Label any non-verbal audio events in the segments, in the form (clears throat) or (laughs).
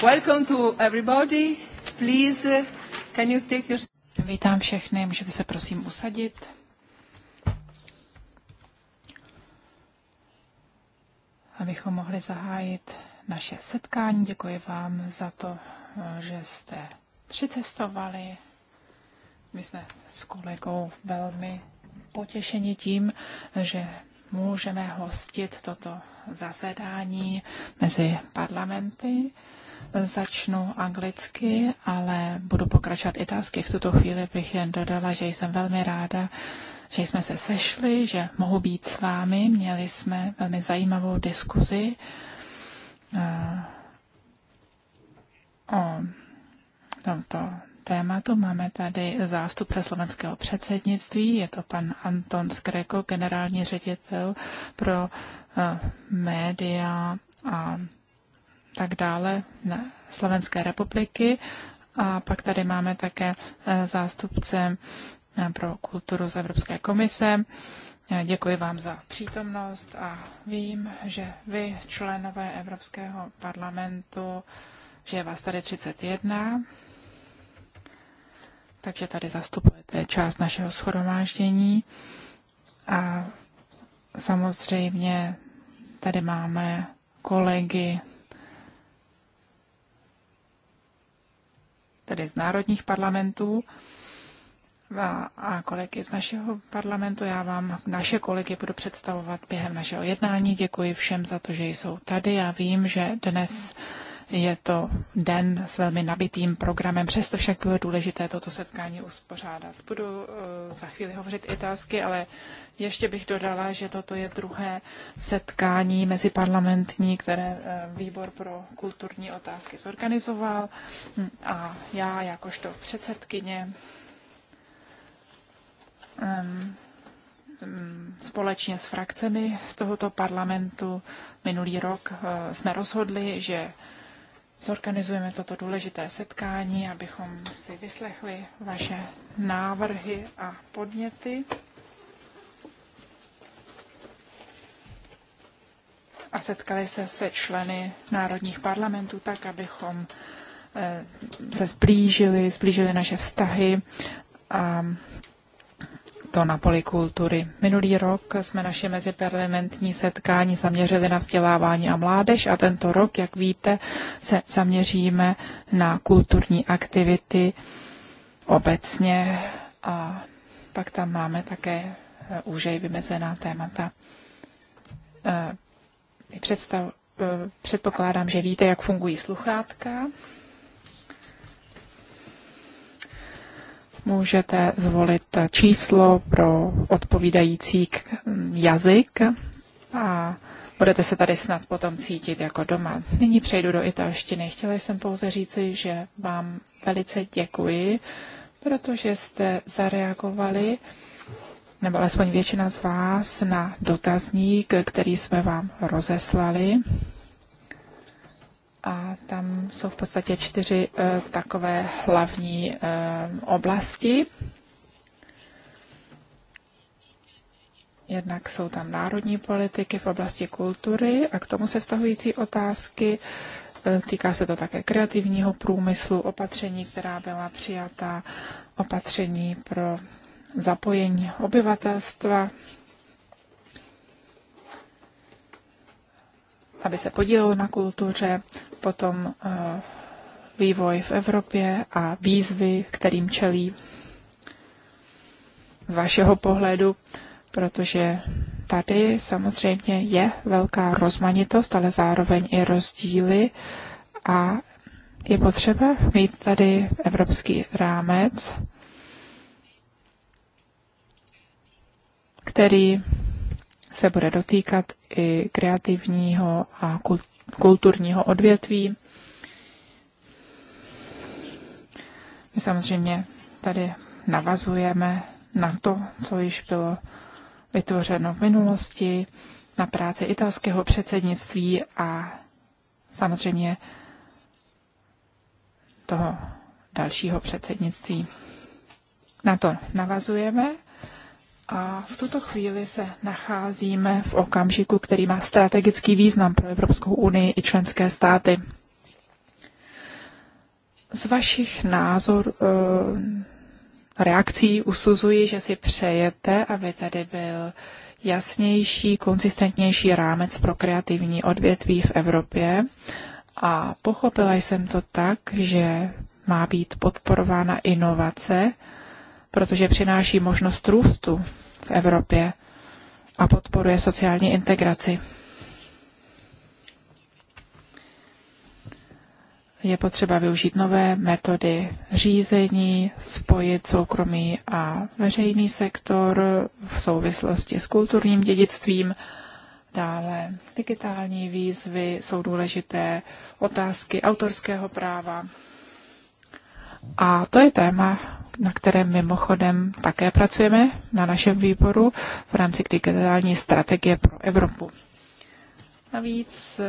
Welcome to everybody. Please, uh, can you take your... Vítám všechny, můžete se prosím usadit. Abychom mohli zahájit naše setkání, děkuji vám za to, eh, že jste přicestovali. My jsme s kolegou velmi potěšeni tím, že můžeme hostit toto zasedání mezi parlamenty. Začnu anglicky, ale budu pokračovat italsky. V tuto chvíli bych jen dodala, že jsem velmi ráda, že jsme se sešli, že mohu být s vámi. Měli jsme velmi zajímavou diskuzi eh, o tomto tématu. Máme tady zástupce slovenského předsednictví, je to pan Anton Skreko, generální ředitel pro eh, média a tak dále na Slovenské republiky. A pak tady máme také e, zástupce e, pro kulturu z Evropské komise. E, děkuji vám za přítomnost a vím, že vy, členové Evropského parlamentu, že je vás tady 31, takže tady zastupujete část našeho schromáždění a samozřejmě tady máme kolegy tedy z národních parlamentů a, a kolegy z našeho parlamentu. Já vám naše kolegy budu představovat během našeho jednání. Děkuji všem za to, že jsou tady. Já vím, že dnes je to den s velmi nabitým programem, přesto však bylo důležité toto setkání uspořádat. Budu eh, za chvíli hovořit italsky, ale ještě bych dodala, že toto je druhé setkání meziparlamentní, které eh, Výbor pro kulturní otázky zorganizoval hm, a já jakožto předsedkyně ehm, hm, společně s frakcemi tohoto parlamentu minulý rok eh, jsme rozhodli, že zorganizujeme toto důležité setkání, abychom si vyslechli vaše návrhy a podněty. A setkali se se členy národních parlamentů tak, abychom eh, se zblížili, zblížili naše vztahy a to na polikultury. Minulý rok jsme naše meziparlamentní setkání zaměřili na vzdělávání a mládež a tento rok, jak víte, se zaměříme na kulturní aktivity obecně a pak tam máme také úžej eh, vymezená témata. Eh, představ, eh, předpokládám, že víte, jak fungují sluchátka. Můžete zvolit číslo pro odpovídající jazyk a budete se tady snad potom cítit jako doma. Nyní přejdu do italštiny. Chtěla jsem pouze říci, že vám velice děkuji, protože jste zareagovali, nebo alespoň většina z vás, na dotazník, který jsme vám rozeslali a tam jsou v podstatě čtyři eh, takové hlavní eh, oblasti. Jednak jsou tam národní politiky v oblasti kultury a k tomu se vztahující otázky. Eh, týká se to také kreativního průmyslu, opatření, která byla přijata, opatření pro zapojení obyvatelstva aby se podílelo na kultuře, potom eh, vývoj v Evropě a výzvy, kterým čelí z vašeho pohledu, protože tady samozřejmě je velká rozmanitost, ale zároveň i rozdíly a je potřeba mít tady evropský rámec, který se bude dotýkat i kreativního a kulturního odvětví. My samozřejmě tady navazujeme na to, co již bylo vytvořeno v minulosti, na práci italského předsednictví a samozřejmě toho dalšího předsednictví. Na to navazujeme a v tuto chvíli se nacházíme v okamžiku, který má strategický význam pro Evropskou unii i členské státy. Z vašich názor, eh, reakcí usuzuji, že si přejete, aby tady byl jasnější, konsistentnější rámec pro kreativní odvětví v Evropě. A pochopila jsem to tak, že má být podporována inovace, protože přináší možnost růstu v Evropě a podporuje sociální integraci. Je potřeba využít nové metody řízení, spojit soukromý a veřejný sektor v souvislosti s kulturním dědictvím. Dále digitální výzvy jsou důležité, otázky autorského práva. A to je téma, na kterém mimochodem také pracujeme na našem výboru v rámci digitální strategie pro Evropu. Navíc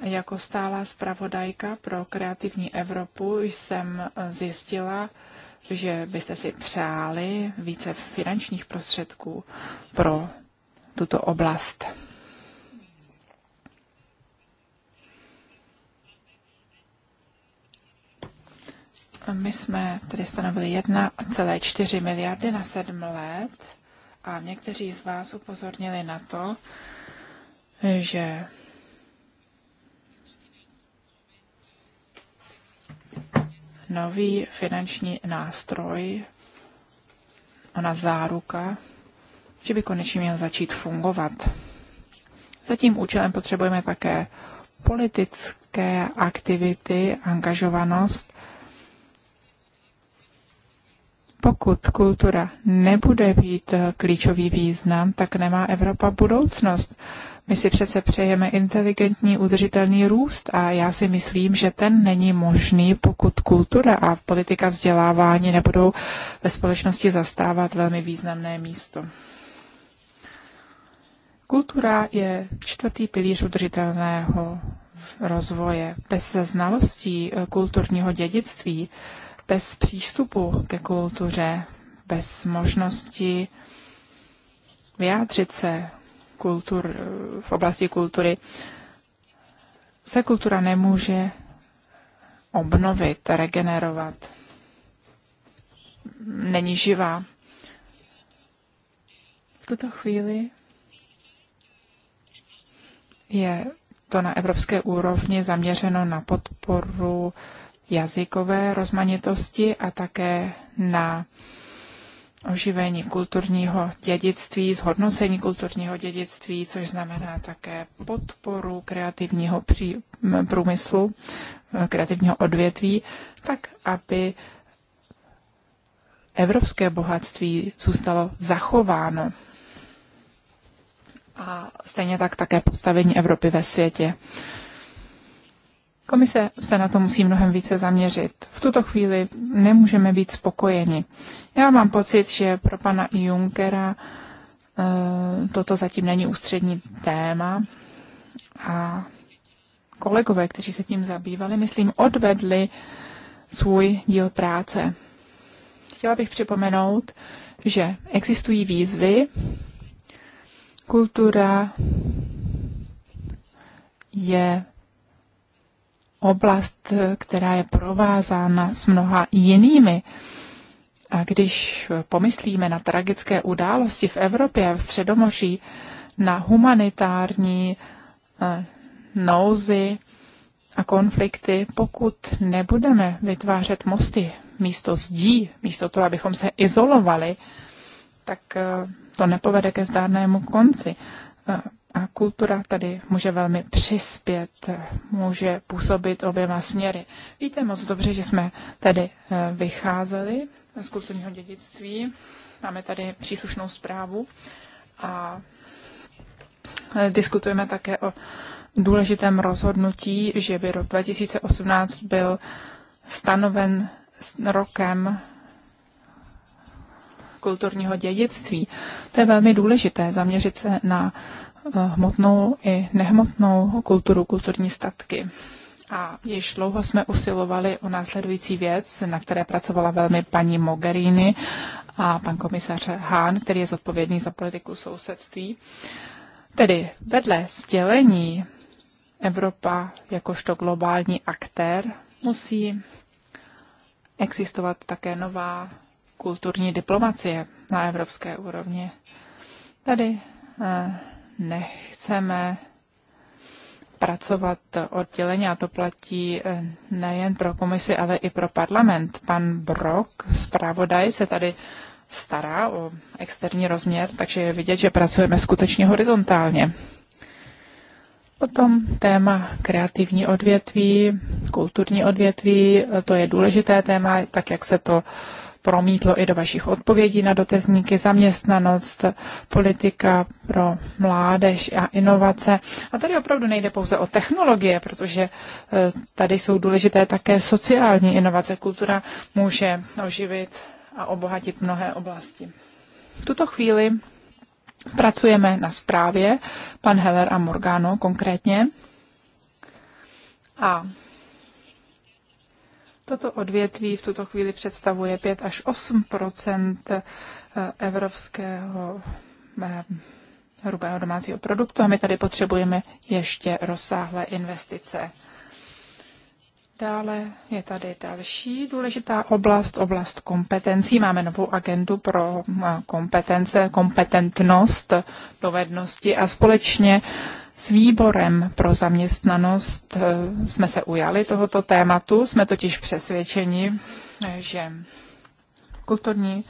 jako stálá zpravodajka pro kreativní Evropu jsem zjistila, že byste si přáli více finančních prostředků pro tuto oblast. My jsme tedy stanovili 1,4 miliardy na sedm let a někteří z vás upozornili na to, že nový finanční nástroj, ona záruka, že by konečně měl začít fungovat. Za tím účelem potřebujeme také politické aktivity, angažovanost pokud kultura nebude být eh, klíčový význam, tak nemá Evropa budoucnost. My si přece přejeme inteligentní, udržitelný růst a já si myslím, že ten není možný, pokud kultura a politika vzdělávání nebudou ve společnosti zastávat velmi významné místo. Kultura je čtvrtý pilíř udržitelného rozvoje. Bez znalostí eh, kulturního dědictví bez přístupu ke kultuře, bez možnosti vyjádřit se kultur, v oblasti kultury, se kultura nemůže obnovit, regenerovat. Není živá. V tuto chvíli je to na evropské úrovni zaměřeno na podporu jazykové rozmanitosti a také na oživení kulturního dědictví, zhodnocení kulturního dědictví, což znamená také podporu kreativního pří, průmyslu, kreativního odvětví, tak aby evropské bohatství zůstalo zachováno. A stejně tak také postavení Evropy ve světě. Komise se na to musí mnohem více zaměřit. V tuto chvíli nemůžeme být spokojeni. Já mám pocit, že pro pana Junckera eh, toto zatím není ústřední téma a kolegové, kteří se tím zabývali, myslím, odvedli svůj díl práce. Chtěla bych připomenout, že existují výzvy, kultura je oblast, která je provázána s mnoha jinými. A když pomyslíme na tragické události v Evropě a v Středomoří, na humanitární eh, nouzy a konflikty, pokud nebudeme vytvářet mosty místo zdí, místo toho, abychom se izolovali, tak eh, to nepovede ke zdárnému konci. Eh, a kultura tady může velmi přispět, může působit oběma směry. Víte moc dobře, že jsme tady eh, vycházeli z kulturního dědictví. Máme tady příslušnou zprávu a eh, diskutujeme také o důležitém rozhodnutí, že by rok 2018 byl stanoven rokem kulturního dědictví. To je velmi důležité zaměřit se na Eh, hmotnou i nehmotnou kulturu, kulturní statky. A již dlouho jsme usilovali o následující věc, na které pracovala velmi paní Mogherini a pan komisař Hahn, který je zodpovědný za politiku sousedství. Tedy vedle sdělení Evropa jakožto globální aktér musí existovat také nová kulturní diplomacie na evropské úrovni. Tady eh, nechceme pracovat odděleně a to platí eh, nejen pro komisi, ale i pro parlament. Pan Brok, zpravodaj, se tady stará o externí rozměr, takže je vidět, že pracujeme skutečně horizontálně. Potom téma kreativní odvětví, kulturní odvětví, to je důležité téma, tak jak se to uh, promítlo i do vašich odpovědí na dotazníky, zaměstnanost, politika pro mládež a inovace. A tady opravdu nejde pouze o technologie, protože e, tady jsou důležité také sociální inovace. Kultura může oživit a obohatit mnohé oblasti. V tuto chvíli pracujeme na zprávě, pan Heller a Morgano konkrétně. A Toto odvětví v tuto chvíli představuje 5 až 8 eh, evropského eh, hrubého domácího produktu a my tady potřebujeme ještě rozsáhlé investice. Dále je tady další důležitá oblast, oblast kompetencí. Máme novou agendu pro eh, kompetence, kompetentnost, dovednosti a společně s výborem pro zaměstnanost eh, jsme se ujali tohoto tématu, jsme totiž přesvědčeni, eh, že kulturní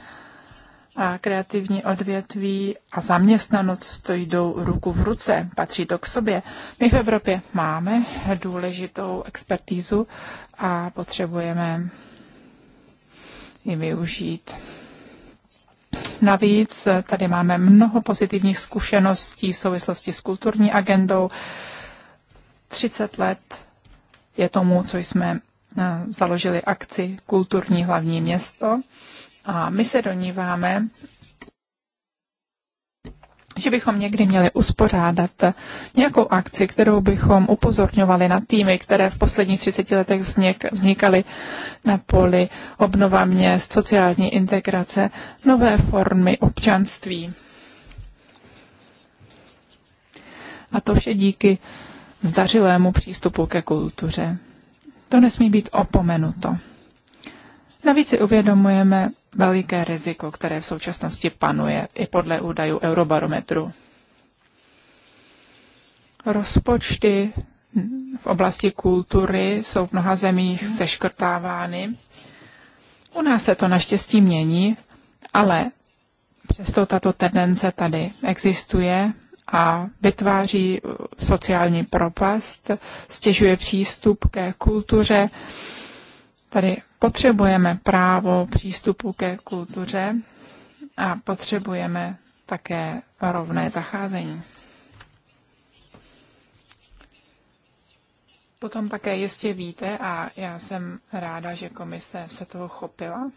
a kreativní odvětví a zaměstnanost jdou ruku v ruce, patří to k sobě. My v Evropě máme důležitou expertízu a potřebujeme ji využít. Navíc eh, tady máme mnoho pozitivních zkušeností v souvislosti s kulturní agendou. 30 let je tomu, co jsme eh, založili akci Kulturní hlavní město. A my se domníváme, že bychom někdy měli uspořádat nějakou akci, kterou bychom upozorňovali na týmy, které v posledních 30 letech vznik, vznikaly na poli obnova měst, sociální integrace, nové formy občanství. A to vše díky zdařilému přístupu ke kultuře. To nesmí být opomenuto. Navíc si uvědomujeme, veliké riziko, které v současnosti panuje i podle údajů Eurobarometru. Rozpočty v oblasti kultury jsou v mnoha zemích seškrtávány. U nás se to naštěstí mění, ale přesto tato tendence tady existuje a vytváří sociální propast, stěžuje přístup ke kultuře Tady potřebujeme právo přístupu ke kultuře a potřebujeme také rovné zacházení. Potom také jistě víte, a já jsem ráda, že komise se toho chopila.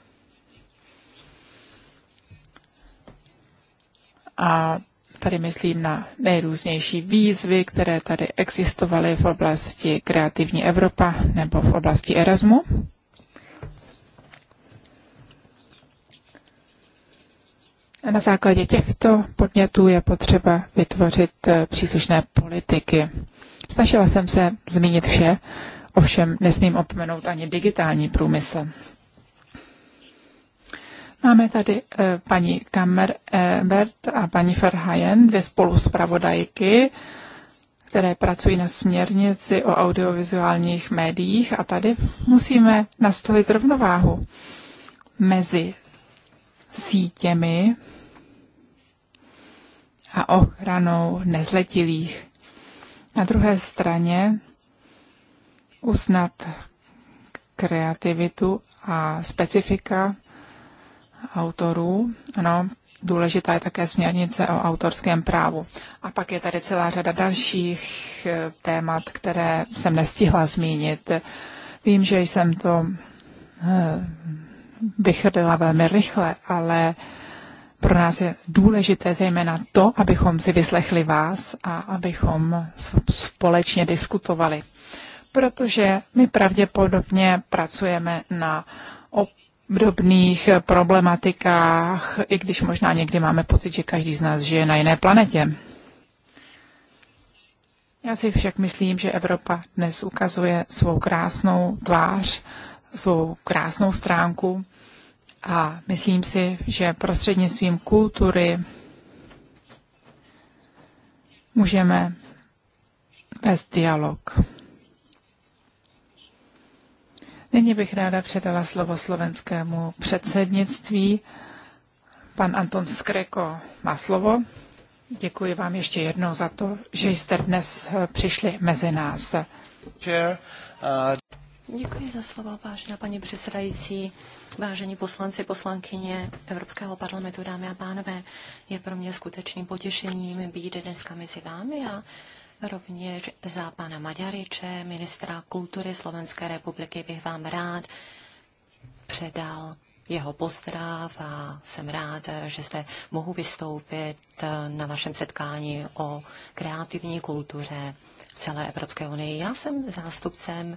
A tady myslím na nejrůznější výzvy, které tady existovaly v oblasti Kreativní Evropa nebo v oblasti Erasmu. Na základě těchto podnětů je potřeba vytvořit eh, příslušné politiky. Snažila jsem se zmínit vše, ovšem nesmím opomenout ani digitální průmysl. Máme tady eh, paní Kammer Ebert a paní Ferhajen, dvě spoluspravodajky, které pracují na směrnici o audiovizuálních médiích a tady musíme nastavit rovnováhu mezi sítěmi a ochranou nezletilých. Na druhé straně uznat kreativitu a specifika autorů. Ano, důležitá je také směrnice o autorském právu. A pak je tady celá řada dalších eh, témat, které jsem nestihla zmínit. Vím, že jsem to eh, vychrlila velmi rychle, ale pro nás je důležité zejména to, abychom si vyslechli vás a abychom společně diskutovali. Protože my pravděpodobně pracujeme na obdobných problematikách, i když možná někdy máme pocit, že každý z nás žije na jiné planetě. Já si však myslím, že Evropa dnes ukazuje svou krásnou tvář svou krásnou stránku a myslím si, že prostřednictvím kultury můžeme vést dialog. Nyní bych ráda předala slovo slovenskému předsednictví. Pan Anton Skreko má slovo. Děkuji vám ještě jednou za to, že jste dnes přišli mezi nás. Uh, Děkuji za slovo, vážená paní předsedající, vážení poslanci, poslankyně Evropského parlamentu, dámy a pánové. Je pro mě skutečným potěšením být dneska mezi vámi a rovněž za pana Maďariče, ministra kultury Slovenské republiky, bych vám rád předal jeho pozdrav a jsem rád, že zde mohu vystoupit na vašem setkání o kreativní kultuře celé Evropské unie. Já jsem zástupcem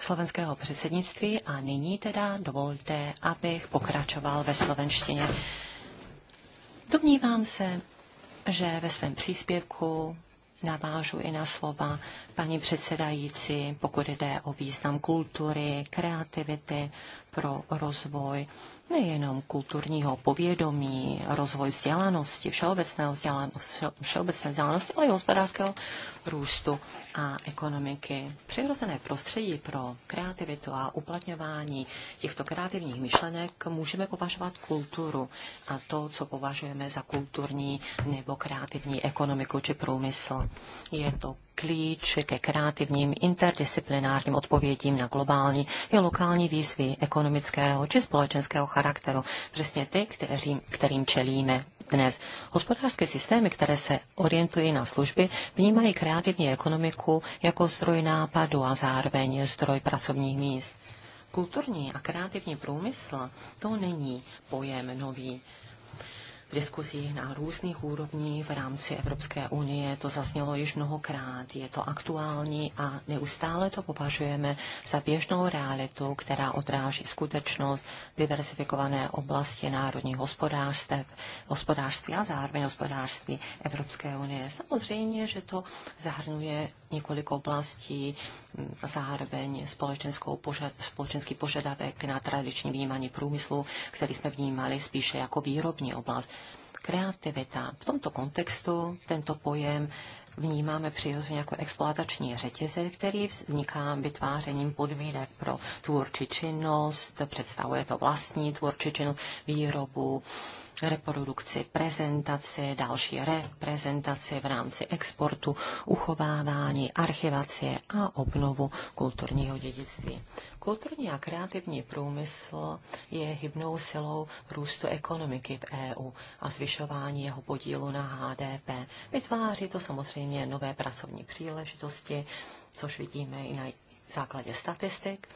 slovenského předsednictví a nyní teda dovolte, abych pokračoval ve slovenštině. Domnívám se, že ve svém příspěvku navážu i na slova paní předsedající, pokud jde o význam kultury, kreativity pro rozvoj nejenom kulturního povědomí, rozvoj vzdělanosti, všeobecného vzdělanosti, všeobecné vzdělanosti, ale i hospodářského růstu a ekonomiky. Přirozené prostředí pro kreativitu a uplatňování těchto kreativních myšlenek můžeme považovat kulturu a to, co považujeme za kulturní nebo kreativní ekonomiku či průmysl. Je to klíč ke kreativním interdisciplinárním odpovědím na globální i lokální výzvy ekonomického či společenského charakteru, přesně ty, kterým, kterým čelíme dnes. Hospodářské systémy, které se orientují na služby, vnímají kreativní ekonomiku jako zdroj nápadu a zároveň zdroj pracovních míst. Kulturní a kreativní průmysl to není pojem nový diskuzích na různých úrovních v rámci Evropské unie. To zaznělo již mnohokrát, je to aktuální a neustále to považujeme za běžnou realitu, která odráží skutečnost diversifikované oblasti národních hospodářství, hospodářství a zároveň hospodářství Evropské unie. Samozřejmě, že to zahrnuje několik oblastí, mm, zároveň společenskou požad, společenský požadavek na tradiční vnímání průmyslu, který jsme vnímali spíše jako výrobní oblast. Kreativita. V tomto kontextu tento pojem vnímáme přirozeně jako exploatační řetězec, který vzniká vytvářením podmínek pro tvůrčí činnost, představuje to vlastní tvůrčí činnost, výrobu, reprodukci, prezentaci, další reprezentaci v rámci exportu, uchovávání, archivace a obnovu kulturního dědictví. Kulturní a kreativní průmysl je hybnou silou růstu ekonomiky v EU a zvyšování jeho podílu na HDP. Vytváří to samozřejmě nové pracovní příležitosti, což vidíme i na základě statistik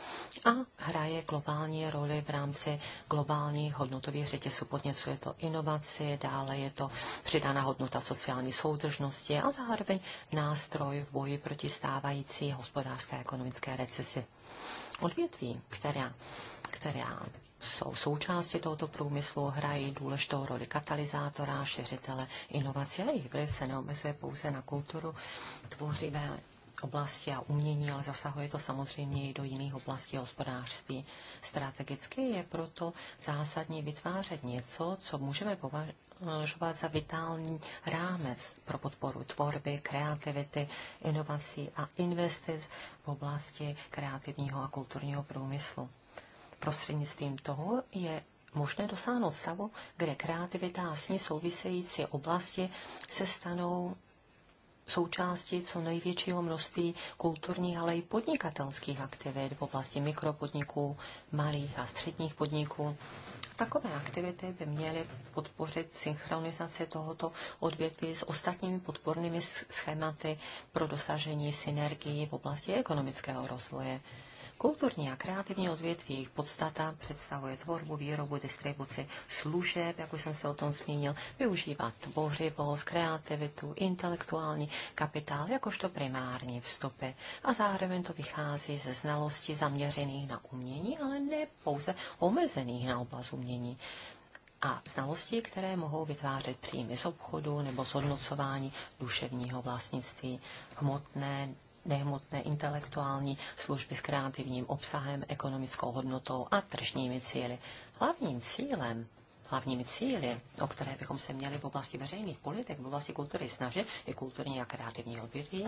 a hraje globální roli v rámci globální hodnotových řetězu. Podněcuje je to inovaci, dále je to přidaná hodnota sociální soudržnosti a zároveň nástroj v boji proti stávající hospodářské a ekonomické recesi. Odvětví, která, která jsou součástí tohoto průmyslu, hrají důležitou roli katalyzátora, šiřitele inovací, ale jejich vliv se neomezuje pouze na kulturu tvořivé oblasti a umění, ale zasahuje to samozřejmě i do jiných oblastí hospodářství. Strategicky je proto zásadní vytvářet něco, co můžeme považovat za vitální rámec pro podporu tvorby, kreativity, inovací a investic v oblasti kreativního a kulturního průmyslu. Prostřednictvím toho je možné dosáhnout stavu, kde kreativita a s ní související oblasti se stanou součástí co největšího množství kulturních, ale i podnikatelských aktivit v oblasti mikropodniků, malých a středních podniků. Takové aktivity by měly podpořit synchronizaci tohoto odvětví s ostatními podpornými schématy pro dosažení synergii v oblasti ekonomického rozvoje. Kulturní a kreativní odvětví, jejich podstata představuje tvorbu, výrobu, distribuci služeb, jak už jsem se o tom zmínil, využívá tvořivost, kreativitu, intelektuální kapitál jakožto primární vstupy. A zároveň to vychází ze znalostí zaměřených na umění, ale ne pouze omezených na oblast umění a znalosti, které mohou vytvářet příjmy z obchodu nebo zhodnocování duševního vlastnictví, hmotné nehmotné intelektuální služby s kreativním obsahem, ekonomickou hodnotou a tržními cíly. Hlavním cílem Hlavními cíly, o které bychom se měli v oblasti veřejných politik, v oblasti kultury snažit, je kulturní a kreativní odvětví,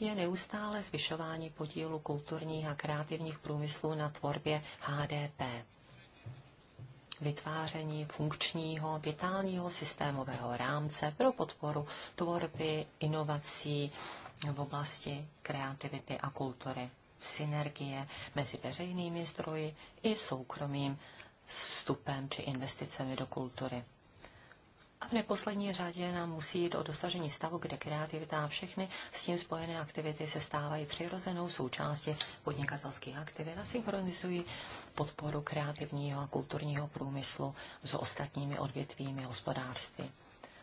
je neustále zvyšování podílu kulturních a kreativních průmyslů na tvorbě HDP. Vytváření funkčního, vitálního systémového rámce pro podporu tvorby, inovací, v oblasti kreativity a kultury. Synergie mezi veřejnými zdroji i soukromým s vstupem či investicemi do kultury. A v neposlední řadě nám musí jít o dosažení stavu, kde kreativita a všechny s tím spojené aktivity se stávají přirozenou součástí podnikatelských aktivit a synchronizují podporu kreativního a kulturního průmyslu s ostatními odvětvími hospodářství.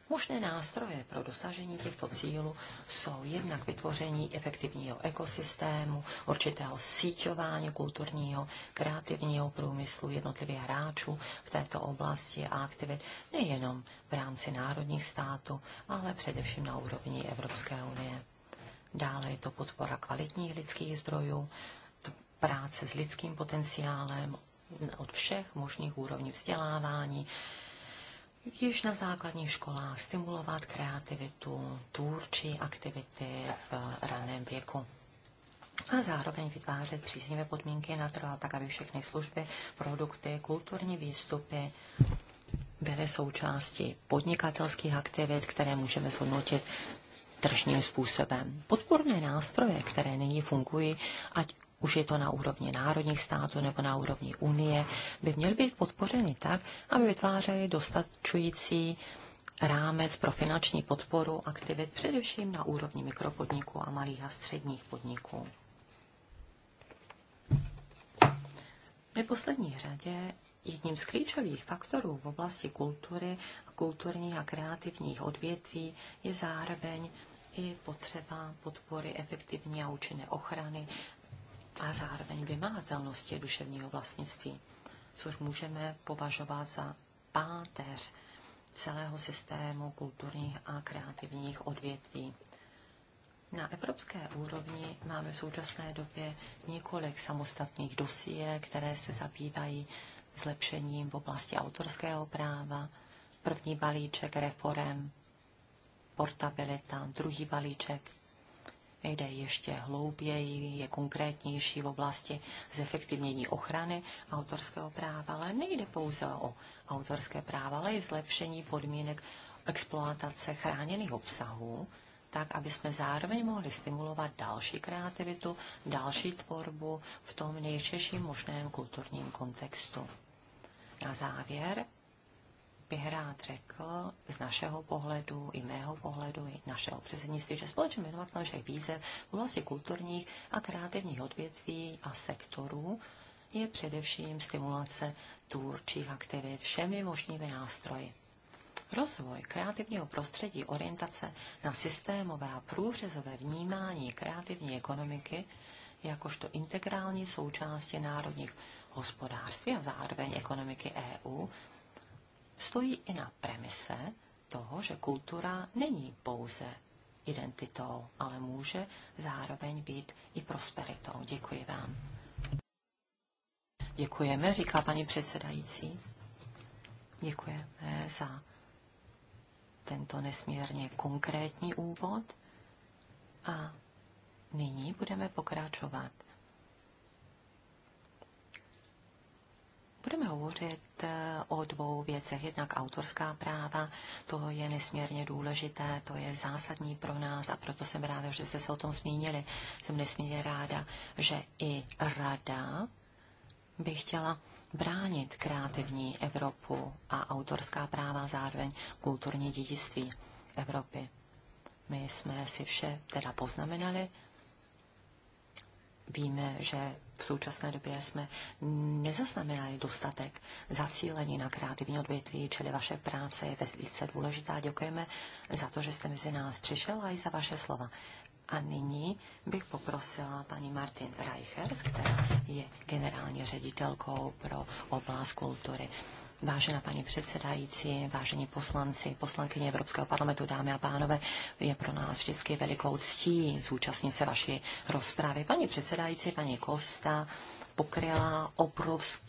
Možné nástroje pro dosažení těchto cílů jsou jednak vytvoření efektivního ekosystému, určitého síťování kulturního, kreativního průmyslu jednotlivých hráčů v této oblasti a aktivit nejenom v rámci národních států, ale především na úrovni Evropské unie. Dále je to podpora kvalitních lidských zdrojů, práce s lidským potenciálem od všech možných úrovní vzdělávání, již na základních školách stimulovat kreativitu, tvůrčí aktivity v raném věku a zároveň vytvářet příznivé podmínky na trh, tak aby všechny služby, produkty, kulturní výstupy byly součástí podnikatelských aktivit, které můžeme zhodnotit tržním způsobem. Podporné nástroje, které nyní fungují, ať už je to na úrovni národních států nebo na úrovni Unie, by měly být podpořeny tak, aby vytvářely dostačující rámec pro finanční podporu aktivit především na úrovni mikropodniků a malých a středních podniků. V neposlední řadě jedním z klíčových faktorů v oblasti kultury a kulturních a kreativních odvětví je zároveň i potřeba podpory efektivní a účinné ochrany a zároveň vymahatelnosti duševního vlastnictví, což můžeme považovat za páteř celého systému kulturních a kreativních odvětví. Na evropské úrovni máme v současné době několik samostatných dosie, které se zabývají zlepšením v oblasti autorského práva, první balíček reform, portabilita, druhý balíček jde ještě hlouběji, je konkrétnější v oblasti zefektivnění ochrany autorského práva, ale nejde pouze o autorské práva, ale i zlepšení podmínek exploatace chráněných obsahů, tak, aby jsme zároveň mohli stimulovat další kreativitu, další tvorbu v tom nejširším možném kulturním kontextu. Na závěr bych rád řekl z našeho pohledu, i mého pohledu, i našeho předsednictví, že společně jmenovat všech výzev v oblasti kulturních a kreativních odvětví a sektorů je především stimulace tvůrčích aktivit všemi možnými nástroji. Rozvoj kreativního prostředí, orientace na systémové a průřezové vnímání kreativní ekonomiky jakožto integrální součásti národních hospodářství a zároveň ekonomiky EU stojí i na premise toho, že kultura není pouze identitou, ale může zároveň být i prosperitou. Děkuji vám. Děkujeme, říká paní předsedající. Děkujeme za tento nesmírně konkrétní úvod a nyní budeme pokračovat Budeme hovořit eh, o dvou věcech. Jednak autorská práva, to je nesmírně důležité, to je zásadní pro nás a proto jsem ráda, že jste se o tom zmínili. Jsem nesmírně ráda, že i rada by chtěla bránit kreativní Evropu a autorská práva zároveň kulturní dědictví Evropy. My jsme si vše teda poznamenali Víme, že v současné době jsme nezaznamenali dostatek zacílení na kreativní odvětví, čili vaše práce je velice důležitá. Děkujeme za to, že jste mezi nás přišel a i za vaše slova. A nyní bych poprosila paní Martin Reichers, která je generální ředitelkou pro oblast kultury. Vážená paní předsedající, vážení poslanci, poslankyně Evropského parlamentu, dámy a pánové, je pro nás vždycky velikou ctí zúčastnit se vaší rozprávy. Paní předsedající, paní Kosta, pokryla obrovský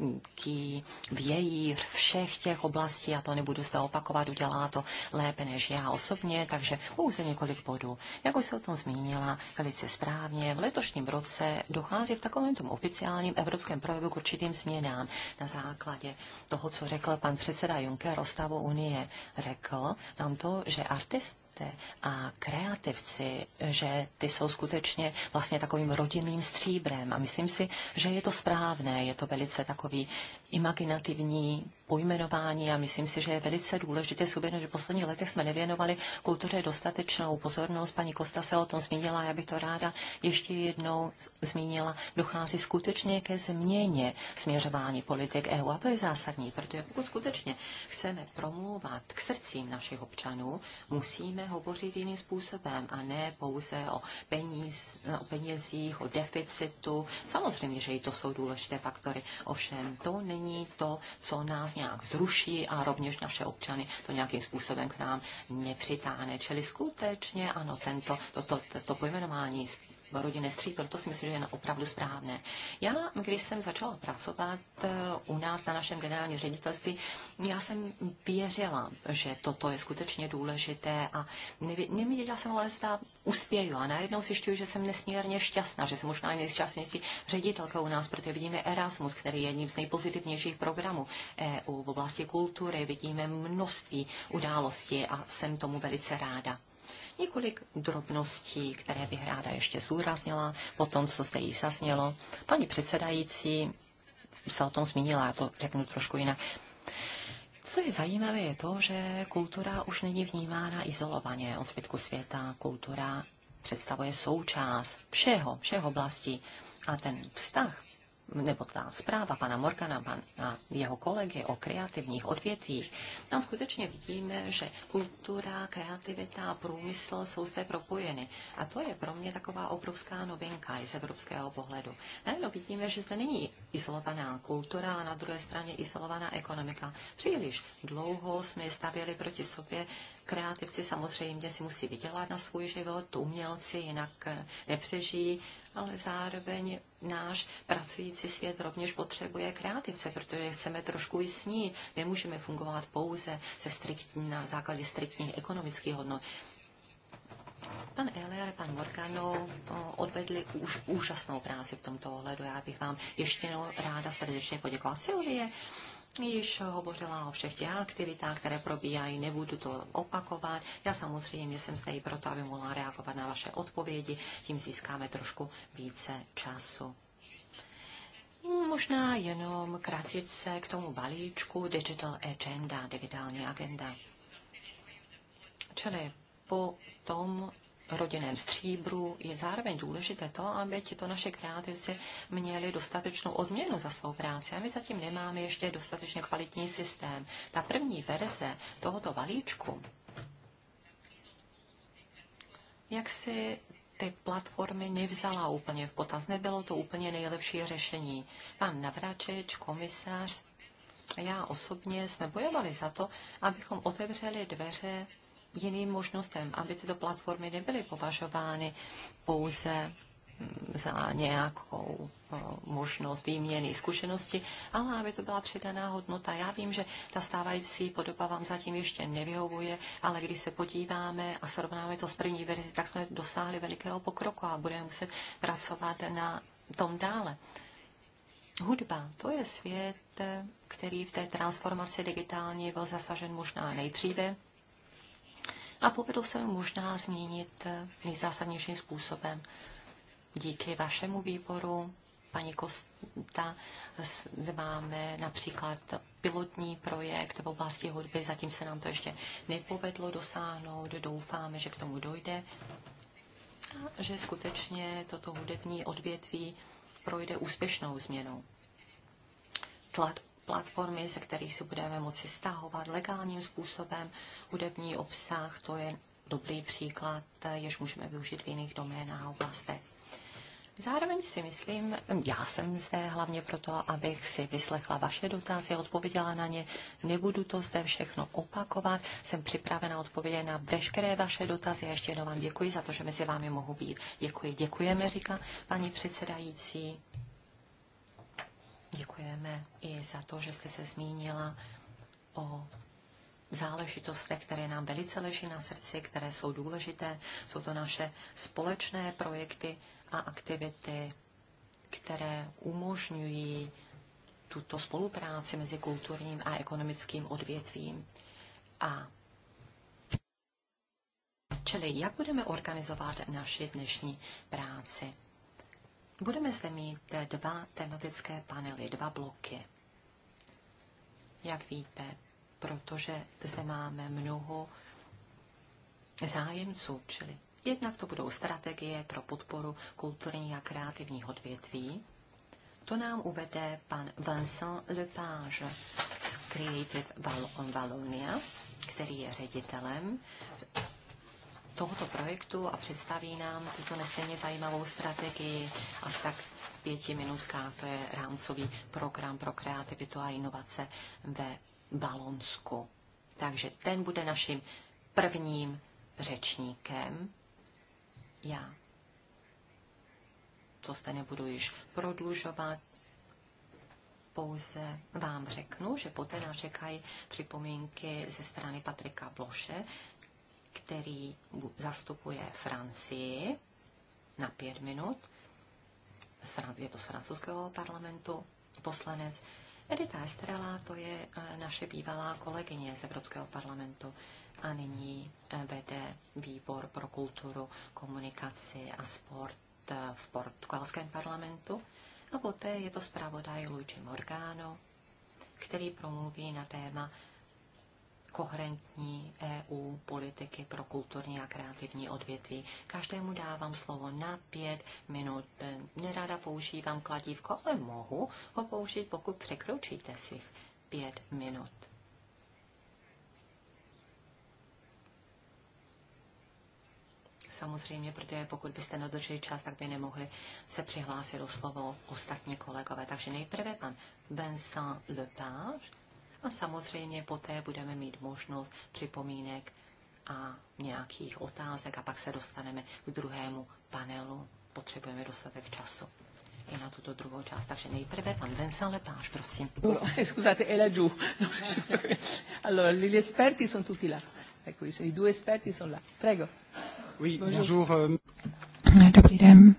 veliký vějíř všech těch oblastí, a to nebudu zde opakovat, udělá to lépe než já osobně, takže pouze několik bodů. Jak už se o tom zmínila velice správně, v letošním roce dochází v takovém tom oficiálním evropském projevu k určitým změnám na základě toho, co řekl pan předseda Juncker o stavu Unie. Řekl nám to, že artist architekty a kreativci, že ty jsou skutečně vlastně takovým rodinným stříbrem a myslím si, že je to správné, je to velice takový imaginativní pojmenování a myslím si, že je velice důležité si uvědomit, že v posledních letech jsme nevěnovali kultuře dostatečnou pozornost. Paní Kosta se o tom zmínila, já bych to ráda ještě jednou zmínila. Dochází skutečně ke změně směřování politik EU a to je zásadní, protože pokud skutečně chceme promluvat k srdcím našich občanů, musíme hovořit jiným způsobem a ne pouze o, peníz, o penězích, o deficitu. Samozřejmě, že i to jsou důležité faktory, ovšem to není to, co nás nějak zruší a rovněž naše občany to nějakým způsobem k nám nepřitáhne. Čili skutečně ano, tento, toto to, to, to pojmenování rodinné stříp, to si myslím, že je opravdu správné. Já, když jsem začala pracovat eh, u nás na našem generálním ředitelství, já jsem věřila, že toto je skutečně důležité a nevěděla jsem ale, zda uspěju. A najednou zjišťuju, že jsem nesmírně šťastná, že jsem možná nejšťastnější ředitelka u nás, protože vidíme Erasmus, který je jedním z nejpozitivnějších programů EU v oblasti kultury, vidíme množství událostí a jsem tomu velice ráda. Několik drobností, které bych ráda ještě zúraznila po tom, co zde již zaznělo. Paní předsedající se o tom zmínila, já to řeknu trošku jinak. Co je zajímavé, je to, že kultura už není vnímána izolovaně od zbytku světa. Kultura představuje součást všeho, všeho oblasti. A ten vztah nebo ta zpráva pana Morgana a jeho kolegy o kreativních odvětvích, tam skutečně vidíme, že kultura, kreativita a průmysl jsou zde propojeny. A to je pro mě taková obrovská novinka i z evropského pohledu. Najednou vidíme, že zde není izolovaná kultura a na druhé straně izolovaná ekonomika. Příliš dlouho jsme stavěli proti sobě kreativci samozřejmě si musí vydělat na svůj život, umělci jinak eh, nepřežijí ale zároveň náš pracující svět rovněž potřebuje kreativce, protože chceme trošku i snít. Nemůžeme fungovat pouze se striktní, na základě striktních ekonomických hodnot. Pan Eller, pan Morgano odvedli už úžasnou práci v tomto ohledu. Já bych vám ještě ráda srdečně poděkovala. Silvie již hovořila o všech těch aktivitách, které probíhají, nebudu to opakovat. Já samozřejmě jsem zde i proto, aby mohla reagovat na vaše odpovědi, tím získáme trošku více času. Možná jenom kratice k tomu balíčku Digital Agenda, digitální agenda. Čili po tom, rodinném stříbru, je zároveň důležité to, aby to naše kreativci měli dostatečnou odměnu za svou práci. A my zatím nemáme ještě dostatečně kvalitní systém. Ta první verze tohoto balíčku, jak si ty platformy nevzala úplně v potaz. Nebylo to úplně nejlepší řešení. Pan Navračič, komisář a já osobně jsme bojovali za to, abychom otevřeli dveře jiným možnostem, aby tyto platformy nebyly považovány pouze mm, za nějakou e, možnost výměny zkušenosti, ale aby to byla přidaná hodnota. Já vím, že ta stávající podoba vám zatím ještě nevyhovuje, ale když se podíváme a srovnáme to s první verzi, tak jsme dosáhli velikého pokroku a budeme muset pracovat na tom dále. Hudba, to je svět, který v té transformaci digitální byl zasažen možná nejdříve, a povedlo se mu možná změnit eh, nejzásadnějším způsobem. Díky vašemu výboru, paní Kosta, zde máme například pilotní projekt v oblasti hudby, zatím se nám to ještě nepovedlo dosáhnout, doufáme, že k tomu dojde a že skutečně toto hudební odvětví projde úspěšnou změnou. Tlak, platformy, ze kterých si budeme moci stahovat legálním způsobem hudební obsah. To je dobrý příklad, jež můžeme využít v jiných doménách a oblastech. Zároveň si myslím, já jsem zde hlavně proto, abych si vyslechla vaše dotazy, odpověděla na ně. Nebudu to zde všechno opakovat. Jsem připravena odpovědět na veškeré vaše dotazy. Ještě jednou vám děkuji za to, že mezi vámi mohu být. Děkuji, děkujeme, říká paní předsedající. Děkujeme i za to, že jste se zmínila o záležitostech, které nám velice leží na srdci, které jsou důležité. Jsou to naše společné projekty a aktivity, které umožňují tuto spolupráci mezi kulturním a ekonomickým odvětvím. A čili jak budeme organizovat naši dnešní práci? Budeme zde mít dva tematické panely, dva bloky. Jak víte, protože zde máme mnoho zájemců, čili jednak to budou strategie pro podporu kulturní a kreativního odvětví. To nám uvede pan Vincent Lepage z Creative Val Valonia, který je ředitelem tohoto projektu a představí nám tuto nesmírně zajímavou strategii asi tak v pěti minutkách. To je rámcový program pro kreativitu a inovace ve Balonsku. Takže ten bude naším prvním řečníkem. Já to zde nebudu již prodlužovat, pouze vám řeknu, že poté nás čekají připomínky ze strany Patrika Bloše, který zastupuje Francii na pět minut. Je to z francouzského parlamentu poslanec. Edita Estrela, to je eh, naše bývalá kolegyně z Evropského parlamentu a nyní eh, vede výbor pro kulturu, komunikaci a sport eh, v portugalském parlamentu. A poté je to zpravodaj Luigi Morgano, který promluví na téma koherentní EU politiky pro kulturní a kreativní odvětví. Každému dávám slovo na pět minut. Neráda používám kladívko, ale mohu ho použít, pokud překročíte svých pět minut. samozřejmě, protože pokud byste nedodrželi čas, tak by nemohli se přihlásit o slovo ostatní kolegové. Takže nejprve pan Vincent Lepage a samozřejmě poté budeme mít možnost připomínek a nějakých otázek a pak se dostaneme k druhému panelu. Potřebujeme dostatek času i na tuto druhou část. Takže nejprve pan Vincent Lepáš, prosím. (laughs) Scusate, è laggiù. (laughs) Allora, gli esperti sono tutti là. Ecco, i due esperti sono là. Prego. Oui, bonjour. Euh, Dobrý den.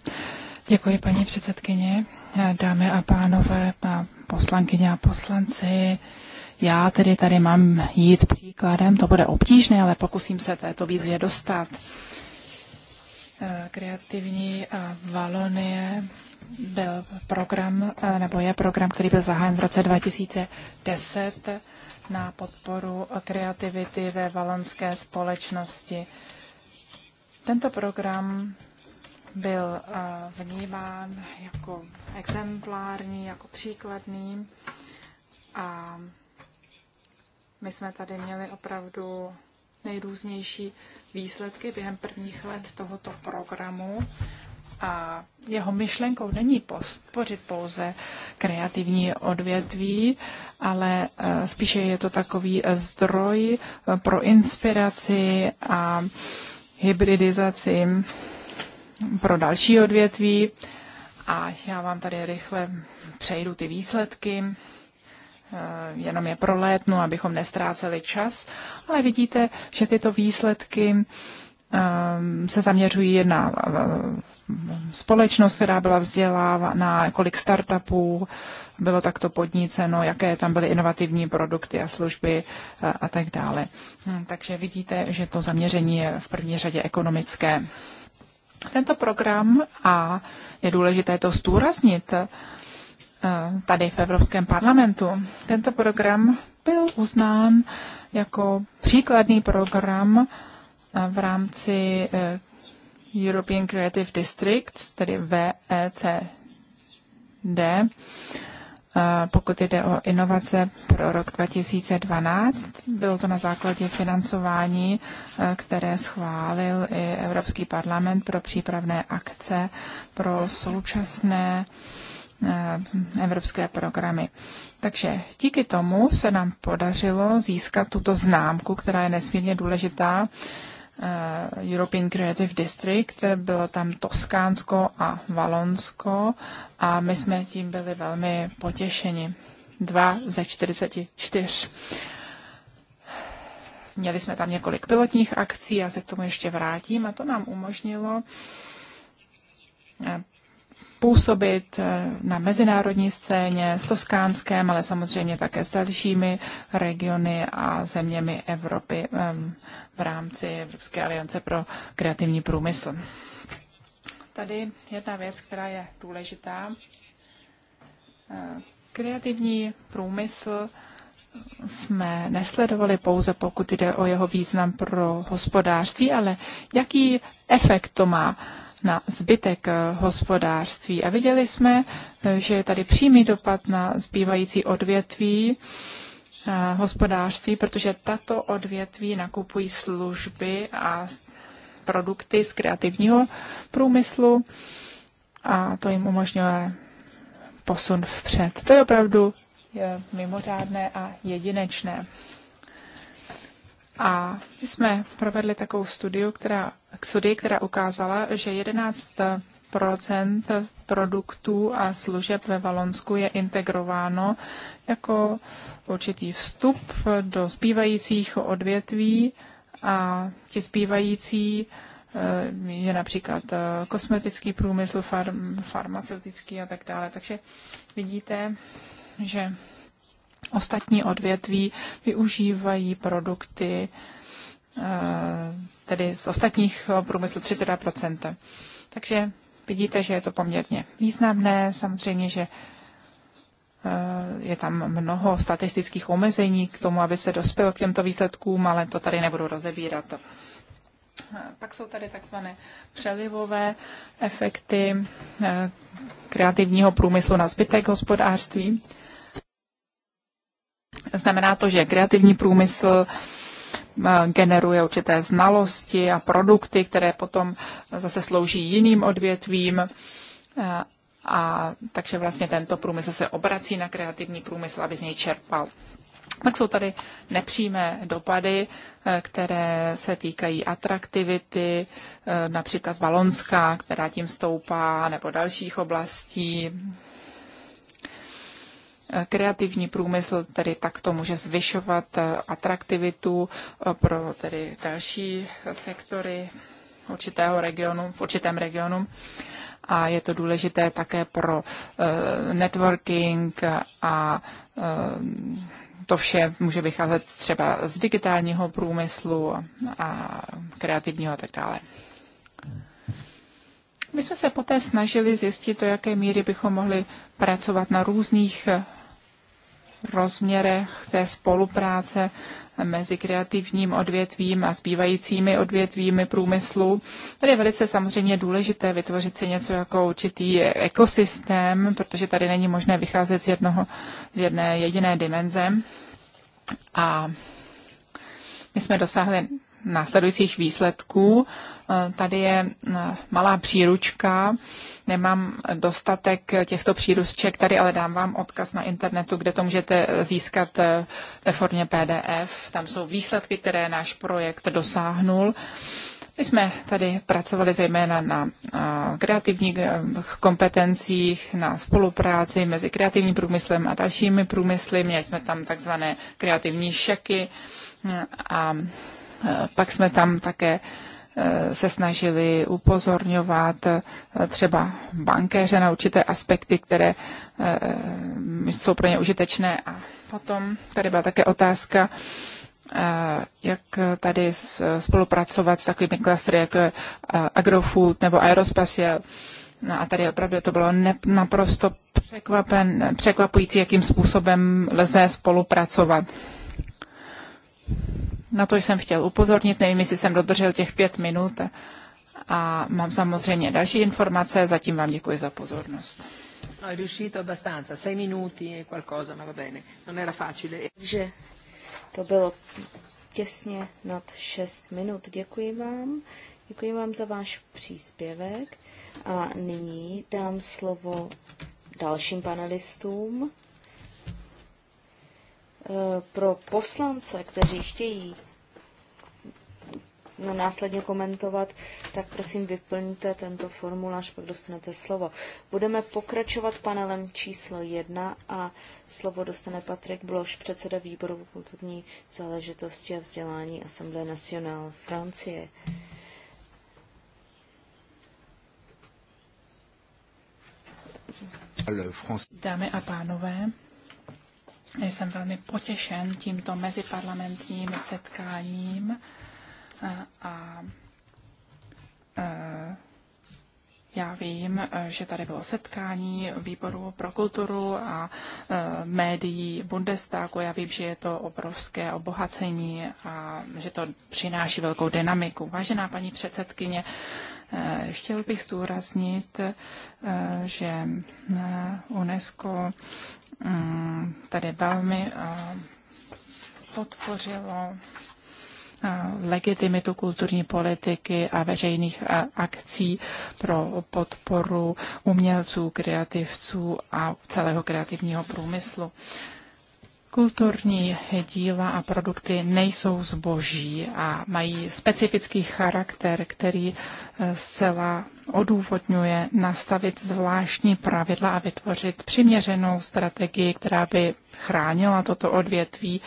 Děkuji, paní předsedkyně, dámy a pánové, poslankyně a poslanci. Já tedy tady mám jít příkladem, to bude obtížné, ale pokusím se této výzvě dostat. Eh, kreativní eh, Valonie byl program, eh, nebo je program, který byl zahájen v roce 2010 na podporu kreativity ve valonské společnosti. Tento program byl vnímán jako exemplární, jako příkladný a my jsme tady měli opravdu nejrůznější výsledky během prvních let tohoto programu a jeho myšlenkou není podpořit pouze kreativní odvětví, ale eh, spíše je to takový zdroj eh, pro inspiraci a hybridizaci mm, pro další odvětví. A já vám tady rychle přejdu ty výsledky. Eh, jenom je prolétnu, abychom nestráceli čas, ale vidíte, že tyto výsledky ehm, se zaměřují na eh, společnost, která byla vzdělávána, kolik startupů bylo takto podníceno, jaké tam byly inovativní produkty a služby eh, a tak dále. Hm, takže vidíte, že to zaměření je v první řadě ekonomické. Tento program, a je důležité to zdůraznit, Eh, tady v Evropském parlamentu. Tento program byl uznán jako příkladný program eh, v rámci eh, European Creative District, tedy VECD, pokud jde o inovace pro rok 2012. Bylo to na základě financování, které schválil i Evropský parlament pro přípravné akce pro současné uh, Eh, evropské programy. Takže díky tomu se nám podařilo získat tuto známku, která je nesmírně důležitá, eh, European Creative District, bylo tam Toskánsko a Valonsko a my jsme tím byli velmi potěšeni. Dva ze 44. Měli jsme tam několik pilotních akcí, já se k tomu ještě vrátím a to nám umožnilo eh, působit eh, na mezinárodní scéně s Toskánském, ale samozřejmě také s dalšími regiony a zeměmi Evropy v rámci Evropské aliance pro kreativní průmysl. Tady jedna věc, která je důležitá. Eh, kreativní průmysl jsme nesledovali pouze, pokud jde o jeho význam pro hospodářství, ale jaký efekt to má na zbytek eh, hospodářství. A viděli jsme, eh, že je tady přímý dopad na zbývající odvětví eh, hospodářství, protože tato odvětví nakupují služby a produkty z kreativního průmyslu a to jim umožňuje posun vpřed. To je opravdu mimořádné a jedinečné. A my jsme provedli takovou studiu, která, studii, která ukázala, že 11 produktů a služeb ve Valonsku je integrováno jako určitý vstup do zbývajících odvětví a ti zbývající eh, je například eh, kosmetický průmysl, farm, farmaceutický a tak dále. Takže vidíte, že Ostatní odvětví využívají produkty eh, tedy z ostatních průmyslu 32 Takže vidíte, že je to poměrně významné. Samozřejmě, že eh, je tam mnoho statistických omezení k tomu, aby se dospěl k těmto výsledkům, ale to tady nebudu rozebírat. Eh, pak jsou tady takzvané přelivové efekty kreativního průmyslu na zbytek hospodářství. Znamená to, že kreativní průmysl eh, generuje určité znalosti a produkty, které potom zase slouží jiným odvětvím. Eh, a takže vlastně tento průmysl se obrací na kreativní průmysl, aby z něj čerpal. Pak jsou tady nepřímé dopady, eh, které se týkají atraktivity, například Valonská, která tím stoupá, nebo dalších oblastí, Kreativní průmysl tedy takto může zvyšovat eh, atraktivitu eh, pro tedy další sektory určitého regionu, v určitém regionu a je to důležité také pro eh, networking a to vše může vycházet třeba z digitálního průmyslu a kreativního a tak dále. My jsme se poté snažili zjistit, do jaké míry bychom mohli pracovat na různých rozměrech té spolupráce mezi kreativním odvětvím a zbývajícími odvětvími průmyslu. Tady je velice samozřejmě důležité vytvořit si něco jako určitý ekosystém, protože tady není možné vycházet z, jednoho, z jedné jediné dimenze. A my jsme dosáhli následujících výsledků. Eh, tady je eh, malá příručka, nemám dostatek těchto příruček tady, ale dám vám odkaz na internetu, kde to můžete získat eh, ve formě PDF. Tam jsou výsledky, které náš projekt dosáhnul. My jsme tady pracovali zejména na kreativních kompetencích, na spolupráci mezi kreativním průmyslem a dalšími průmysly. Měli jsme tam takzvané kreativní šeky a Eh, pak jsme tam také eh, se snažili upozorňovat eh, třeba bankéře na určité aspekty, které jsou pro ně užitečné. A potom tady byla také otázka, jak tady spolupracovat s takovými klastry jako Agrofood nebo Aerospatial. No a tady opravdu to bylo ne, naprosto překvapen, překvapující, jakým způsobem lze spolupracovat. Na to jsem chtěl upozornit, nevím, jestli jsem dodržel těch pět minut a mám samozřejmě další informace, zatím vám děkuji za pozornost. No, je riuscito abbastanza, sei minuti e qualcosa, ma va bene, non era facile. Takže to bylo těsně nad 6 minut. Děkuji vám. Děkuji vám za váš příspěvek a nyní dám slovo dalším panelistům. Eh, pro poslance, kteří chtějí no, následně komentovat, tak prosím vyplňte tento formulář, pak dostanete slovo. Budeme pokračovat panelem číslo jedna a slovo dostane Patrik Bloš, předseda výboru kulturní záležitosti a vzdělání Assemblée Nationale Francie. Dámy a pánové, jsem velmi potěšen tímto meziparlamentním setkáním eh, a, a eh, já vím, eh, že tady bylo setkání výboru pro kulturu a médií Bundestagu. Já vím, že je to obrovské obohacení a že to přináší velkou dynamiku. Vážená paní předsedkyně, Eh, chtěl bych zdůraznit, eh, že eh, UNESCO mm, tady velmi podpořilo legitimitu kulturní politiky a veřejných akcí pro podporu umělců, kreativců a celého kreativního průmyslu. Kulturní díla a produkty nejsou zboží a mají specifický charakter, který eh, zcela odůvodňuje nastavit zvláštní pravidla a vytvořit přiměřenou strategii, která by chránila toto odvětví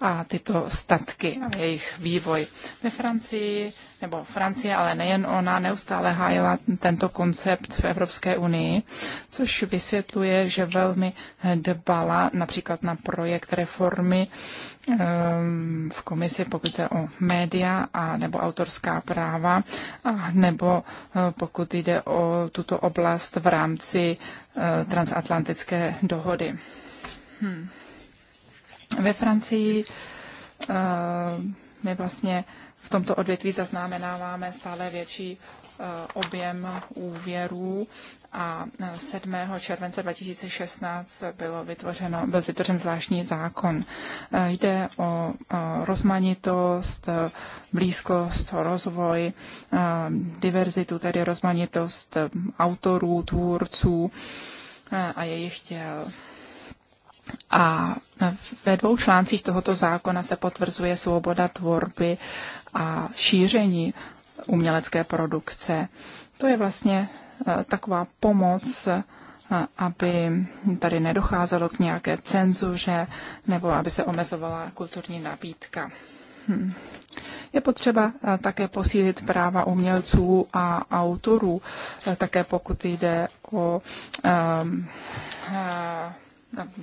a tyto statky a jejich vývoj. Ve Francii, nebo Francie, ale nejen ona, neustále hájila tento koncept v Evropské unii, což vysvětluje, že velmi dbala například na projekt reformy v komisi, pokud jde o média a nebo autorská práva, a nebo e, pokud jde o tuto oblast v rámci e, transatlantické dohody. Hmm. Ve Francii e, my vlastně v tomto odvětví zaznamenáváme stále větší objem úvěrů a 7. E, července 2016 bylo vytvořeno, byl vytvořen zvláštní zákon. E, jde o e, rozmanitost, blízkost, rozvoj, diverzitu, tedy rozmanitost autorů, tvůrců a jejich těl. A ve dvou článcích tohoto zákona se potvrzuje svoboda tvorby a šíření umělecké produkce. To je vlastně Eh, taková pomoc, eh, aby tady nedocházelo k nějaké cenzuře nebo aby se omezovala kulturní nabídka. Hm. Je potřeba eh, také posílit práva umělců a autorů, také pokud jde o ehm,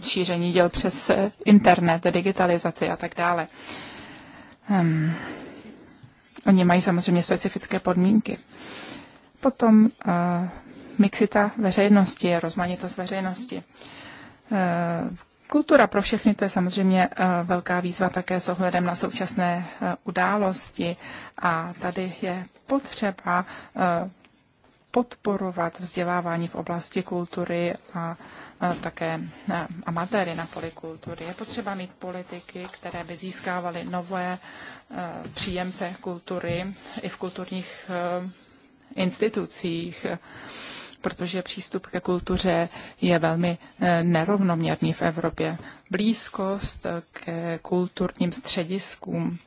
šíření děl přes internet, digitalizaci a tak dále. Hm. oni mají samozřejmě specifické podmínky. Uh, Potom uh, mixita veřejnosti, rozmanitost veřejnosti. Uh, Kultura pro všechny to je samozřejmě eh, velká výzva také s ohledem na současné události a tady je potřeba podporovat vzdělávání v oblasti kultury a také amatéry na polikultury. Je potřeba mít politiky, které by získávaly nové příjemce kultury i v kulturních institucích, protože přístup ke kultuře je velmi eh, nerovnoměrný v Evropě. Blízkost ke kulturním střediskům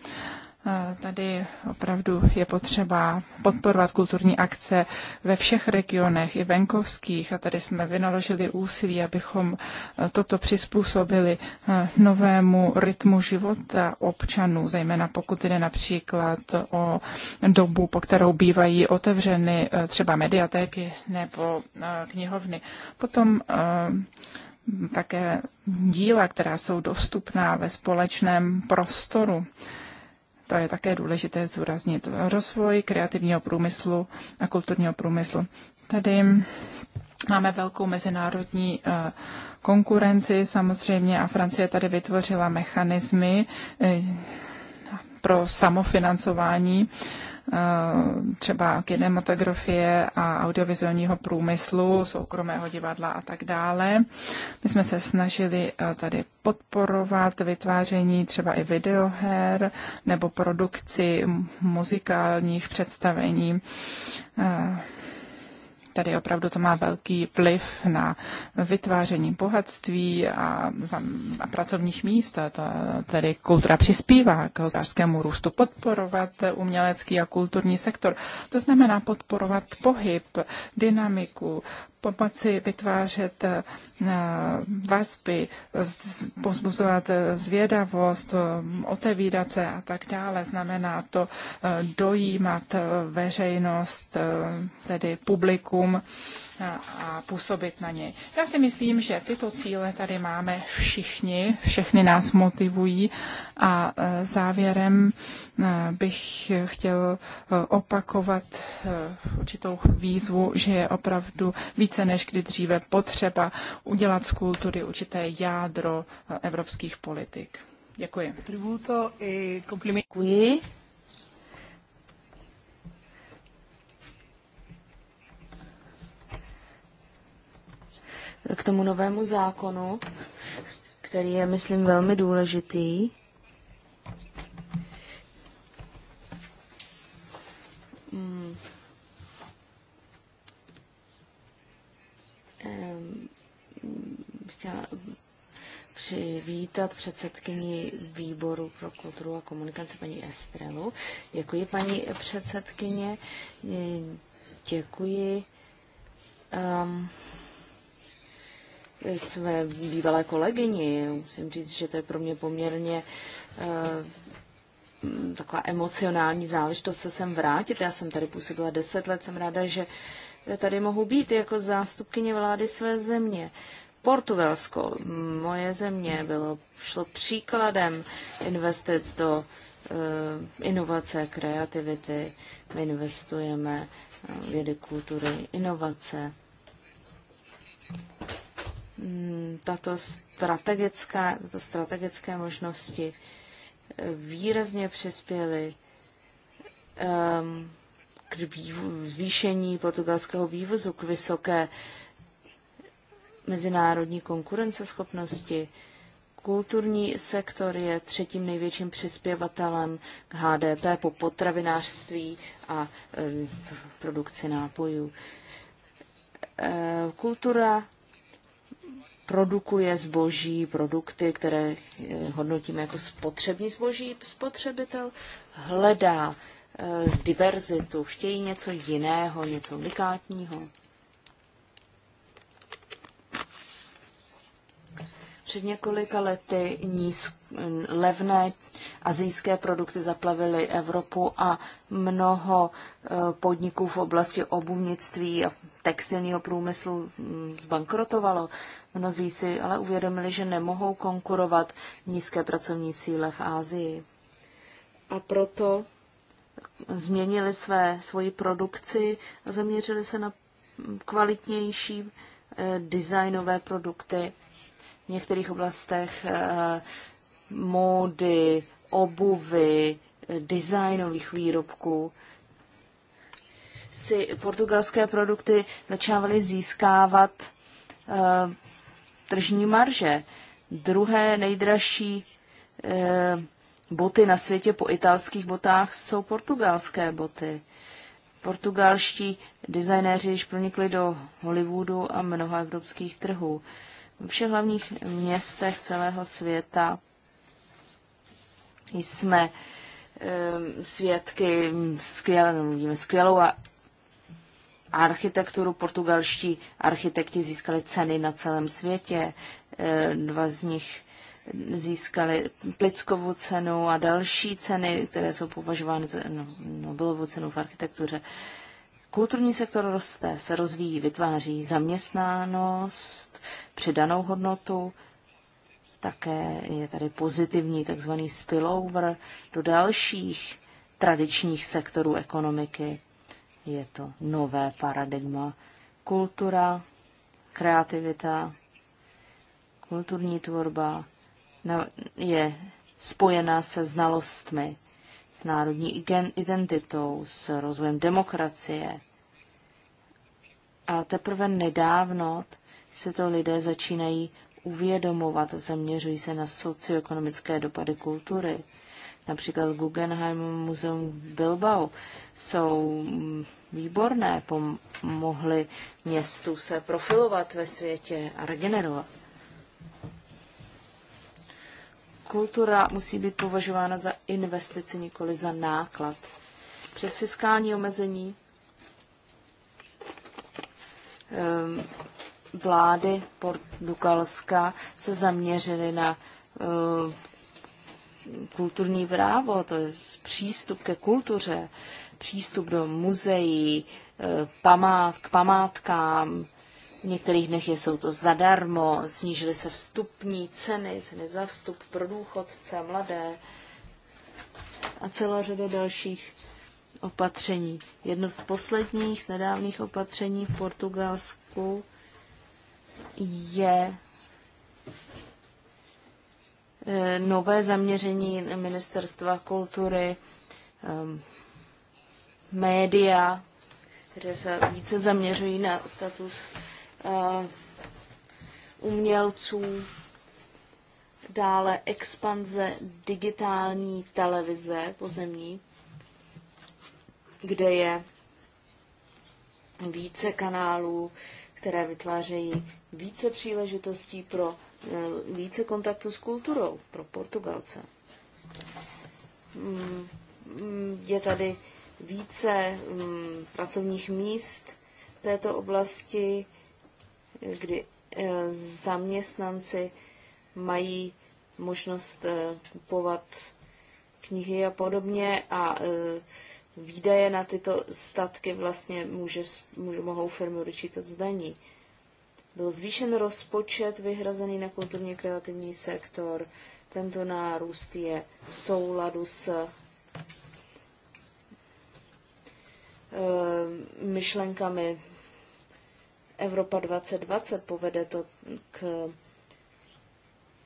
Eh, tady opravdu je potřeba podporovat kulturní akce ve všech regionech, i venkovských. A tady jsme vynaložili úsilí, abychom eh, toto přizpůsobili eh, novému rytmu života občanů, zejména pokud jde například o dobu, po kterou bývají otevřeny třeba mediatéky nebo knihovny. Potom také díla, která jsou dostupná ve společném prostoru to je také důležité zúraznit. Rozvoj kreativního průmyslu a kulturního průmyslu. Tady máme velkou mezinárodní eh, konkurenci samozřejmě a Francie tady vytvořila mechanismy eh, pro samofinancování Eh, třeba kinematografie a audiovizuálního průmyslu, soukromého divadla a tak dále. My jsme se snažili eh, tady podporovat vytváření třeba i videoher nebo produkci muzikálních představení. Eh, tady opravdu to má velký vliv na vytváření bohatství a, a pracovních míst. A ta, tedy kultura přispívá k hospodářskému růstu, podporovat umělecký a kulturní sektor. To znamená podporovat pohyb, dynamiku, pomoci vytvářet eh, vazby, pozbuzovat eh, zvědavost, eh, otevírat se a tak dále. Znamená to dojímat veřejnost, tedy publikum a působit na něj. Já si myslím, že tyto cíle tady máme všichni, všechny nás motivují a e, závěrem e, bych chtěl e, opakovat určitou výzvu, že je opravdu více než kdy dříve potřeba udělat z kultury určité jádro evropských politik. Děkuji. Děkuji. k tomu novému zákonu, který je, myslím, velmi důležitý. Hmm. Chtěla přivítat předsedkyni výboru pro kulturu a komunikaci paní Estrelu. Děkuji, paní předsedkyně. Děkuji. Um, své bývalé kolegyni. Musím říct, že to je pro mě poměrně eh, taková emocionální záležitost se sem vrátit. Já jsem tady působila deset let, jsem ráda, že tady mohu být jako zástupkyně vlády své země. Portugalsko, moje země, bylo, šlo příkladem investic do uh, inovace, kreativity. My investujeme vědy, kultury, inovace. Mm, tato strategická, tato strategické možnosti výrazně přispěly um, k zvýšení portugalského vývozu, k vysoké mezinárodní konkurenceschopnosti. Kulturní sektor je třetím největším přispěvatelem k HDP po potravinářství a e, produkci nápojů. E, kultura produkuje zboží, produkty, které eh, hodnotíme jako spotřební zboží. Spotřebitel hledá eh, diverzitu, chtějí něco jiného, něco unikátního. Před několika lety nízk, levné azijské produkty zaplavily Evropu a mnoho e, podniků v oblasti obuvnictví a textilního průmyslu mm, zbankrotovalo. Mnozí si ale uvědomili, že nemohou konkurovat nízké pracovní síle v Ázii. A proto změnili své, svoji produkci a zaměřili se na kvalitnější e, designové produkty v některých oblastech eh, módy, obuvy, designových výrobků si portugalské produkty začávaly získávat eh, tržní marže. Druhé nejdražší eh, boty na světě po italských botách jsou portugalské boty. Portugalští designéři již pronikli do Hollywoodu a mnoha evropských trhů. Uh, všech hlavních městech celého světa jsme svědky skvělou, a architekturu. Portugalští architekti získali ceny na celém světě. Dva z nich získali Plickovu cenu a další ceny, které jsou považovány za no- Nobelovu cenu v architektuře. Kulturní sektor roste, se rozvíjí, vytváří zaměstnánost, přidanou hodnotu, také je tady pozitivní takzvaný spillover do dalších tradičních sektorů ekonomiky. Je to nové paradigma. Kultura, kreativita, kulturní tvorba je spojená se znalostmi, s národní identitou, s rozvojem demokracie, a teprve nedávno se to lidé začínají uvědomovat, a zaměřují se na socioekonomické dopady kultury. Například Guggenheim muzeum Bilbao jsou výborné, pomohly městu se profilovat ve světě a regenerovat. Kultura musí být považována za investici, nikoli za náklad. Přes fiskální omezení Ehm, vlády Portugalska se zaměřily na ehm, kulturní právo, to je přístup ke kultuře, přístup do muzeí, ehm, památk k památkám. V některých dnech jsou to zadarmo, snížily se vstupní ceny za vstup pro důchodce, mladé a celá řada dalších opatření. Jedno z posledních, z nedávných opatření v Portugalsku je eh, nové zaměření ministerstva kultury, ehm, média, které se více zaměřují na status eh, umělců, dále expanze digitální televize pozemní, kde je více kanálů, které vytvářejí více příležitostí pro eh, více kontaktu s kulturou pro Portugalce. Mm, mm, je tady více mm, pracovních míst této oblasti, kdy eh, zaměstnanci mají možnost eh, kupovat knihy a podobně a výdaje na tyto statky vlastně může, může, mohou firmy odečítat z daní. Byl zvýšen rozpočet vyhrazený na kulturně kreativní sektor. Tento nárůst je v souladu s eh, myšlenkami Evropa 2020. Povede to k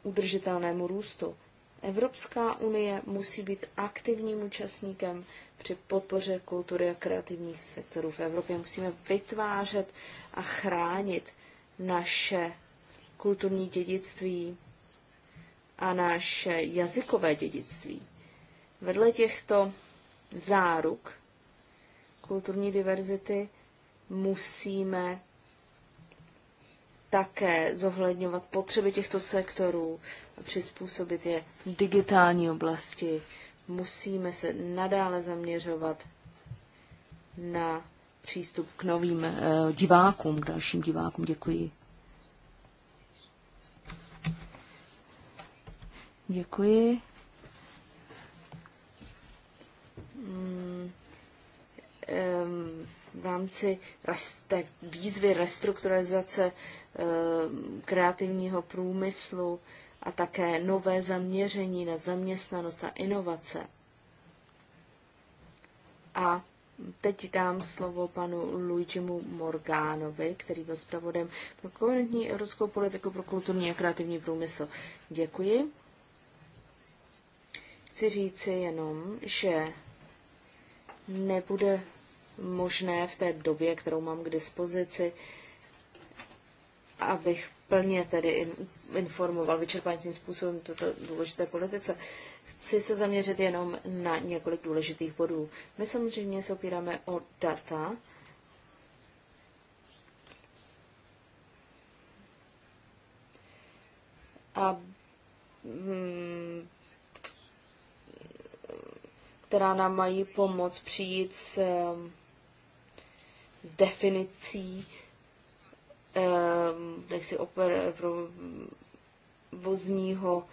udržitelnému růstu. Evropská unie musí být aktivním účastníkem při podpoře kultury a kreativních sektorů v Evropě. Musíme vytvářet a chránit naše kulturní dědictví a naše jazykové dědictví. Vedle těchto záruk kulturní diverzity musíme také zohledňovat potřeby těchto sektorů a přizpůsobit je digitální oblasti. Musíme se nadále zaměřovat na přístup k novým uh, divákům, k dalším divákům. Děkuji. Děkuji. v rámci té výzvy restrukturalizace eh, kreativního průmyslu a také nové zaměření na zaměstnanost a inovace. A teď dám slovo panu Luigimu Morgánovi, který byl zpravodem pro koherentní evropskou politiku pro kulturní a kreativní průmysl. Děkuji. Chci říci jenom, že nebude možné v té době, kterou mám k dispozici, abych plně tedy informoval vyčerpáním způsobem toto důležité politice. Chci se zaměřit jenom na několik důležitých bodů. My samozřejmě se opíráme o data, a mm, která nám mají pomoct přijít s s definicí tak ehm, si oper, provozního,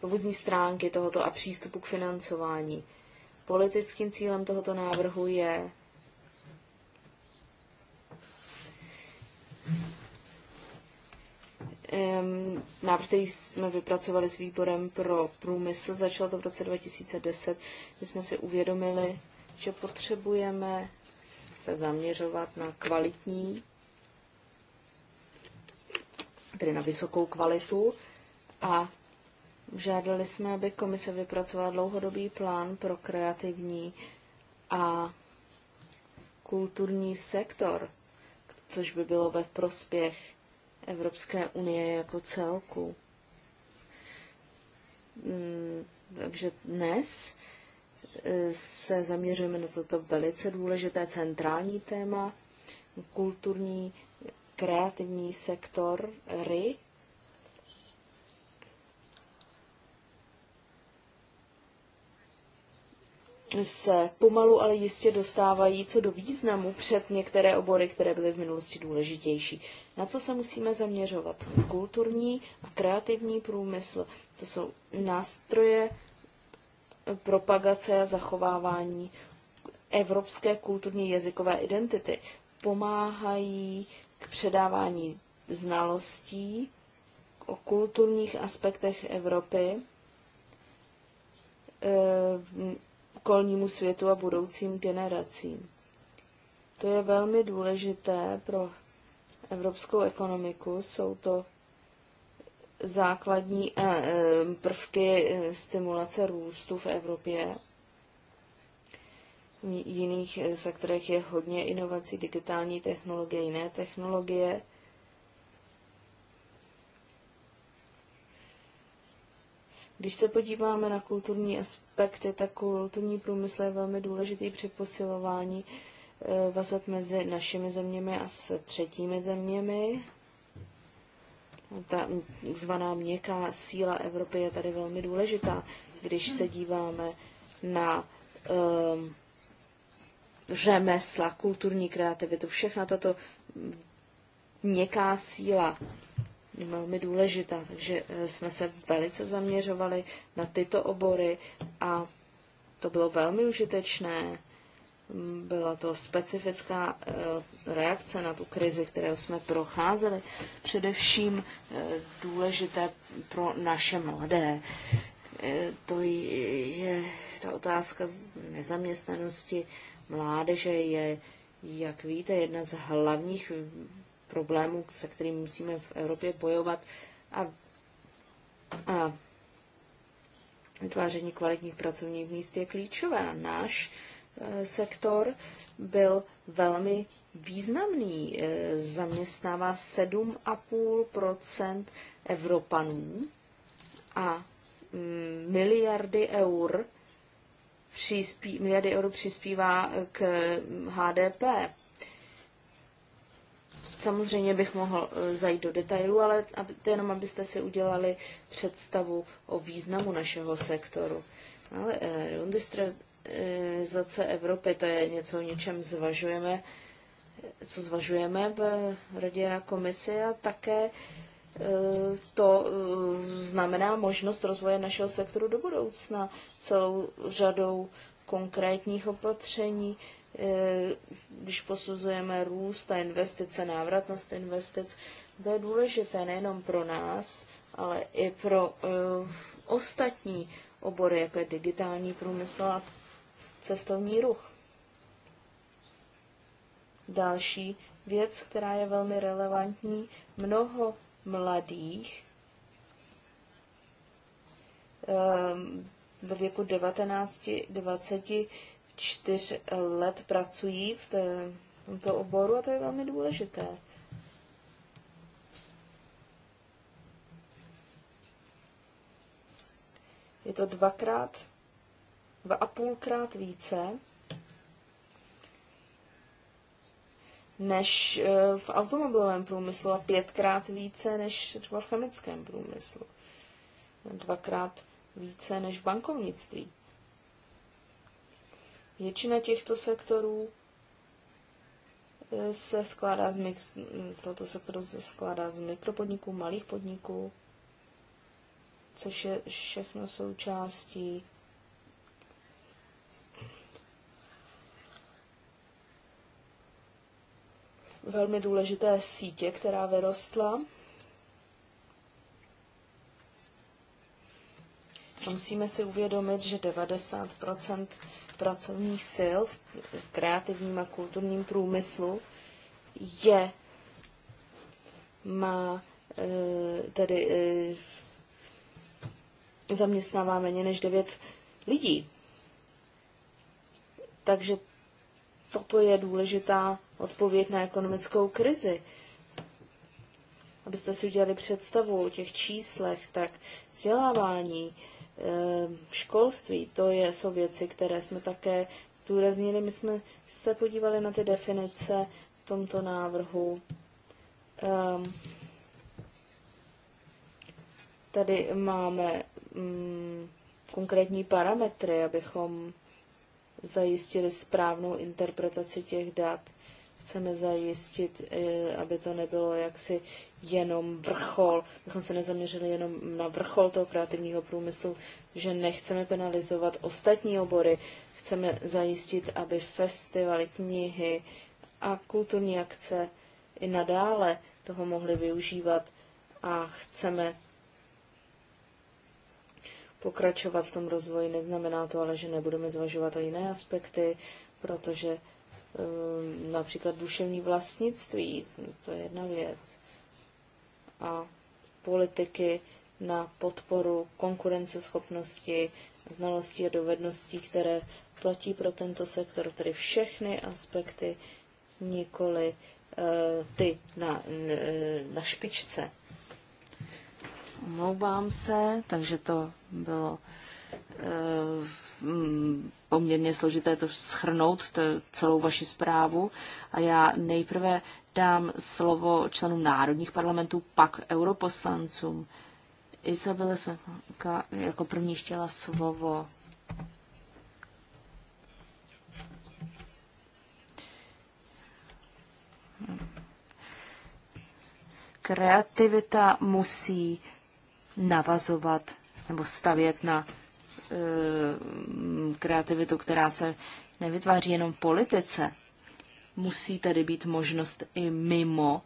provozní stránky tohoto a přístupu k financování. Politickým cílem tohoto návrhu je ehm, návrh, který jsme vypracovali s výborem pro průmysl, začalo to v roce 2010, kdy jsme si uvědomili, že potřebujeme se zaměřovat na kvalitní, tedy na vysokou kvalitu a žádali jsme, aby komise vypracovala dlouhodobý plán pro kreativní a kulturní sektor, což by bylo ve prospěch Evropské unie jako celku. Mm, takže dnes se zaměřujeme na toto velice důležité centrální téma, kulturní, kreativní sektor RY. se pomalu, ale jistě dostávají co do významu před některé obory, které byly v minulosti důležitější. Na co se musíme zaměřovat? Kulturní a kreativní průmysl. To jsou nástroje propagace a zachovávání evropské kulturní jazykové identity. Pomáhají k předávání znalostí o kulturních aspektech Evropy, eh, kolnímu světu a budoucím generacím. To je velmi důležité pro evropskou ekonomiku. Jsou to základní eh, eh, prvky eh, stimulace růstu v Evropě. V jiných sektorech je hodně inovací, digitální technologie, jiné technologie. Když se podíváme na kulturní aspekty, tak kulturní průmysl je velmi důležitý při posilování vazeb mezi našimi zeměmi a s třetími zeměmi ta zvaná měkká síla Evropy je tady velmi důležitá, když se díváme na um, řemesla, kulturní kreativitu, všechna tato měkká síla je velmi důležitá. Takže eh, jsme se velice zaměřovali na tyto obory a to bylo velmi užitečné byla to specifická eh, reakce na tu krizi, kterou jsme procházeli, především eh, důležité pro naše mladé. Eh, to je ta otázka nezaměstnanosti mládeže je, jak víte, jedna z hlavních problémů, se kterým musíme v Evropě bojovat a, a vytváření kvalitních pracovních míst je klíčové. Náš Eh, sektor byl velmi významný. Eh, zaměstnává 7,5 Evropanů a mm, miliardy eur přispí, miliardy eur přispívá k mm, HDP. Samozřejmě bych mohl eh, zajít do detailu, ale to jenom, abyste si udělali představu o významu našeho sektoru. Ale eh, Zace Evropy, to je něco, o něčem zvažujeme, co zvažujeme v Radě a komisi a také e, to e, znamená možnost rozvoje našeho sektoru do budoucna celou řadou konkrétních opatření, e, když posuzujeme růst a investice, návratnost investic. To je důležité nejenom pro nás, ale i pro ostatní obory, jako je digitální průmysl a cestovní ruch. Další věc, která je velmi relevantní, mnoho mladých ehm, ve věku 19, 24 let pracují v tomto oboru a to je velmi důležité. Je to dvakrát dva a půlkrát více než eh, v automobilovém průmyslu a pětkrát více než třeba v chemickém průmyslu. Dvakrát více než v bankovnictví. Většina těchto sektorů eh, se skládá z mix, hm, tohoto sektoru se skládá z mikropodniků, malých podniků, což je všechno součástí velmi důležité sítě, která vyrostla. A musíme si uvědomit, že 90 pracovních sil v kreativním a kulturním průmyslu je, má e, tedy e, zaměstnává méně než 9 lidí. Takže toto je důležitá odpověď na ekonomickou krizi. Abyste si udělali představu o těch číslech, tak vzdělávání, ehm, školství, to je, jsou věci, které jsme také zdůraznili. My jsme se podívali na ty definice v tomto návrhu. Ehm, tady máme mm, konkrétní parametry, abychom zajistili správnou interpretaci těch dat. Chceme zajistit, eh, aby to nebylo jaksi jenom vrchol, abychom se nezaměřili jenom na vrchol toho kreativního průmyslu, že nechceme penalizovat ostatní obory, chceme zajistit, aby festivaly, knihy a kulturní akce i nadále toho mohly využívat a chceme pokračovat v tom rozvoji. Neznamená to ale, že nebudeme zvažovat o jiné aspekty, protože um, například duševní vlastnictví, to je jedna věc. A politiky na podporu konkurenceschopnosti, znalostí a dovedností, které platí pro tento sektor, tedy všechny aspekty, nikoli uh, ty na, na špičce. Omlouvám se, takže to bylo eh, mm, poměrně složité to schrnout, to, celou vaši zprávu. A já nejprve dám slovo členům národních parlamentů, pak europoslancům. Isabela Světlanka jako první chtěla slovo. Kreativita musí navazovat nebo stavět na e, kreativitu, která se nevytváří jenom v politice. Musí tady být možnost i mimo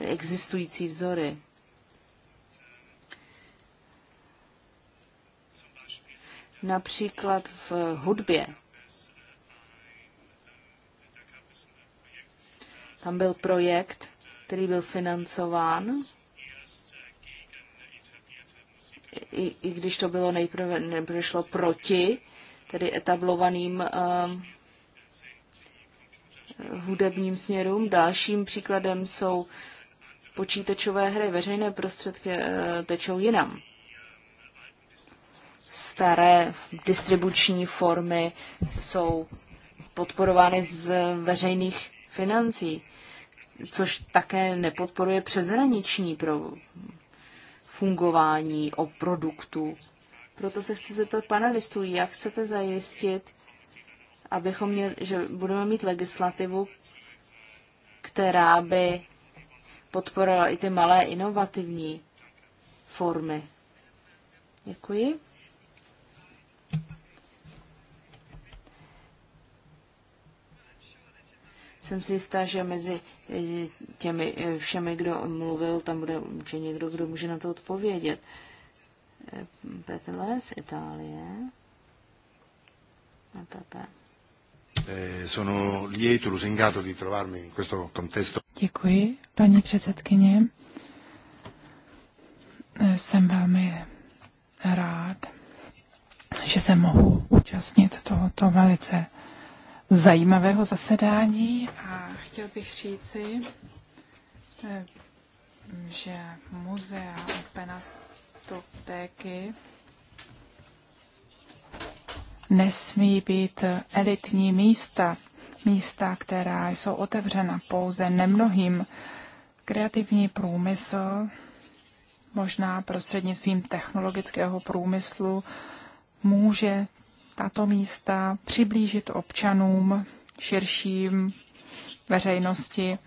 existující vzory. Například v hudbě. Tam byl projekt, který byl financován i, i když to bylo nejprve, nejprve šlo proti, tedy etablovaným uh, hudebním směrům. Dalším příkladem jsou počítačové hry. Veřejné prostředky uh, tečou jinam. Staré distribuční formy jsou podporovány z veřejných financí, což také nepodporuje přeshraniční pro fungování, o produktu. Proto se chci zeptat Vistu, jak chcete zajistit, abychom měli, že budeme mít legislativu, která by podporovala i ty malé inovativní formy. Děkuji. jsem si jistá, že mezi eh, těmi eh, všemi, kdo mluvil, tam bude určitě někdo, kdo může na to odpovědět. Eh, Petele z Itálie. A Pepe. Děkuji, paní předsedkyně. Jsem velmi rád, že se mohu účastnit tohoto velice zajímavého zasedání a chtěl bych říci, eh, že muzea penatotéky nesmí být elitní místa, místa, která jsou otevřena pouze nemnohým. Kreativní průmysl, možná prostřednictvím technologického průmyslu, může tato místa přiblížit občanům, širším veřejnosti.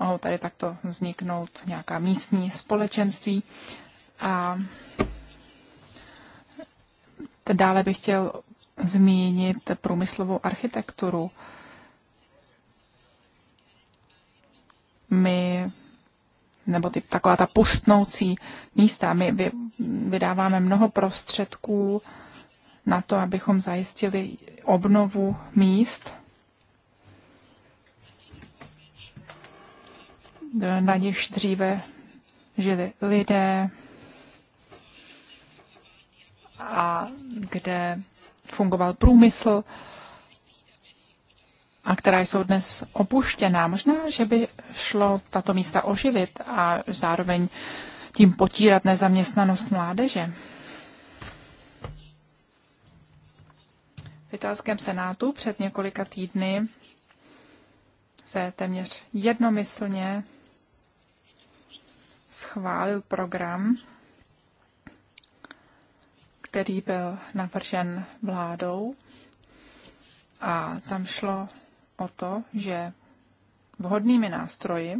Mohou tady takto vzniknout nějaká místní společenství. A dále bych chtěl zmínit průmyslovou architekturu. My nebo ty, taková ta pustnoucí místa. My vy, vydáváme mnoho prostředků na to, abychom zajistili obnovu míst, na nichž dříve žili lidé a kde fungoval průmysl a která jsou dnes opuštěná. Možná, že by šlo tato místa oživit a zároveň tím potírat nezaměstnanost mládeže. V italském senátu před několika týdny se téměř jednomyslně schválil program, který byl navržen vládou a tam šlo o to, že vhodnými nástroji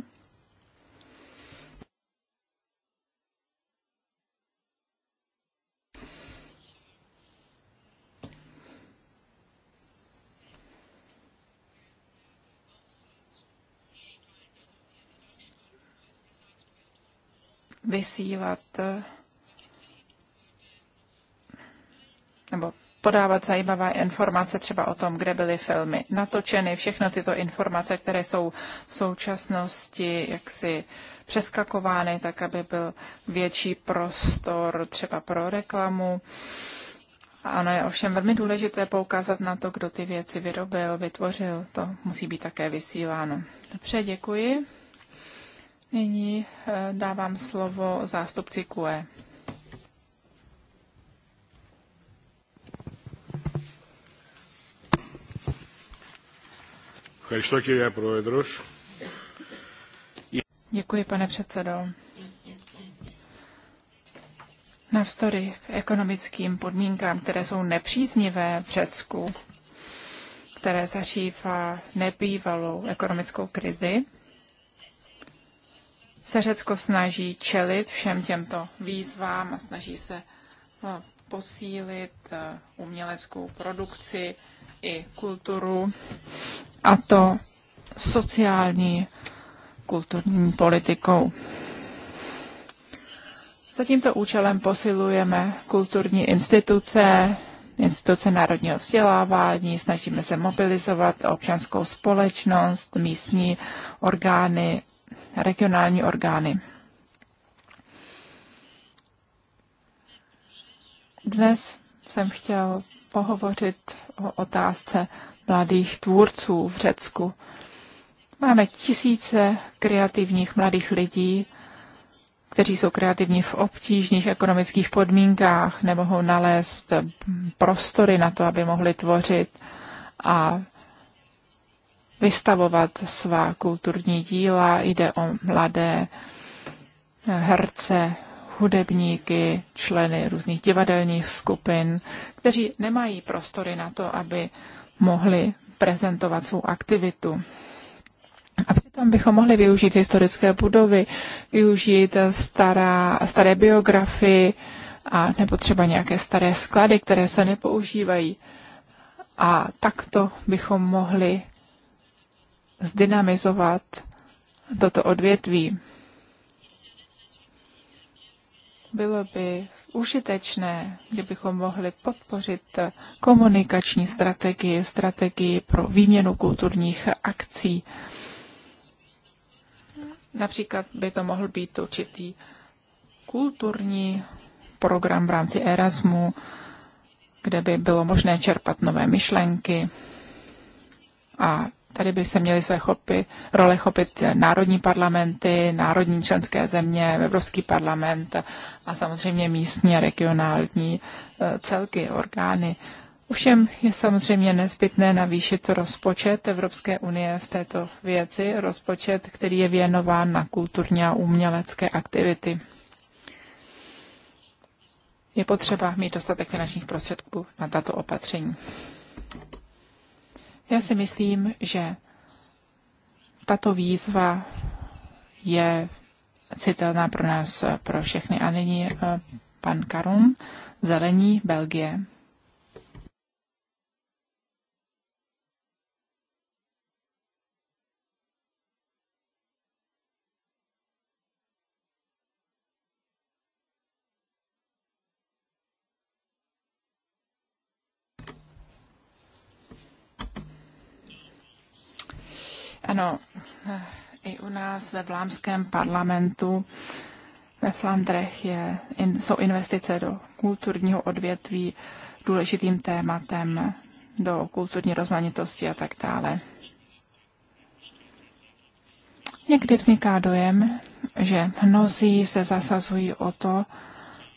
vysílat nebo podávat zajímavé informace třeba o tom, kde byly filmy natočeny. Všechno tyto informace, které jsou v současnosti jaksi přeskakovány, tak aby byl větší prostor třeba pro reklamu. Ano, je ovšem velmi důležité poukázat na to, kdo ty věci vyrobil, vytvořil. To musí být také vysíláno. Dobře, děkuji. Nyní eh, dávám slovo zástupci QE. Děkuji, pane předsedo. Navzdory ekonomickým podmínkám, které jsou nepříznivé v Řecku, které zažívá nebývalou ekonomickou krizi, se Řecko snaží čelit všem těmto výzvám a snaží se eh, posílit eh, uměleckou produkci i kulturu a to sociální kulturní politikou. Za tímto účelem posilujeme kulturní instituce, instituce národního vzdělávání, snažíme se mobilizovat občanskou společnost, místní orgány, regionální orgány. Dnes jsem chtěl pohovořit o otázce mladých tvůrců v Řecku. Máme tisíce kreativních mladých lidí, kteří jsou kreativní v obtížných ekonomických podmínkách, nemohou nalézt prostory na to, aby mohli tvořit a vystavovat svá kulturní díla. Jde o mladé eh, herce, hudebníky, členy různých divadelních skupin, kteří nemají prostory na to, aby mohli prezentovat svou aktivitu. A přitom bychom mohli využít historické budovy, využít stará, staré biografii a nebo třeba nějaké staré sklady, které se nepoužívají. A takto bychom mohli zdynamizovat toto odvětví. Bylo by užitečné, kdybychom mohli podpořit komunikační strategii, strategii pro výměnu kulturních akcí. Například by to mohl být určitý kulturní program v rámci Erasmu, kde by bylo možné čerpat nové myšlenky a Tady by se měly své chopy, role chopit národní parlamenty, národní členské země, Evropský parlament a samozřejmě místní a regionální e, celky, orgány. Ovšem je samozřejmě nezbytné navýšit rozpočet Evropské unie v této věci, rozpočet, který je věnován na kulturní a umělecké aktivity. Je potřeba mít dostatek finančních prostředků na tato opatření. Já si myslím, že tato výzva je citelná pro nás, pro všechny. A nyní eh, pan Karum, Zelení, Belgie. Ano, i u nás ve vlámském parlamentu ve Flandrech je, in, jsou investice do kulturního odvětví důležitým tématem, do kulturní rozmanitosti a tak dále. Někdy vzniká dojem, že mnozí se zasazují o to,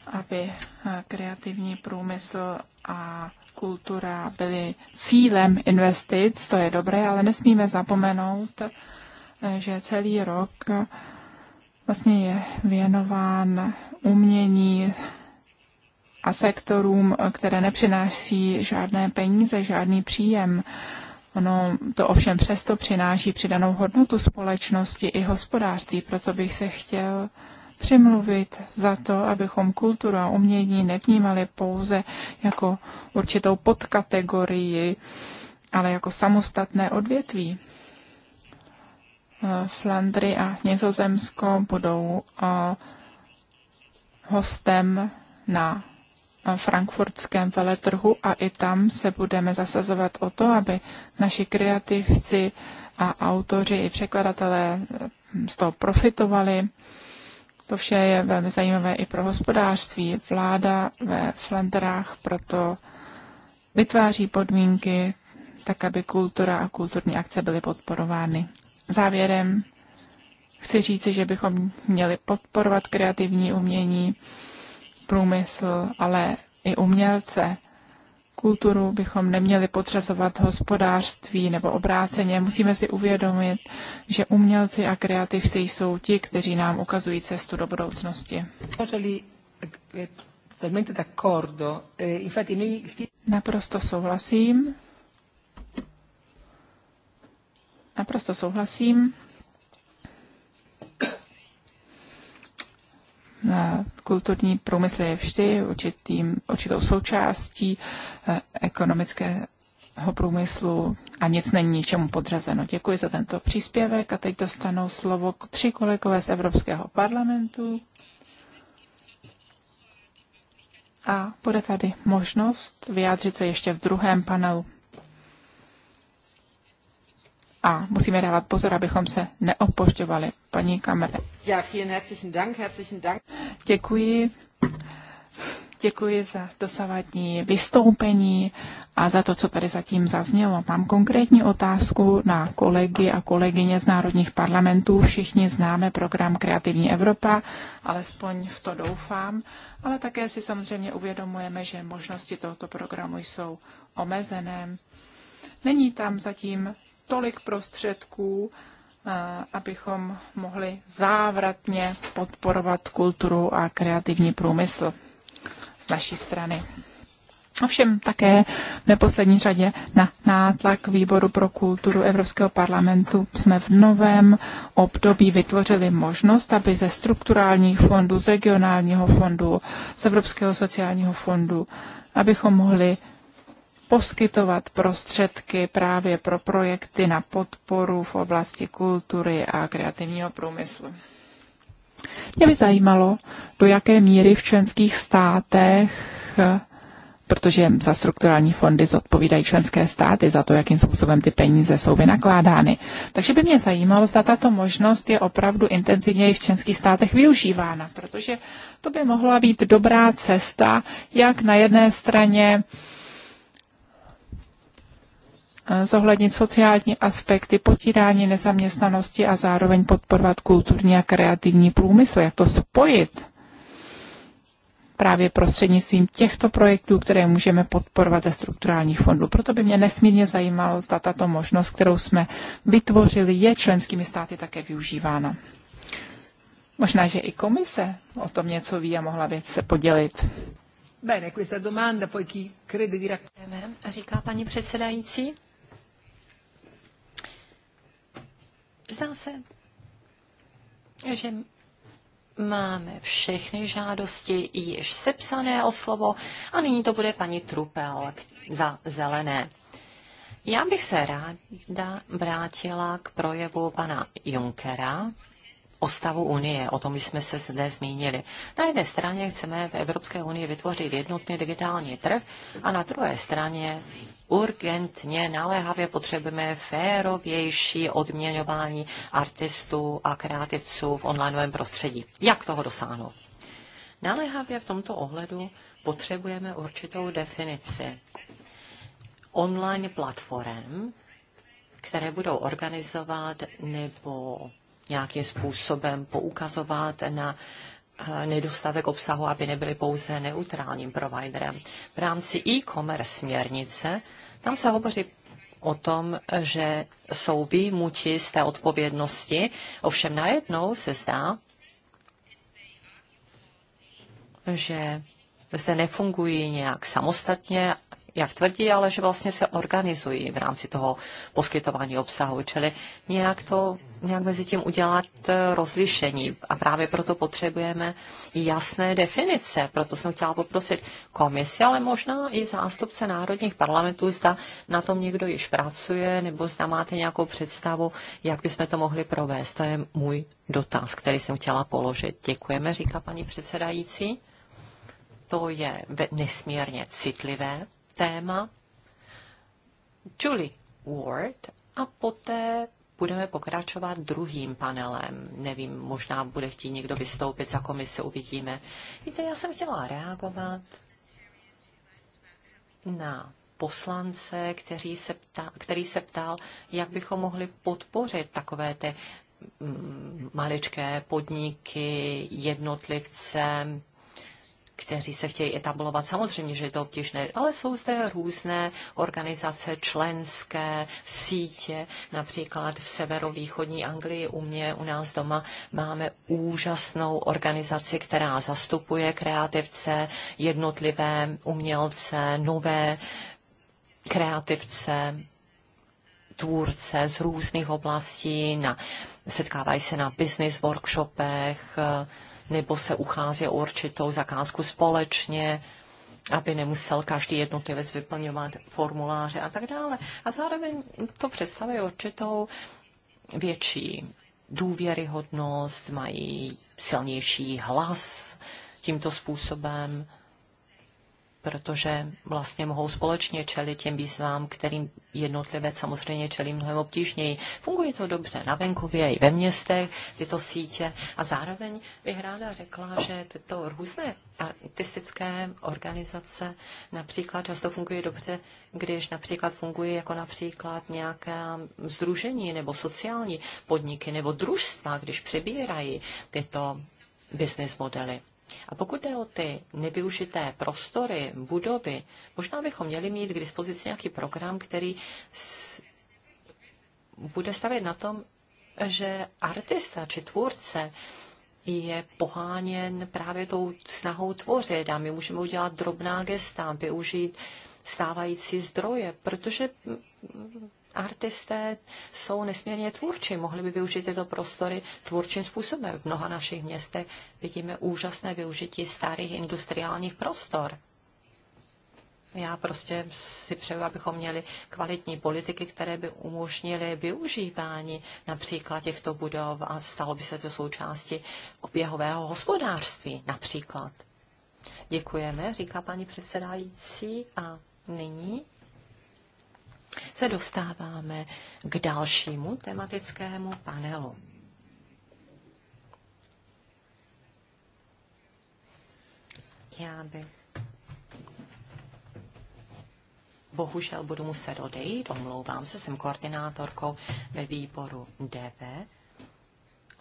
aby eh, kreativní průmysl a kultura byly cílem investic, to je dobré, ale nesmíme zapomenout, že celý rok vlastně je věnován umění a sektorům, které nepřináší žádné peníze, žádný příjem. Ono to ovšem přesto přináší přidanou hodnotu společnosti i hospodářství, proto bych se chtěl přimluvit za to, abychom kulturu a umění nevnímali pouze jako určitou podkategorii, ale jako samostatné odvětví. Eh, Flandry a Nizozemsko budou eh, hostem na eh, frankfurtském veletrhu a i tam se budeme zasazovat o to, aby naši kreativci a autoři i překladatelé z toho profitovali to vše je velmi zajímavé i pro hospodářství. Vláda ve Flandrách proto vytváří podmínky tak, aby kultura a kulturní akce byly podporovány. Závěrem chci říci, že bychom měli podporovat kreativní umění, průmysl, ale i umělce kulturu bychom neměli podřazovat hospodářství nebo obráceně. Musíme si uvědomit, že umělci a kreativci jsou ti, kteří nám ukazují cestu do budoucnosti. Naprosto souhlasím. Naprosto souhlasím. kulturní průmysl je vždy určitým, určitou součástí eh, ekonomického průmyslu a nic není ničemu podřazeno. Děkuji za tento příspěvek a teď dostanou slovo tři kolegové z Evropského parlamentu. A bude tady možnost vyjádřit se ještě v druhém panelu a musíme dávat pozor, abychom se neopožďovali. Paní Kamere. Ja, vielen herzlichen Dank, herzlichen Dank. Děkuji. Děkuji za dosavadní vystoupení a za to, co tady zatím zaznělo. Mám konkrétní otázku na kolegy a kolegyně z národních parlamentů. Všichni známe program Kreativní Evropa, alespoň v to doufám, ale také si samozřejmě uvědomujeme, že možnosti tohoto programu jsou omezené. Není tam zatím tolik prostředků, eh, abychom mohli závratně podporovat kulturu a kreativní průmysl z naší strany. Ovšem také v neposlední řadě na nátlak Výboru pro kulturu Evropského parlamentu jsme v novém období vytvořili možnost, aby ze strukturálních fondů, z regionálního fondu, z Evropského sociálního fondu, abychom mohli poskytovat prostředky právě pro projekty na podporu v oblasti kultury a kreativního průmyslu. Mě by zajímalo, do jaké míry v členských státech, protože za strukturální fondy zodpovídají členské státy za to, jakým způsobem ty peníze jsou vynakládány. Takže by mě zajímalo, zda tato možnost je opravdu intenzivněji v členských státech využívána, protože to by mohla být dobrá cesta, jak na jedné straně Eh, zohlednit sociální aspekty, potírání nezaměstnanosti a zároveň podporovat kulturní a kreativní průmysl. Jak to spojit? právě prostřednictvím těchto projektů, které můžeme podporovat ze strukturálních fondů. Proto by mě nesmírně zajímalo, zda tato možnost, kterou jsme vytvořili, je členskými státy také využívána. Možná, že i komise o tom něco ví a mohla by se podělit. Bene, questa domanda poi chi crede di raccontare. Říká paní předsedající. Zdá se, že máme všechny žádosti již sepsané o slovo a nyní to bude paní Trupel za zelené. Já bych se ráda vrátila k projevu pana Junkera o stavu Unie, o tom jsme se zde zmínili. Na jedné straně chceme v Evropské unii vytvořit jednotný digitální trh a na druhé straně urgentně, naléhavě potřebujeme férovější odměňování artistů a kreativců v onlineovém prostředí. Jak toho dosáhnout? Naléhavě v tomto ohledu potřebujeme určitou definici online platform, které budou organizovat nebo nějakým způsobem poukazovat na uh, nedostatek obsahu, aby nebyly pouze neutrálním providerem. V rámci e-commerce směrnice tam se hovoří o tom, že jsou výjimuti z té odpovědnosti, ovšem najednou se zdá, že zde nefungují nějak samostatně, jak tvrdí, ale že vlastně se organizují v rámci toho poskytování obsahu, čili nějak to nějak mezi tím udělat eh, rozlišení a právě proto potřebujeme jasné definice. Proto jsem chtěla poprosit komisi, ale možná i zástupce národních parlamentů, zda na tom někdo již pracuje, nebo zda máte nějakou představu, jak bychom to mohli provést. To je můj dotaz, který jsem chtěla položit. Děkujeme, říká paní předsedající. To je nesmírně citlivé téma. Julie Ward a poté budeme pokračovat druhým panelem. Nevím, možná bude chtít někdo vystoupit za komise, uvidíme. Víte, já jsem chtěla reagovat na poslance, který se, ptá, který se ptal, jak bychom mohli podpořit takové ty mm, maličké podniky, jednotlivce, kteří se chtějí etablovat. Samozřejmě, že je to obtížné, ale jsou zde různé organizace členské, sítě, například v severovýchodní Anglii u mě, u nás doma máme úžasnou organizaci, která zastupuje kreativce, jednotlivé umělce, nové kreativce, tvůrce z různých oblastí, na, setkávají se na business workshopech, nebo se uchází o určitou zakázku společně, aby nemusel každý jednotlivec vyplňovat formuláře a tak dále. A zároveň to představuje určitou větší důvěryhodnost, mají silnější hlas tímto způsobem protože vlastně mohou společně čelit těm výzvám, kterým jednotlivec samozřejmě čelí mnohem obtížněji. Funguje to dobře na venkově i ve městech, tyto sítě. A zároveň bych ráda řekla, že tyto různé artistické organizace například často fungují dobře, když například funguje jako například nějaké združení nebo sociální podniky nebo družstva, když přebírají tyto business modely. A pokud jde o ty nevyužité prostory, budovy, možná bychom měli mít k dispozici nějaký program, který s... bude stavět na tom, že artista či tvůrce je poháněn právě tou snahou tvořit a my můžeme udělat drobná gesta, využít stávající zdroje, protože artisté jsou nesmírně tvůrčí, mohli by využít tyto prostory tvůrčím způsobem. V mnoha našich městech vidíme úžasné využití starých industriálních prostor. Já prostě si přeju, abychom měli kvalitní politiky, které by umožnily využívání například těchto budov a stalo by se to součástí oběhového hospodářství například. Děkujeme, říká paní předsedající a nyní se dostáváme k dalšímu tematickému panelu. Já bych bohužel budu muset odejít, omlouvám se, jsem koordinátorkou ve výboru DV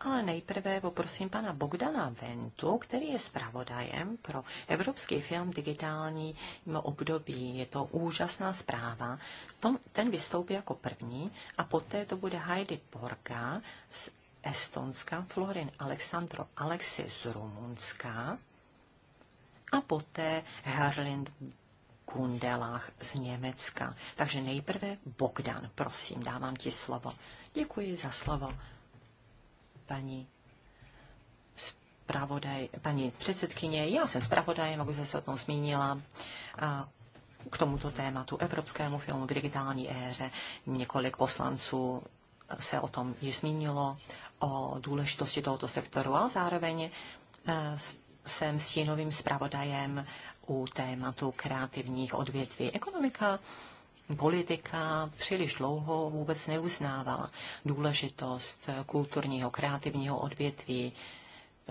ale nejprve poprosím pana Bogdana Ventu, který je zpravodajem pro evropský film digitální období. Je to úžasná zpráva. Tom, ten vystoupí jako první a poté to bude Heidi Borga z Estonska, Florin Alexandro Alexi z Rumunska a poté Herlind Kundelach z Německa. Takže nejprve Bogdan, prosím, dávám ti slovo. Děkuji za slovo paní zpravodaj, paní předsedkyně. Já jsem zpravodajem, jak už se o tom zmínila, k tomuto tématu evropskému filmu v digitální éře. Několik poslanců se o tom již zmínilo, o důležitosti tohoto sektoru, ale zároveň e, jsem stínovým zpravodajem u tématu kreativních odvětví. Ekonomika politika příliš dlouho vůbec neuznávala důležitost kulturního, kreativního odvětví.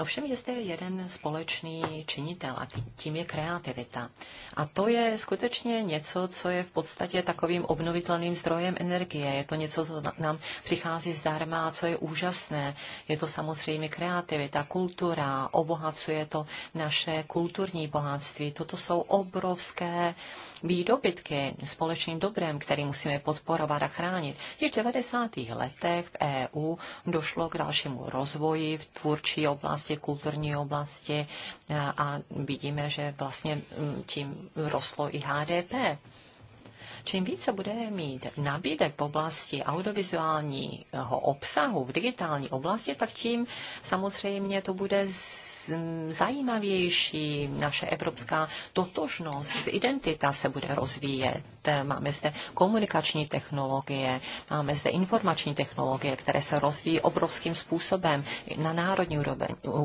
Ovšem je zde jeden společný činitel a tím je kreativita. A to je skutečně něco, co je v podstatě takovým obnovitelným zdrojem energie. Je to něco, co nám přichází zdarma a co je úžasné. Je to samozřejmě kreativita, kultura, obohacuje to naše kulturní bohatství. Toto jsou obrovské uh, výdobytky společným dobrem, který musíme podporovat a chránit. Již v 90. letech v EU došlo k dalšímu rozvoji v tvůrčí oblasti, kulturní oblasti a vidíme, že vlastně mm, tím rostlo i HDP. Čím více bude mít nabídek v oblasti audiovizuálního obsahu v digitální oblasti, tak tím samozřejmě to bude z zajímavější, naše evropská totožnost, identita se bude rozvíjet. Máme zde komunikační technologie, máme zde informační technologie, které se rozvíjí obrovským způsobem na národní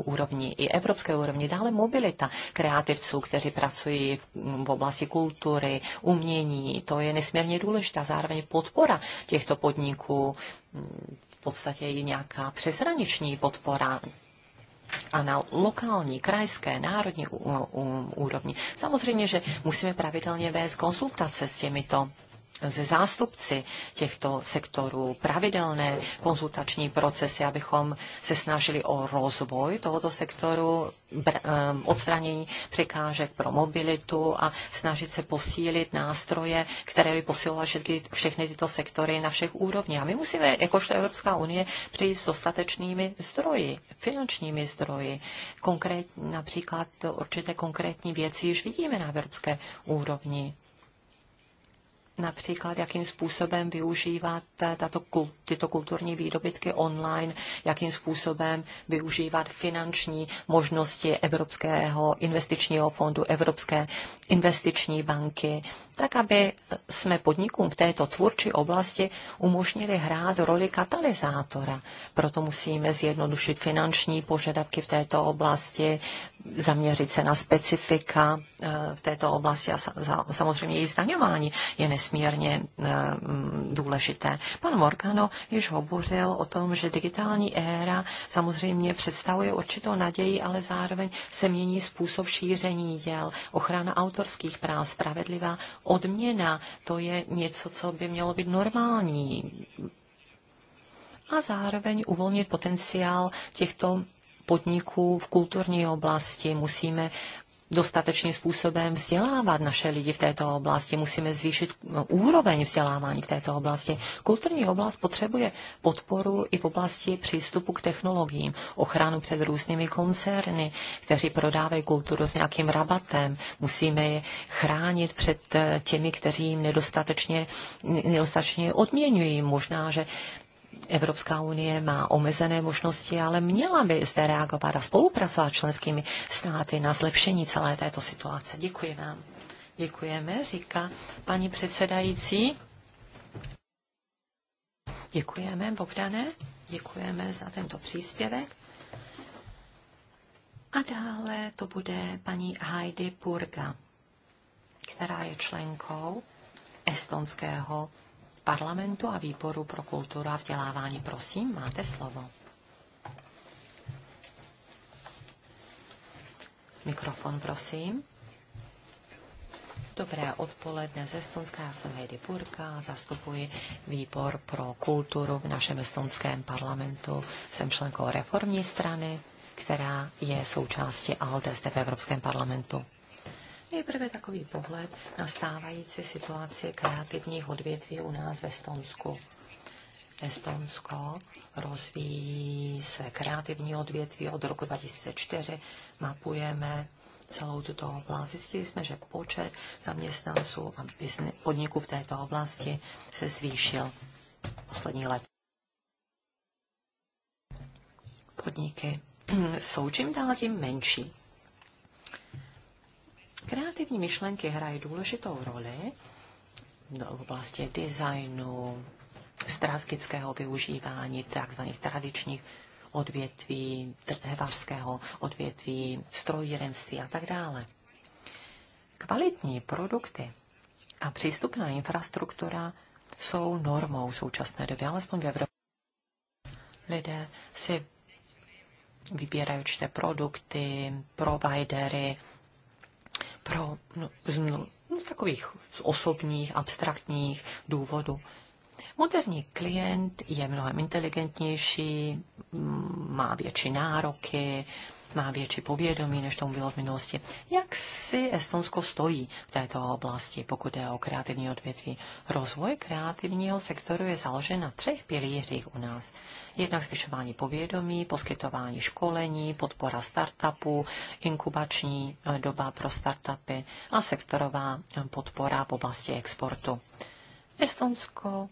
úrovni i evropské úrovni. Dále mobilita kreativců, kteří pracují v oblasti kultury, umění. To je nesmírně důležitá. Zároveň podpora těchto podniků, v podstatě je nějaká přeshraniční podpora a na lokální, krajské, národní úrovni. Samozřejmě, že musíme pravidelně vést konsultace s těmito ze zástupci těchto sektorů pravidelné konzultační procesy, abychom se snažili o rozvoj tohoto sektoru, ehm, odstranění překážek pro mobilitu a snažit se posílit nástroje, které by posilovaly všechny tyto sektory na všech úrovních. A my musíme, jakožto Evropská unie, přijít s dostatečnými zdroji, finančními zdroji. Konkrét, například určité konkrétní věci již vidíme na evropské úrovni například, jakým způsobem využívat tato, tyto kulturní výdobytky online, jakým způsobem využívat finanční možnosti Evropského investičního fondu, Evropské investiční banky, tak aby jsme podnikům v této tvůrčí oblasti umožnili hrát roli katalyzátora. Proto musíme zjednodušit finanční požadavky v této oblasti, zaměřit se na specifika eh, v této oblasti a samozřejmě její zdaňování je nesmírně eh, mm, důležité. Pan Morgano již hovořil o tom, že digitální éra samozřejmě představuje určitou naději, ale zároveň se mění způsob šíření děl, ochrana autorských práv, spravedlivá odměna. To je něco, co by mělo být normální. A zároveň uvolnit potenciál těchto podniků v kulturní oblasti. Musíme dostatečným způsobem vzdělávat naše lidi v této oblasti, musíme zvýšit no, úroveň vzdělávání v této oblasti. Kulturní oblast potřebuje podporu i v oblasti přístupu k technologiím, ochranu před různými koncerny, kteří prodávají kulturu s nějakým rabatem. Musíme je chránit před eh, těmi, kteří jim nedostatečně, nedostatečně odměňují. Možná, že Evropská unie má omezené možnosti, ale měla by zde reagovat a spolupracovat členskými státy na zlepšení celé této situace. Děkuji vám. Děkujeme, říká paní předsedající. Děkujeme, Bogdane. Děkujeme za tento příspěvek. A dále to bude paní Heidi Purga, která je členkou estonského parlamentu a výboru pro kulturu a vzdělávání. Prosím, máte slovo. Mikrofon, prosím. Dobré odpoledne z Estonska, já jsem Heidi Purka, zastupuji výbor pro kulturu v našem estonském parlamentu. Jsem členkou reformní strany, která je součástí ALDE zde v Evropském parlamentu. Nejprve takový pohled na stávající situaci kreativních odvětví u nás ve Stonsku. Estonsko rozvíjí se kreativní odvětví od roku 2004. Mapujeme celou tuto oblast. Zjistili jsme, že počet zaměstnanců a podniků v této oblasti se zvýšil poslední let. Podniky (clears throat) jsou čím dál tím menší Kreativní myšlenky hrají důležitou roli do oblasti designu, strategického využívání tzv. tradičních odvětví, hevarského odvětví, strojírenství a tak dále. Kvalitní produkty a přístupná infrastruktura jsou normou současné doby, alespoň v Evropě. Lidé si vybírají určité produkty, providery, pro no, z, no, z takových osobních, abstraktních důvodů. Moderní klient je mnohem inteligentnější, má větší nároky, má větší povědomí, než tomu bylo v minulosti. Jak si Estonsko stojí v této oblasti, pokud je o kreativní odvětví? Rozvoj kreativního sektoru je založen na třech pilířích u nás. Jednak zvyšování povědomí, poskytování školení, podpora startupů, inkubační eh, doba pro startupy a sektorová eh, podpora v oblasti exportu. Estonsko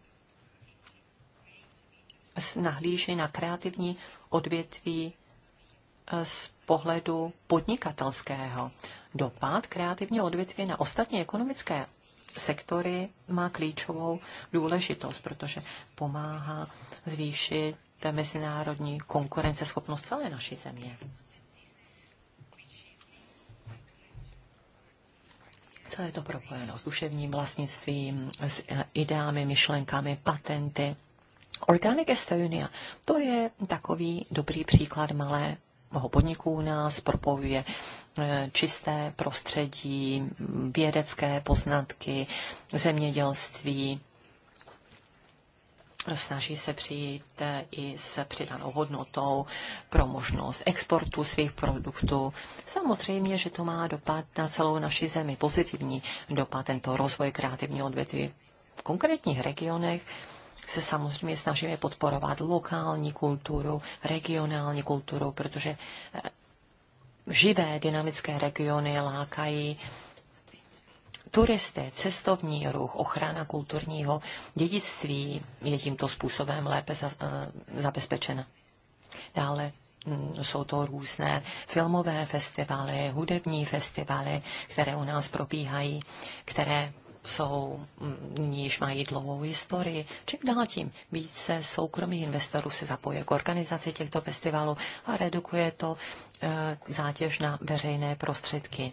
nahlíží na kreativní odvětví z pohledu podnikatelského. Dopad kreativního odvětví na ostatní ekonomické sektory má klíčovou důležitost, protože pomáhá zvýšit mezinárodní konkurenceschopnost celé naší země. Celé to propojeno s duševním vlastnictvím, s ideami, myšlenkami, patenty. Organic Estonia, to je takový dobrý příklad malé mnoho podniků u nás propojuje eh, čisté prostředí, vědecké poznatky, zemědělství. Snaží se přijít eh, i s přidanou hodnotou pro možnost exportu svých produktů. Samozřejmě, že to má dopad na celou naši zemi, pozitivní dopad tento rozvoj kreativního odvětví. V konkrétních regionech se samozřejmě snažíme podporovat lokální kulturu, regionální kulturu, protože eh, živé dynamické regiony lákají turisty, cestovní ruch, ochrana kulturního dědictví je tímto způsobem lépe eh, zabezpečena. Dále mm, jsou to různé filmové festivaly, hudební festivaly, které u nás probíhají, které jsou, mm, níž mají dlouhou historii. Čím dál tím více soukromých investorů se zapojí k organizaci těchto festivalů a redukuje to e, zátěž na veřejné prostředky.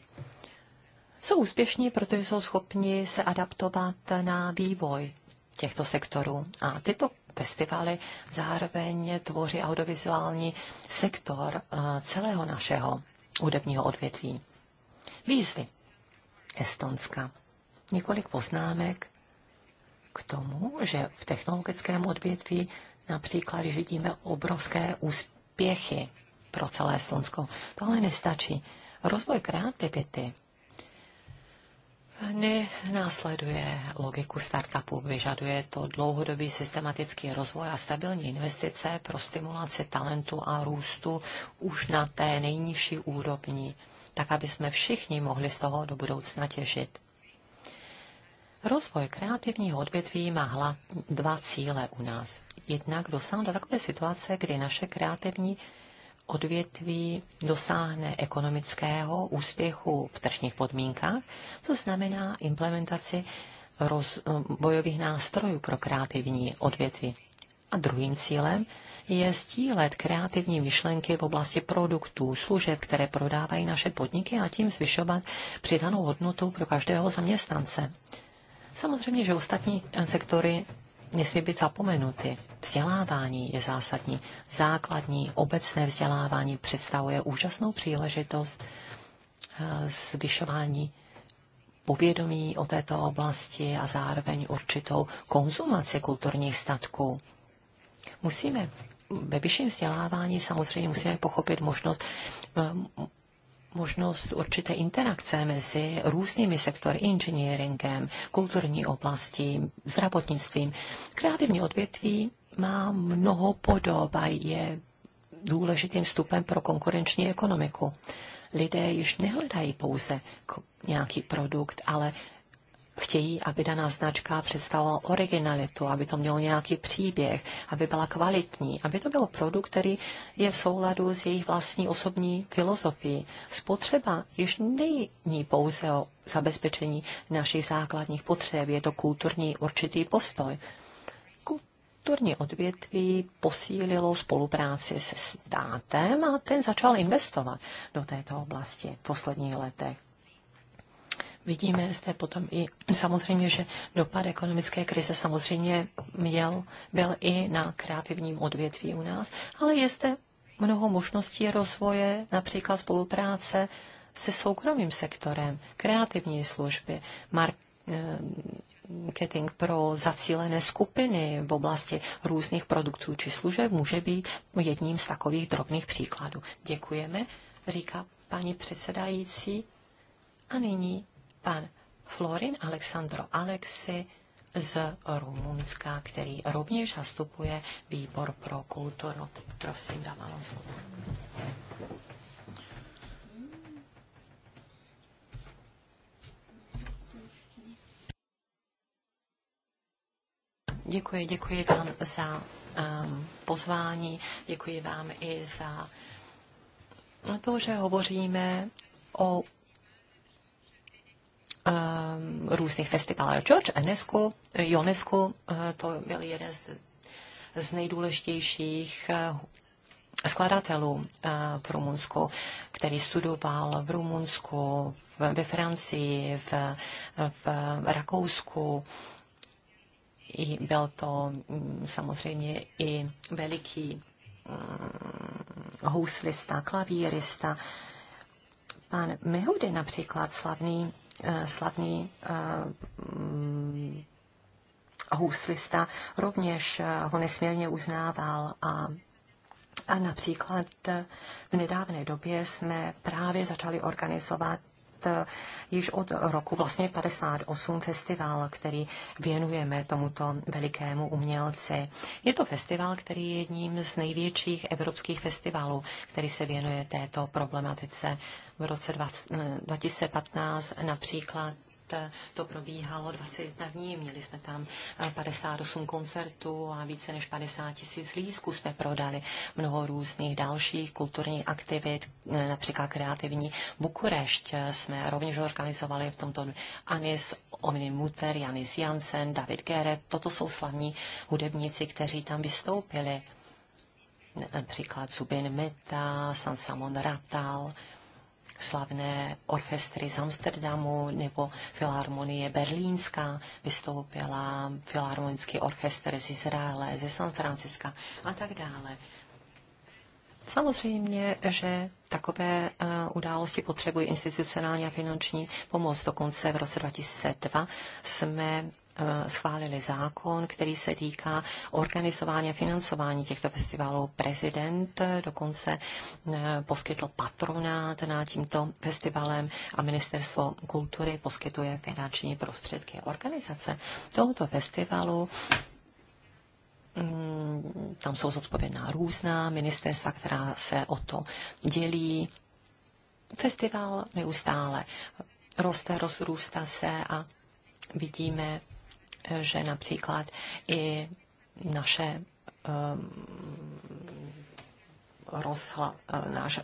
Jsou úspěšní, protože jsou schopni se adaptovat na vývoj těchto sektorů. A tyto festivaly zároveň tvoří audiovizuální sektor eh, celého našeho hudebního odvětví. Výzvy Estonska několik poznámek k tomu, že v technologickém odvětví například vidíme obrovské úspěchy pro celé Slunsko. Tohle nestačí. Rozvoj kreativity nenásleduje logiku startupu, vyžaduje to dlouhodobý systematický rozvoj a stabilní investice pro stimulaci talentu a růstu už na té nejnižší úrovni, tak aby jsme všichni mohli z toho do budoucna těžit. Rozvoj kreativního odvětví má hla dva cíle u nás. Jednak dosáhnout do takové situace, kdy naše kreativní odvětví dosáhne ekonomického úspěchu v tržních podmínkách, to znamená implementaci bojových nástrojů pro kreativní odvětví. A druhým cílem je stílet kreativní myšlenky v oblasti produktů, služeb, které prodávají naše podniky a tím zvyšovat přidanou hodnotu pro každého zaměstnance. Samozřejmě, že ostatní sektory nesmí být zapomenuty. Vzdělávání je zásadní. Základní obecné vzdělávání představuje úžasnou příležitost eh, zvyšování povědomí o této oblasti a zároveň určitou konzumaci kulturních statků. Musíme ve vyšším vzdělávání samozřejmě musíme pochopit možnost eh, možnost určité interakce mezi různými sektory, inženýringem, kulturní oblastí, zdravotnictvím. Kreativní odvětví má mnoho podob a je důležitým vstupem pro konkurenční ekonomiku. Lidé již nehledají pouze nějaký produkt, ale Chtějí, aby daná značka představovala originalitu, aby to mělo nějaký příběh, aby byla kvalitní, aby to byl produkt, který je v souladu s jejich vlastní osobní filozofií. Spotřeba již není pouze o zabezpečení našich základních potřeb, je to kulturní určitý postoj kulturní odvětví posílilo spolupráci se státem a ten začal investovat do této oblasti v posledních letech vidíme zde potom i samozřejmě, že dopad ekonomické krize samozřejmě měl, byl i na kreativním odvětví u nás, ale je zde mnoho možností rozvoje, například spolupráce se soukromým sektorem, kreativní služby, eh, marketing pro zacílené skupiny v oblasti různých produktů či služeb může být jedním z takových drobných příkladů. Děkujeme, říká paní předsedající. A nyní pan Florin Alexandro Alexi z Rumunska, který rovněž zastupuje výbor pro kulturu. Prosím, dávám slovo. Děkuji, děkuji vám za um, pozvání, děkuji vám i za to, že hovoříme o Eh, různých festivalů. George Enescu, Jonescu, eh, to byl jeden z, z nejdůležitějších eh, skladatelů v Rumunsku, který studoval v Rumunsku, ve Francii, v, v Rakousku. I byl to mm, samozřejmě i veliký mm, houslista, klavírista. Pan Mehude například, slavný Eh, slavný eh, houslista, rovněž eh, ho nesmírně uznával a a například v nedávné době jsme právě začali organizovat Eh, již od roku vlastně 58 festival, který věnujeme tomuto velikému umělci. Je to festival, který je jedním z největších evropských festivalů, který se věnuje této problematice. V roce 20, 2015 eh, například Eh, to probíhalo 21 dní, měli jsme tam 58 eh, koncertů a více než 50 tisíc lízků jsme prodali. Mnoho různých dalších kulturních aktivit, eh, například kreativní Bukurešť jsme rovněž organizovali v tomto Anis Omni Muter, Janis Jansen, David Gere. Toto jsou slavní hudebníci, kteří tam vystoupili. Například Zubin Meta, San Samon Ratal, slavné orchestry z Amsterdamu nebo Filharmonie Berlínská vystoupila, Filharmonický orchestr z Izraele, ze San Franciska a tak dále. Samozřejmě, že takové eh, události potřebují institucionální a finanční pomoc. Dokonce v roce 2002 jsme Eh, schválili zákon, který se týká organizování a financování těchto festivalů. Prezident dokonce eh, poskytl patronát na tímto festivalem a ministerstvo kultury poskytuje finanční prostředky. Organizace tohoto festivalu mm, tam jsou zodpovědná různá ministerstva, která se o to dělí. Festival neustále roste, rozrůstá se a vidíme že například i naše rozhla, eh, náš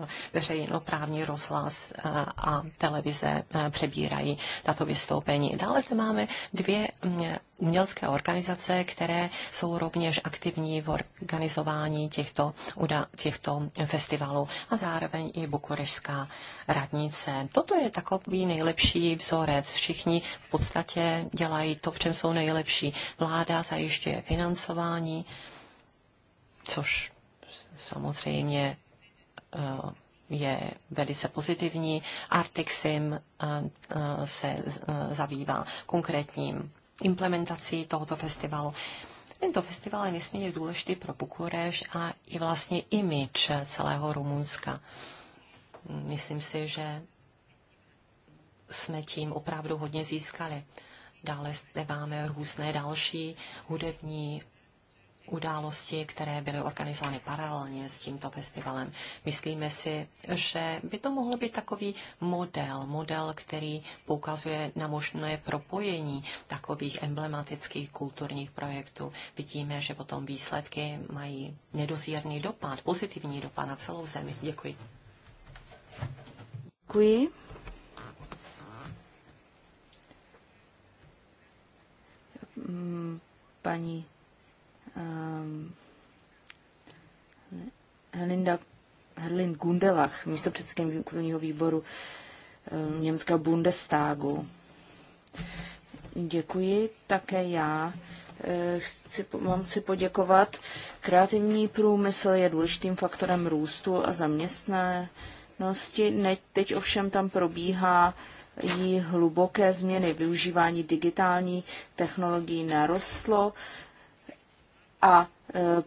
eh, veřejnoprávní rozhlas eh, a televize přebírají tato vystoupení. Dále zde máme dvě mm, umělecké organizace, které jsou rovněž aktivní v organizování těchto, těchto festivalů a zároveň i bukurešská radnice. Toto je takový nejlepší vzorec. Všichni v podstatě dělají to, v čem jsou nejlepší. Vláda zajišťuje financování, což samozřejmě eh, je velice pozitivní. Artexim eh, eh, se zabývá konkrétním implementací tohoto festivalu. Tento festival je nesmírně důležitý pro Bukureš a i vlastně imič celého Rumunska. Myslím si, že jsme tím opravdu hodně získali. Dále zde máme různé další hudební události, které byly organizovány paralelně s tímto festivalem. Myslíme si, že by to mohlo být takový model, model, který poukazuje na možné propojení takových emblematických kulturních projektů. Vidíme, že potom výsledky mají nedozírný dopad, pozitivní dopad na celou zemi. Děkuji. Děkuji. Mm, paní Um, Helinda Herlinda, Herlind Gundelach, místo předsedkyně kulturního výboru um, Německého Bundestagu. Děkuji také já. Eh, chci, mám si poděkovat. Kreativní průmysl je důležitým faktorem růstu a zaměstnanosti. Ne, teď ovšem tam probíhá i hluboké změny. Využívání digitální technologií narostlo a e,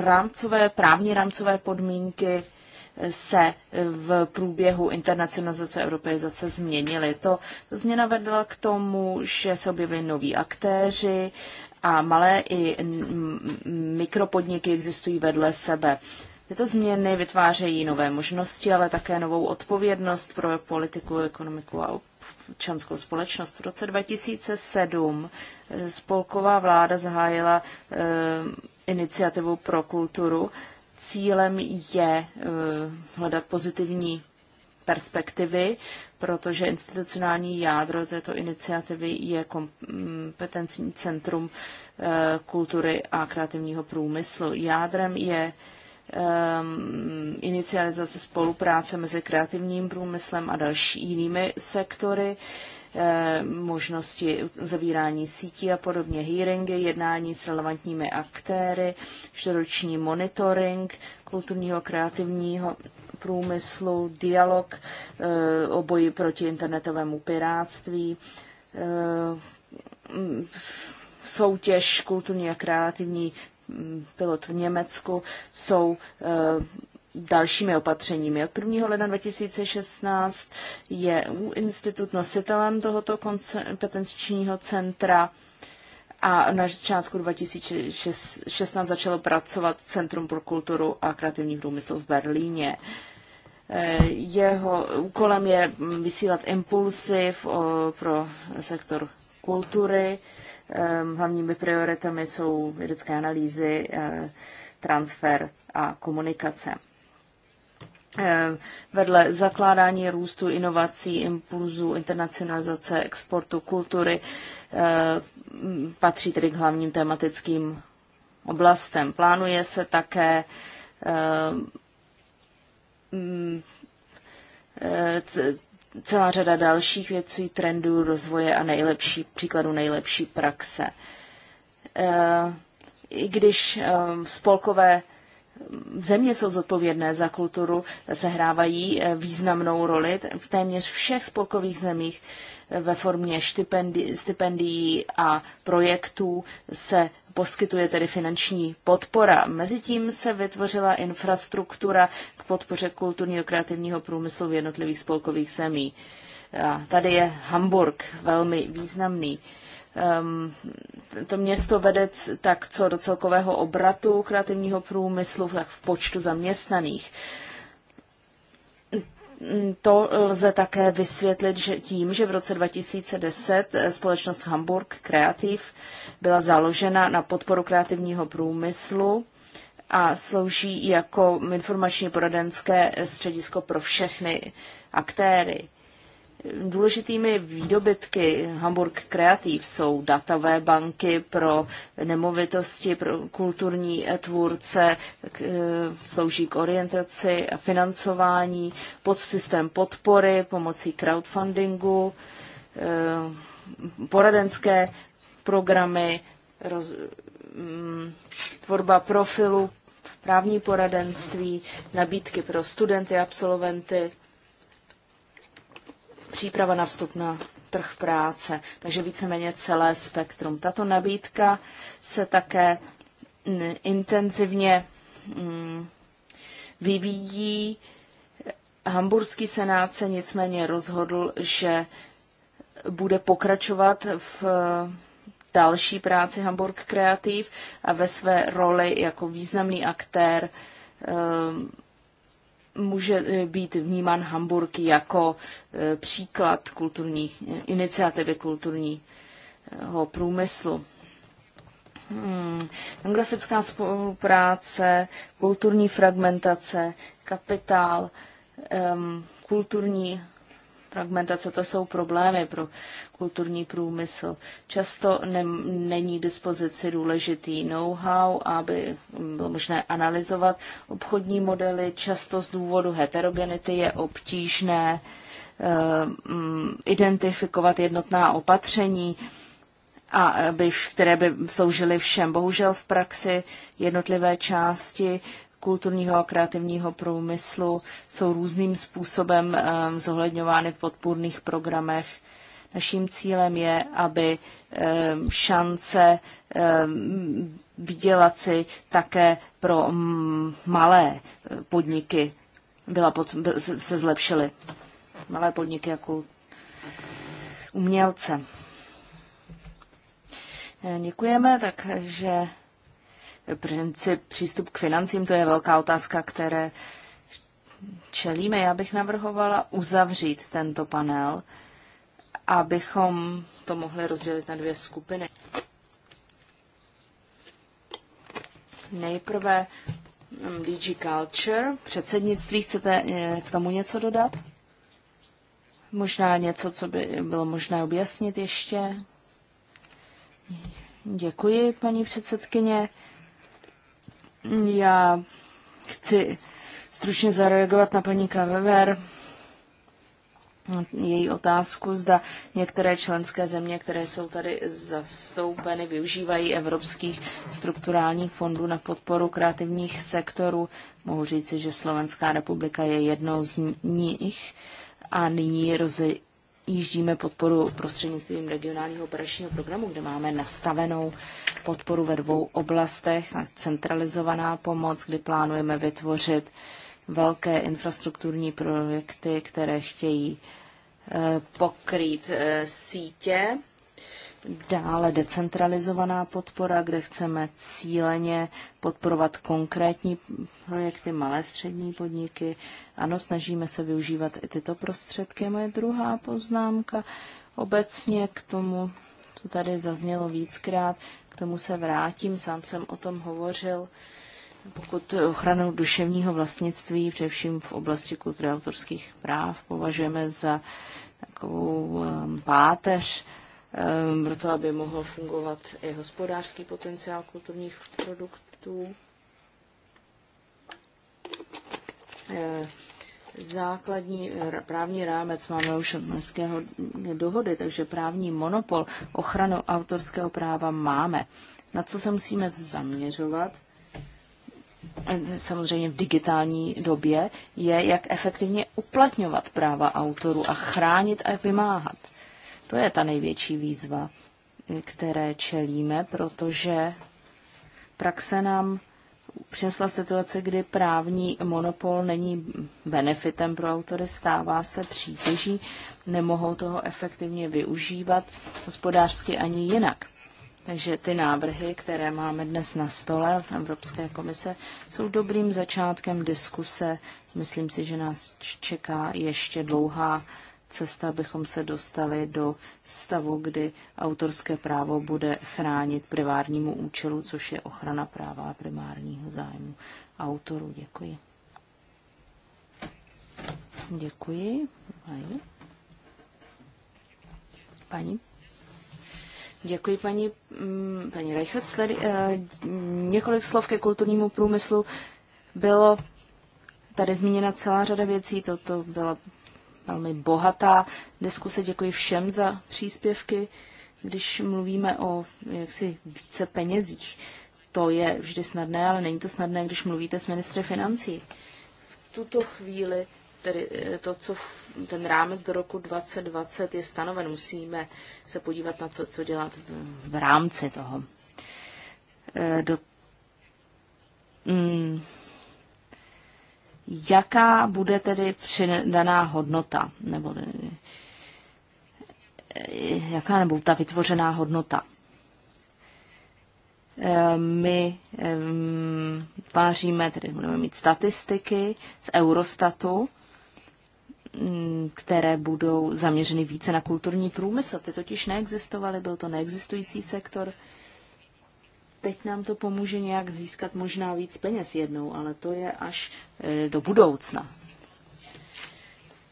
rámcové, právní rámcové podmínky se e, v průběhu internacionalizace a europeizace změnily. To, to změna vedla k tomu, že se objevili noví aktéři a malé i mikropodniky existují vedle sebe. Tyto změny vytvářejí nové možnosti, ale také novou odpovědnost pro politiku, ekonomiku a občanskou společnost. V roce 2007 eh, spolková vláda zahájila eh, iniciativu pro kulturu. Cílem je eh, hledat pozitivní perspektivy, protože institucionální jádro této iniciativy je kompetenční centrum kultury a kreativního průmyslu. Jádrem je um, inicializace spolupráce mezi kreativním průmyslem a další jinými sektory, ehm, možnosti zavírání sítí a podobně, hearingy, jednání s relevantními aktéry, čtvrtoční monitoring kulturního a kreativního průmyslu, dialog eh, o boji proti internetovému piráctví, eh, soutěž kulturní a kreativní pilot v Německu jsou eh, dalšími opatřeními. Od 1. ledna 2016 je U institut nositelem tohoto kompetenčního centra a na začátku 2016 začalo pracovat Centrum pro kulturu a kreativní průmysl v Berlíně. Eh, jeho úkolem je vysílat impulsy pro sektor kultury, Ehm, hlavními prioritami jsou vědecké analýzy, eh, transfer a komunikace. Ehm, vedle zakládání růstu, inovací, impulzu, internacionalizace, exportu, kultury ehm, patří tedy k hlavním tematickým oblastem. Plánuje se také mm, eh, celá řada dalších věcí, trendů, rozvoje a nejlepší příkladů nejlepší praxe. E, I když e, spolkové země jsou zodpovědné za kulturu, sehrávají e, významnou roli v téměř všech spolkových zemích ve formě stipendií a projektů se poskytuje tedy finanční podpora. Mezitím se vytvořila infrastruktura k podpoře kulturního kreativního průmyslu v jednotlivých spolkových zemí. A tady je Hamburg velmi významný. Um, to město vede tak co do celkového obratu kreativního průmyslu, tak v počtu zaměstnaných. Uh, to lze také vysvětlit že tím, že v roce 2010 eh, společnost Hamburg Kreativ byla založena na podporu kreativního průmyslu a slouží jako informační poradenské středisko pro všechny aktéry. Důležitými výdobytky Hamburg Kreativ jsou datové banky pro nemovitosti, pro kulturní tvůrce, k, e, slouží k orientaci a financování, pod systém podpory pomocí crowdfundingu, e, poradenské programy, roz, mm, tvorba profilu, právní poradenství, nabídky pro studenty, absolventy, příprava na vstup na trh práce, takže víceméně celé spektrum. Tato nabídka se také mm, intenzivně mm, vyvíjí. Hamburský senát se nicméně rozhodl, že bude pokračovat v eh, další práci Hamburg Kreativ a ve své roli jako významný aktér eh, může e, být vnímán Hamburg jako e, příklad kulturní, e, iniciativy kulturního průmyslu. Hmm. spolupráce, kulturní fragmentace, kapitál, um, kulturní fragmentace, to jsou problémy pro kulturní průmysl. Často ne, není k dispozici důležitý know-how, aby bylo možné analyzovat obchodní modely. Často z důvodu heterogenity je obtížné eh, mm, identifikovat jednotná opatření, a eh, by, které by sloužily všem. Bohužel v praxi jednotlivé části kulturního a kreativního průmyslu jsou různým způsobem eh, zohledňovány v podpůrných programech. Naším cílem je, aby eh, šance eh, vydělat si také pro mm, malé podniky byla pod, se zlepšily. Malé podniky jako umělce. Děkujeme, takže princip přístup k financím, to je velká otázka, které čelíme. Já bych navrhovala uzavřít tento panel, abychom to mohli rozdělit na dvě skupiny. Nejprve mm, DG Culture. Předsednictví, chcete eh, k tomu něco dodat? Možná něco, co by bylo možné objasnit ještě? Děkuji, paní předsedkyně. Já chci stručně zareagovat na paní Kavever její otázku, zda některé členské země, které jsou tady zastoupeny, využívají evropských strukturálních fondů na podporu kreativních sektorů. Mohu říci, že Slovenská republika je jednou z nich a nyní jíždíme podporu prostřednictvím regionálního operačního programu, kde máme nastavenou podporu ve dvou oblastech, centralizovaná pomoc, kdy plánujeme vytvořit velké infrastrukturní projekty, které chtějí eh, pokrýt eh, sítě Dále decentralizovaná podpora, kde chceme cíleně podporovat konkrétní projekty, malé střední podniky. Ano, snažíme se využívat i tyto prostředky. Moje druhá poznámka obecně k tomu, co tady zaznělo víckrát, k tomu se vrátím, sám jsem o tom hovořil. Pokud ochranu duševního vlastnictví, především v oblasti kultury autorských práv, považujeme za takovou um, páteř Ehm, pro to aby mohl fungovat i hospodářský potenciál kulturních produktů. Ehm, základní eh, právní rámec máme už od dneského dohody, takže právní monopol ochranu autorského práva máme. Na co se musíme zaměřovat, eh, samozřejmě v digitální době, je, jak efektivně uplatňovat práva autorů a chránit a vymáhat. To je ta největší výzva, které čelíme, protože praxe nám přinesla situace, kdy právní monopol není benefitem pro autory, stává se přítěží, nemohou toho efektivně využívat hospodářsky ani jinak. Takže ty návrhy, které máme dnes na stole Evropské komise, jsou dobrým začátkem diskuse. Myslím si, že nás čeká ještě dlouhá cesta, abychom se dostali do stavu, kdy autorské právo bude chránit privárnímu účelu, což je ochrana práva a primárního zájmu autorů. Děkuji. Děkuji. Paní. Paní? Děkuji paní, mm, paní Reichert. Sledy, eh, několik slov ke kulturnímu průmyslu. Bylo tady zmíněna celá řada věcí, toto byla velmi bohatá diskuse. Děkuji všem za příspěvky. Když mluvíme o jaksi více penězích, to je vždy snadné, ale není to snadné, když mluvíte s ministry financí. V tuto chvíli tedy eh, to, co ten rámec do roku 2020 je stanoven, musíme se podívat na co, co dělat v, v rámci toho. Eh, do, mm, jaká bude tedy přidaná hodnota, nebo eh, jaká nebo ta vytvořená hodnota. Eh, my páříme, eh, tedy budeme mít statistiky z Eurostatu, mm, které budou zaměřeny více na kulturní průmysl. Ty totiž neexistovaly, byl to neexistující sektor teď nám to pomůže nějak získat možná víc peněz jednou, ale to je až eh, do budoucna.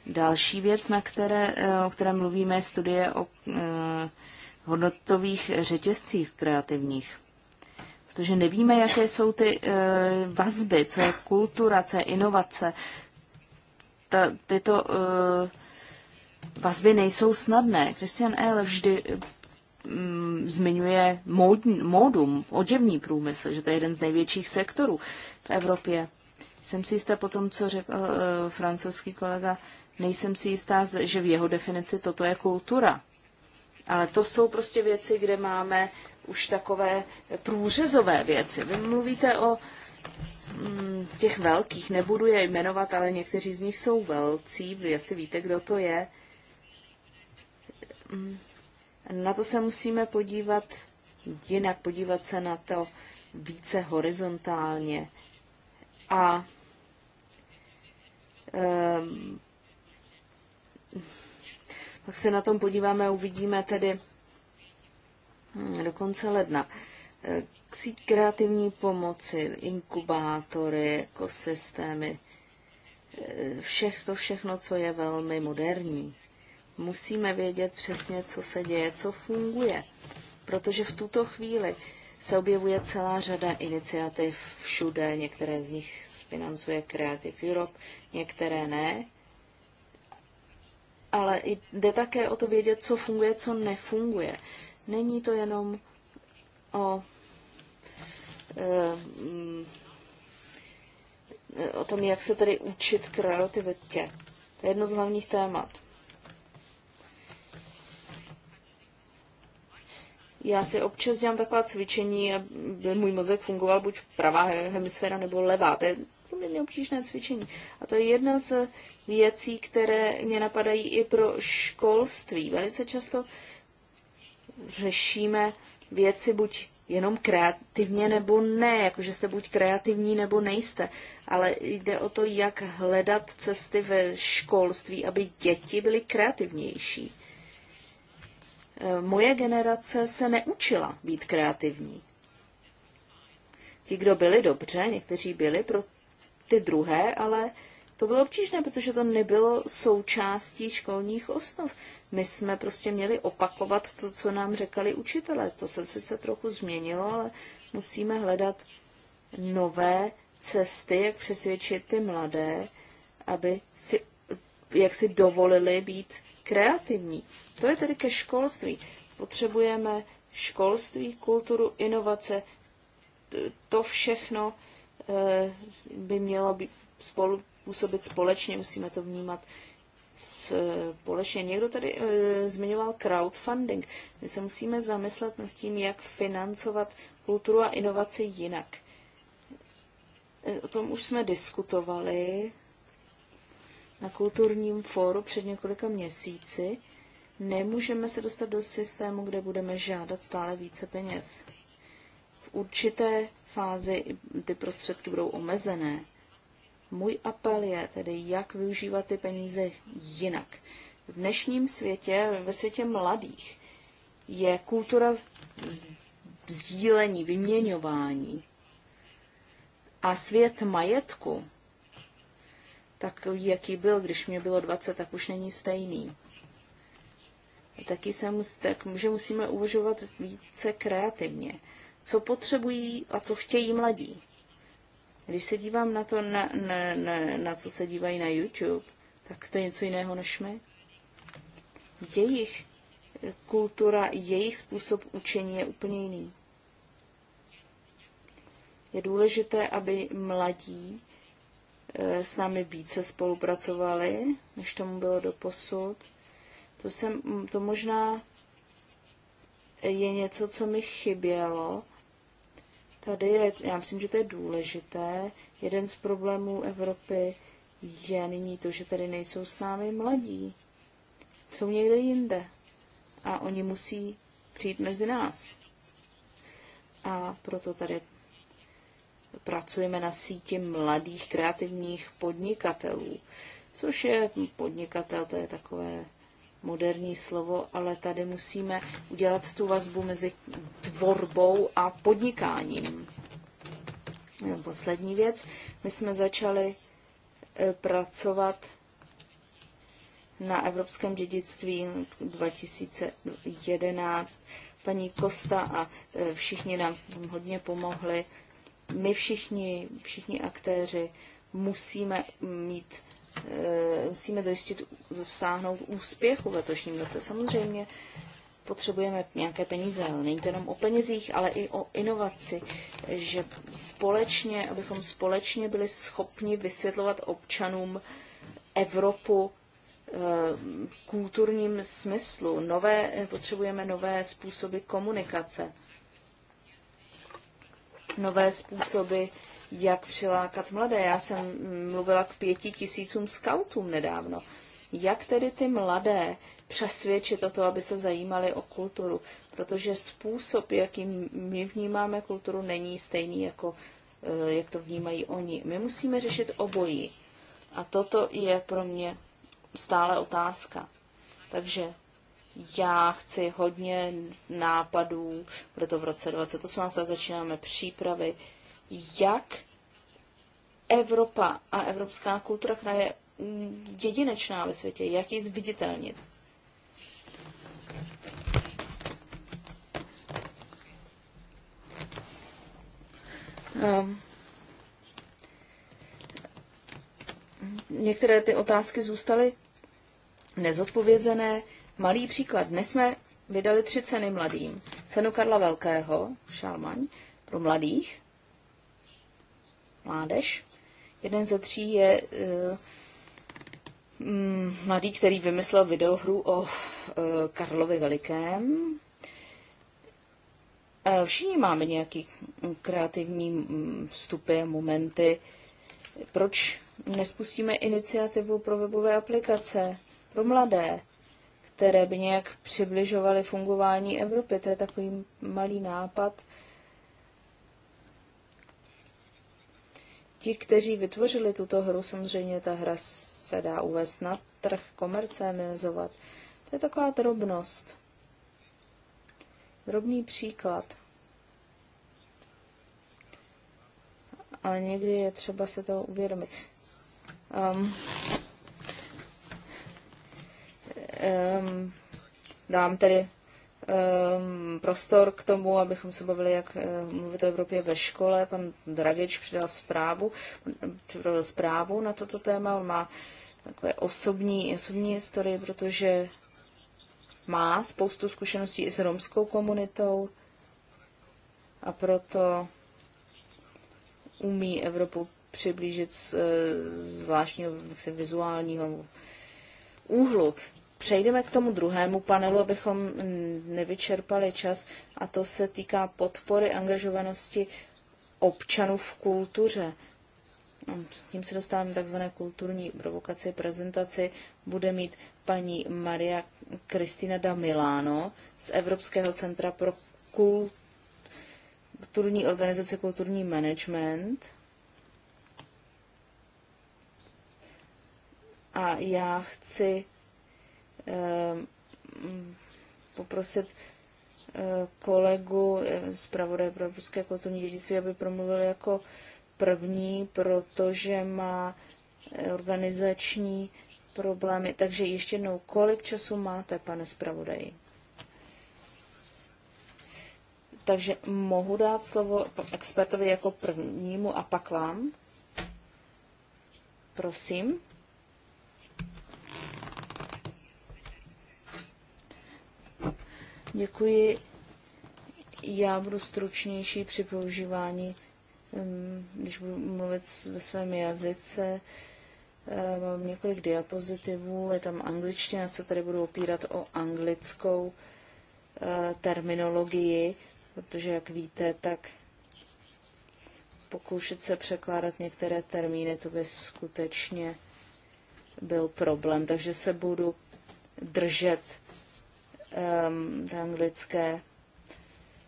Další věc, na které, eh, o které mluvíme, je studie o eh, hodnotových řetězcích kreativních. Protože nevíme, jaké jsou ty vazby, co je kultura, co je inovace. Ta, tyto vazby nejsou snadné. Christian L. vždy Mm, zmiňuje módum, oděvní průmysl, že to je jeden z největších sektorů v Evropě. Jsem si jistá po tom, co řekl uh, francouzský kolega, nejsem si jistá, že v jeho definici toto je kultura. Ale to jsou prostě věci, kde máme už takové průřezové věci. Vy mluvíte o mm, těch velkých, nebudu je jmenovat, ale někteří z nich jsou velcí, asi víte, kdo to je. Mm na to se musíme podívat jinak, podívat se na to více horizontálně. A um, pak se na tom podíváme, uvidíme tedy hm, do konce ledna. K síť kreativní pomoci, inkubátory, ekosystémy, eh, všechno, všechno, co je velmi moderní. Musíme vědět přesně, co se děje, co funguje, protože v tuto chvíli se objevuje celá řada iniciativ všude, některé z nich financuje Creative Europe, některé ne, ale jde také o to vědět, co funguje, co nefunguje. Není to jenom o, eh, mm, o tom, jak se tedy učit kreativitě. To je jedno z hlavních témat. Já si občas dělám taková cvičení, aby můj mozek fungoval buď pravá hemisféra nebo levá. To je poměrně obtížné cvičení. A to je jedna z věcí, které mě napadají i pro školství. Velice často řešíme věci buď jenom kreativně nebo ne, jakože jste buď kreativní nebo nejste, ale jde o to, jak hledat cesty ve školství, aby děti byly kreativnější. Moje generace se neučila být kreativní. Ti, kdo byli dobře, někteří byli pro ty druhé, ale to bylo obtížné, protože to nebylo součástí školních osnov. My jsme prostě měli opakovat to, co nám řekali učitelé. To se sice trochu změnilo, ale musíme hledat nové cesty, jak přesvědčit ty mladé, aby si, jak si dovolili být kreativní. To je tedy ke školství. Potřebujeme školství, kulturu, inovace. To všechno eh, by mělo být spolu, působit společně, musíme to vnímat společně. Někdo tady e, zmiňoval crowdfunding. My se musíme zamyslet nad tím, jak financovat kulturu a inovaci jinak. Eh, o tom už jsme diskutovali na kulturním fóru před několika měsíci, nemůžeme se dostat do systému, kde budeme žádat stále více peněz. V určité fázi ty prostředky budou omezené. Můj apel je tedy, jak využívat ty peníze jinak. V dnešním světě, ve světě mladých, je kultura sdílení, vyměňování a svět majetku takový, jaký byl, když mě bylo 20, tak už není stejný. Taky se mus, tak, že musíme uvažovat více kreativně. Co potřebují a co chtějí mladí. Když se dívám na to, na, na, na, na co se dívají na YouTube, tak to je něco jiného než my. Jejich kultura, jejich způsob učení je úplně jiný. Je důležité, aby mladí E, s námi více spolupracovali, než tomu bylo do posud. To, jsem, to možná je něco, co mi chybělo. Tady je, já myslím, že to je důležité. Jeden z problémů Evropy je nyní to, že tady nejsou s námi mladí. Jsou někde jinde. A oni musí přijít mezi nás. A proto tady pracujeme na síti mladých kreativních podnikatelů, což je podnikatel, to je takové moderní slovo, ale tady musíme udělat tu vazbu mezi tvorbou a podnikáním. Poslední věc, my jsme začali e, pracovat na evropském dědictví 2011. Paní Kosta a e, všichni nám hodně pomohli my všichni, všichni aktéři musíme mít, eh, musíme dojistit, dosáhnout úspěchu v letošním roce. Samozřejmě potřebujeme nějaké peníze, ale není to jenom o penězích, ale i o inovaci, že společně, abychom společně byli schopni vysvětlovat občanům Evropu eh, kulturním smyslu. Nové, potřebujeme nové způsoby komunikace nové způsoby, jak přilákat mladé. Já jsem mluvila k pěti tisícům skautům nedávno. Jak tedy ty mladé přesvědčit o to, aby se zajímali o kulturu? Protože způsob, jakým my vnímáme kulturu, není stejný, jako eh, jak to vnímají oni. My musíme řešit obojí. A toto je pro mě stále otázka. Takže já chci hodně nápadů, bude to v roce 2018 a začínáme přípravy, jak Evropa a evropská kultura, která je jedinečná ve světě, jak ji zviditelnit. Um, některé ty otázky zůstaly nezodpovězené. Malý příklad. Dnes jsme vydali tři ceny mladým. Cenu Karla Velkého, Šalmaň, pro mladých, mládež. Jeden ze tří je uh, mladý, který vymyslel videohru o uh, Karlovi Velikém. Eh, všichni máme nějaký kreativní um, vstupy, momenty. Proč nespustíme iniciativu pro webové aplikace pro mladé? které by nějak přibližovaly fungování Evropy. To je takový malý nápad. Ti, kteří vytvořili tuto hru, samozřejmě ta hra se dá uvést na trh, komercializovat. To je taková drobnost. Drobný příklad. A někdy je třeba se to uvědomit. Um, um, dám tedy um, prostor k tomu, abychom se bavili, jak uh, mluvit o Evropě ve škole. Pan Dragič přidal zprávu, přidal zprávu na toto téma. On má takové osobní, osobní historie, protože má spoustu zkušeností i s romskou komunitou a proto umí Evropu přiblížit z, eh, zvláštního jaksi, vizuálního úhlu. Přejdeme k tomu druhému panelu, abychom mm, nevyčerpali čas, a to se týká podpory angažovanosti občanů v kultuře. No, s tím se dostávám takzvané kulturní provokaci. Prezentaci bude mít paní Maria Kristina da Milano z Evropského centra pro kulturní organizace kulturní management. A já chci Eh, poprosit eh, kolegu eh, z Pravodaje pro Evropské kulturní dědictví, aby promluvil jako první, protože má organizační problémy. Takže ještě jednou, kolik času máte, pane zpravodaji? Takže mohu dát slovo expertovi jako prvnímu a pak vám. Prosím. Děkuji. Já budu stručnější při používání, když budu mluvit ve svém jazyce. Mám několik diapozitivů, je tam angličtina, se tady budu opírat o anglickou eh, terminologii, protože, jak víte, tak pokoušet se překládat některé termíny, to by skutečně byl problém. Takže se budu držet um, té anglické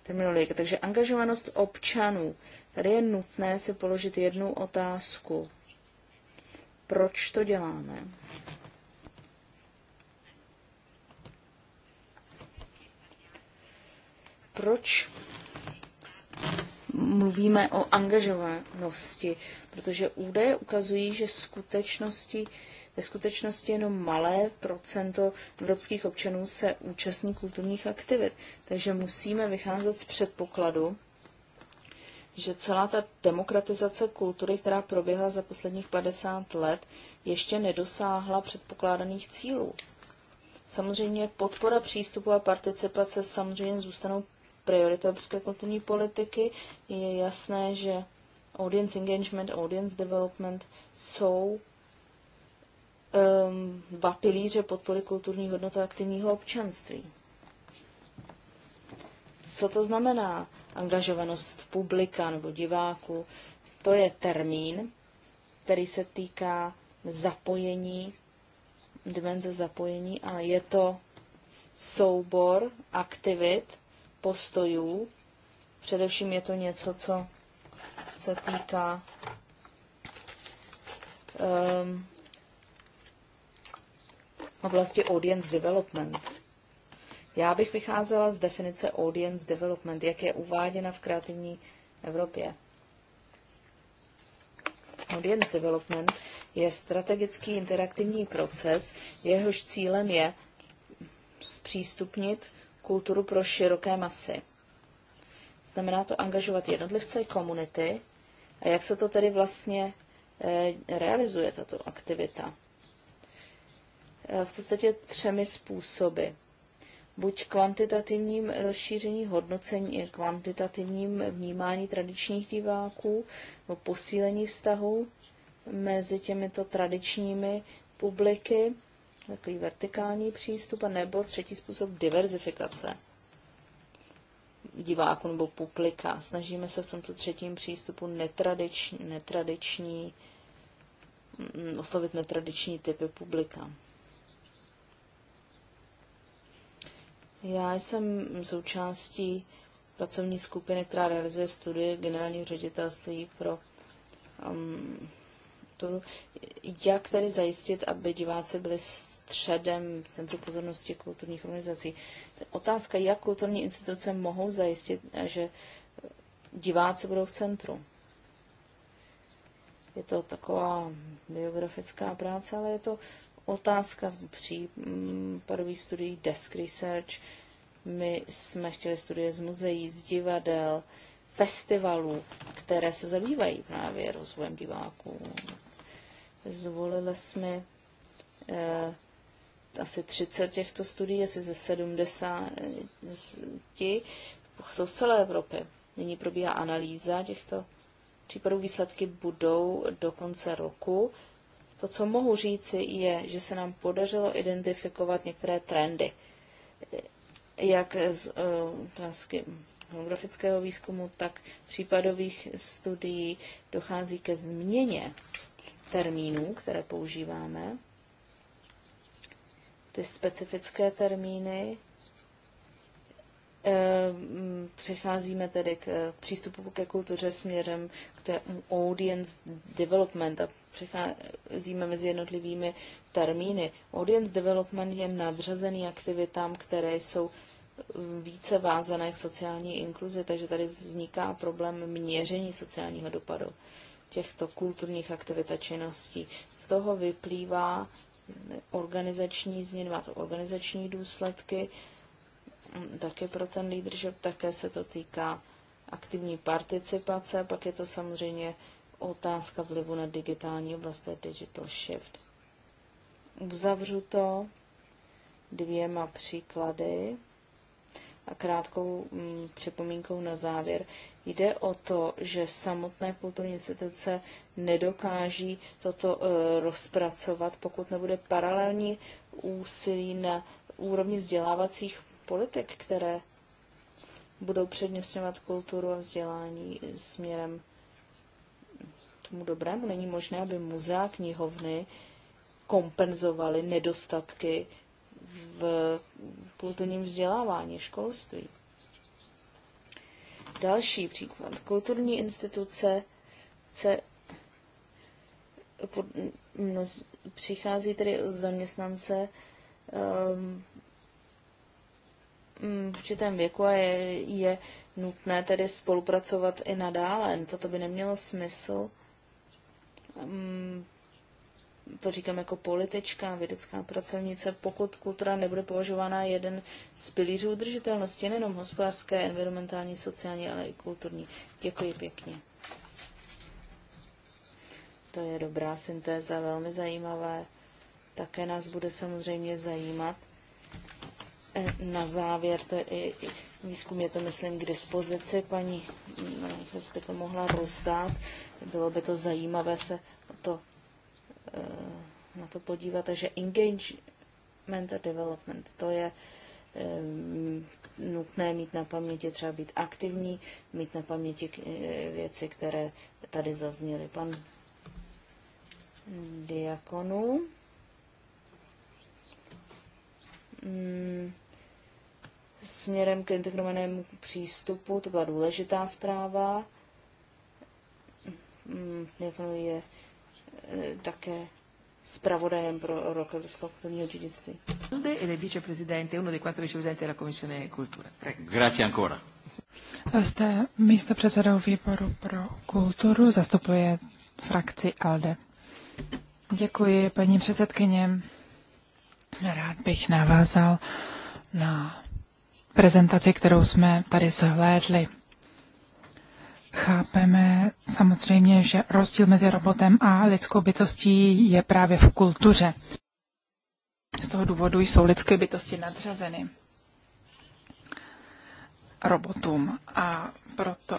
terminologie. Takže angažovanost občanů. Tady je nutné si položit jednu otázku. Proč to děláme? Proč mluvíme o angažovanosti? Protože údaje ukazují, že skutečnosti ve skutečnosti jenom malé procento evropských občanů se účastní kulturních aktivit. Takže musíme vycházet z předpokladu, že celá ta demokratizace kultury, která proběhla za posledních 50 let, ještě nedosáhla předpokládaných cílů. Samozřejmě podpora přístupu a participace samozřejmě zůstanou prioritou evropské kulturní politiky. Je jasné, že audience engagement, audience development jsou Um, dva pilíře podpory kulturní hodnoty aktivního občanství. Co to znamená angažovanost publika nebo diváku? To je termín, který se týká zapojení, dimenze zapojení a je to soubor aktivit, postojů. Především je to něco, co se týká um, oblasti audience development. Já bych vycházela z definice audience development, jak je uváděna v kreativní Evropě. Audience development je strategický interaktivní proces, jehož cílem je zpřístupnit kulturu pro široké masy. Znamená to angažovat jednotlivce, komunity a jak se to tedy vlastně eh, realizuje, tato aktivita. Eh, v podstatě třemi způsoby. Buď kvantitativním rozšíření hodnocení, eh, kvantitativním vnímání tradičních diváků, nebo posílení vztahu mezi těmito tradičními publiky, takový vertikální přístup, a nebo třetí způsob diverzifikace diváků nebo publika. Snažíme se v tomto třetím přístupu netradiční, netradiční mm, oslovit netradiční typy publika. Já jsem součástí pracovní skupiny, která realizuje studie generálního ředitelství pro um, to, jak tedy zajistit, aby diváci byli středem centru pozornosti kulturních organizací. Otázka, jak kulturní instituce mohou zajistit, že diváci budou v centru. Je to taková biografická práce, ale je to otázka v mm, případových studií Desk Research. My jsme chtěli studie z muzeí, z divadel, festivalů, které se zabývají právě rozvojem diváků. Zvolili jsme eh, asi 30 těchto studií, asi ze 70 jsou z celé Evropy. Nyní probíhá analýza těchto případů. Výsledky budou do konce roku to, co mohu říci, je, že se nám podařilo identifikovat některé trendy, jak z holografického eh, uh, výzkumu, tak případových studií dochází ke změně termínů, které používáme. Ty specifické termíny eh, přecházíme tedy k přístupu ke kultuře směrem k té audience development a přecházíme mezi jednotlivými termíny. Audience development je nadřazený aktivitám, které jsou více vázané k sociální inkluzi, takže tady vzniká problém měření sociálního dopadu těchto kulturních aktivit a činností. Z toho vyplývá organizační změny, má to organizační důsledky, také pro ten leadership, také se to týká aktivní participace, pak je to samozřejmě otázka vlivu na digitální oblast, to je digital shift. Uzavřu to dvěma příklady a krátkou mm, připomínkou na závěr. Jde o to, že samotné kulturní instituce nedokáží toto e, rozpracovat, pokud nebude paralelní úsilí na úrovni vzdělávacích politik, které budou předměstňovat kulturu a vzdělání směrem tomu dobrému. Není možné, aby muzea knihovny kompenzovaly nedostatky v kulturním vzdělávání, školství. Další příklad. Kulturní instituce se přichází tedy zaměstnance um, v určitém věku a je, je nutné tedy spolupracovat i nadále. Toto by nemělo smysl, Mm, to říkám jako politička, vědecká pracovnice, pokud kultura nebude považována jeden z pilířů udržitelnosti, nejenom hospodářské, environmentální, sociální, ale i kulturní. Děkuji pěkně. To je dobrá syntéza, velmi zajímavé. Také nás bude samozřejmě zajímat eh, na závěr to je i výzkum je to, myslím, k dispozici. Paní Hezby no, by to mohla rozdát. Bylo by to zajímavé se to, eh, na to podívat. Takže engagement a development, to je eh, nutné mít na paměti, třeba být aktivní, mít na paměti eh, věci, které tady zazněly. Pan Diakonu. Hmm směrem k integrovanému přístupu. To byla důležitá zpráva. Mm, jako je e, také spravodajem pro rok evropského kulturního dědictví. E Grazie ancora. Jste místo předsedou výboru pro kulturu, zastupuje frakci ALDE. Děkuji, paní předsedkyně. Rád bych navázal na prezentaci, kterou jsme tady zhlédli. Chápeme samozřejmě, že rozdíl mezi robotem a lidskou bytostí je právě v kultuře. Z toho důvodu jsou lidské bytosti nadřazeny robotům a proto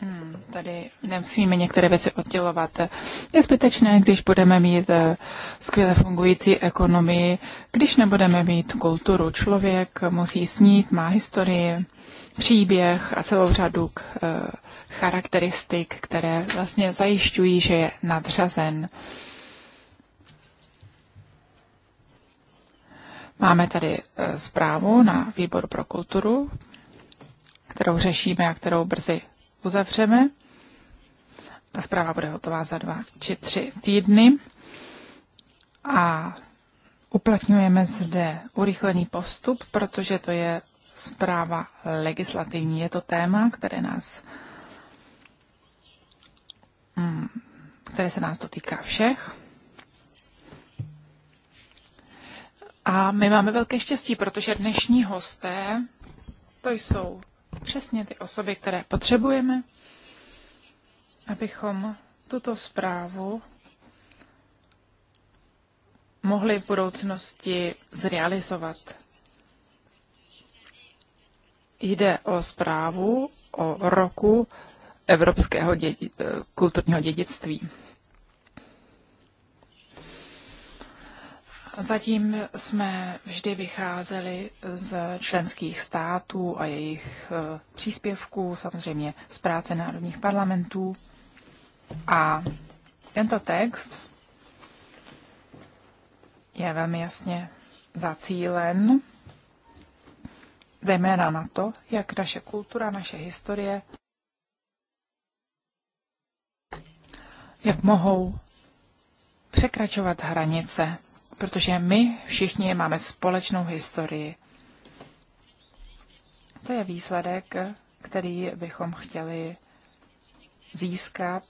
Hmm, tady nemusíme některé věci oddělovat. Je zbytečné, když budeme mít eh, skvěle fungující ekonomii, když nebudeme mít kulturu. Člověk musí snít, má historii, příběh a celou řadu k, eh, charakteristik, které vlastně zajišťují, že je nadřazen. Máme tady eh, zprávu na výbor pro kulturu, kterou řešíme a kterou brzy uzavřeme. Ta zpráva bude hotová za dva či tři týdny. A uplatňujeme zde urychlený postup, protože to je zpráva legislativní. Je to téma, které nás mm, které se nás dotýká všech. A my máme velké štěstí, protože dnešní hosté to jsou přesně ty osoby, které potřebujeme, abychom tuto zprávu mohli v budoucnosti zrealizovat. Jde o zprávu o roku evropského dědi- eh, kulturního dědictví. Zatím jsme vždy vycházeli z členských států a jejich e, příspěvků, samozřejmě z práce národních parlamentů. A tento text je velmi jasně zacílen zejména na to, jak naše kultura, naše historie, jak mohou překračovat hranice protože my všichni máme společnou historii. To je výsledek, který bychom chtěli získat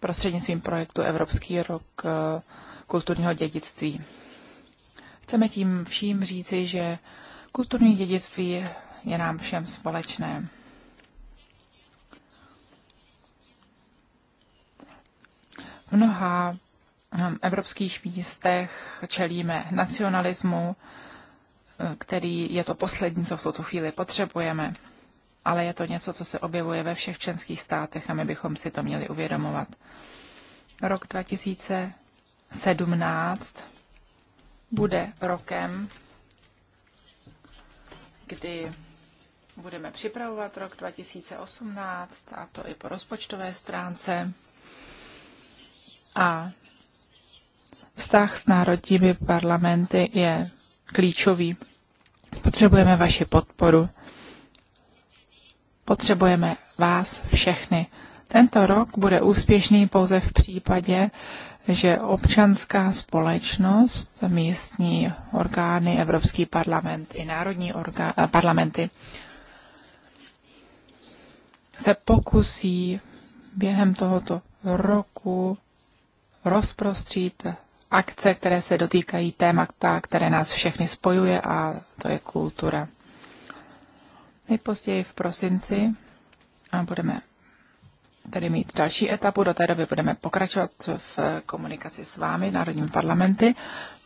prostřednictvím projektu Evropský rok eh, kulturního dědictví. Chceme tím vším říci, že kulturní dědictví je nám všem společné. V mnoha Hm, evropských místech čelíme nacionalismu, eh, který je to poslední, co v tuto chvíli potřebujeme, ale je to něco, co se objevuje ve všech členských státech a my bychom si to měli uvědomovat. Rok 2017 bude rokem, kdy budeme připravovat rok 2018, a to i po rozpočtové stránce. A Vztah s národními parlamenty je klíčový. Potřebujeme vaši podporu. Potřebujeme vás všechny. Tento rok bude úspěšný pouze v případě, že občanská společnost, místní orgány, Evropský parlament i národní orgá, eh, parlamenty se pokusí během tohoto roku rozprostřít akce, které se dotýkají témata, které nás všechny spojuje a to je kultura. Nejpozději v prosinci a budeme tedy mít další etapu. Do té doby budeme pokračovat v komunikaci s vámi, národním parlamenty.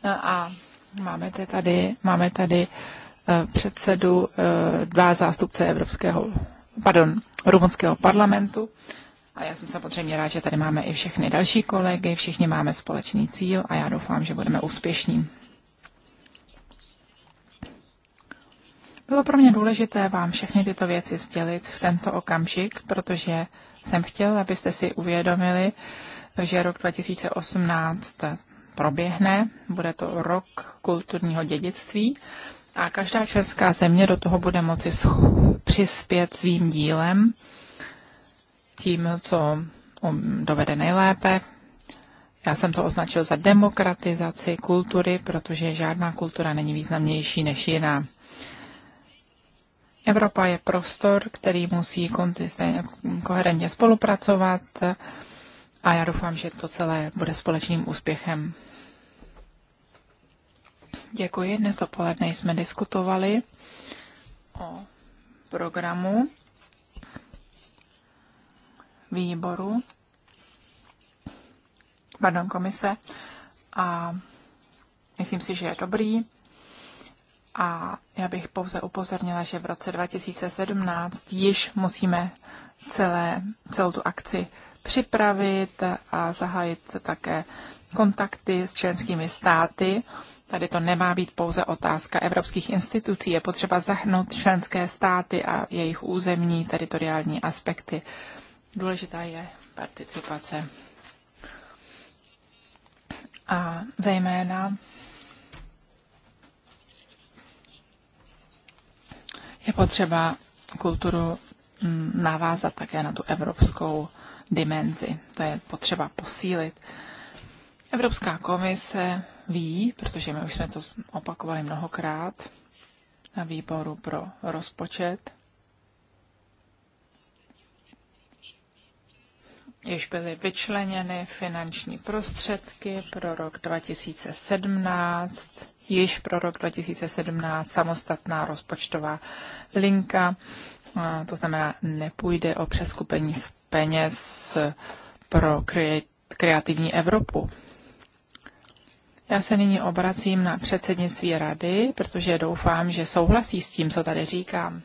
A máme tady, máme tady eh, předsedu, eh, dva zástupce Evropského, pardon, rumunského parlamentu a já jsem samozřejmě rád, že tady máme i všechny další kolegy, všichni máme společný cíl a já doufám, že budeme úspěšní. Bylo pro mě důležité vám všechny tyto věci sdělit v tento okamžik, protože jsem chtěl, abyste si uvědomili, že rok 2018 proběhne, bude to rok kulturního dědictví a každá česká země do toho bude moci přispět svým dílem tím, co um, dovede nejlépe. Já jsem to označil za demokratizaci kultury, protože žádná kultura není významnější než jiná. Evropa je prostor, který musí koherentně spolupracovat a já doufám, že to celé bude společným úspěchem. Děkuji. Dnes dopoledne jsme diskutovali o programu výboru, pardon, komise a myslím si, že je dobrý. A já bych pouze upozornila, že v roce 2017 již musíme celé, celou tu akci připravit a zahájit také kontakty s členskými státy. Tady to nemá být pouze otázka evropských institucí, je potřeba zahnout členské státy a jejich územní teritoriální aspekty důležitá je participace. A zejména je potřeba kulturu mm, navázat také na tu evropskou dimenzi. To je potřeba posílit. Evropská komise ví, protože my už jsme to opakovali mnohokrát na výboru pro rozpočet, již byly vyčleněny finanční prostředky pro rok 2017, již pro rok 2017 samostatná rozpočtová linka, to znamená, nepůjde o přeskupení z peněz pro kreativní Evropu. Já se nyní obracím na předsednictví rady, protože doufám, že souhlasí s tím, co tady říkám.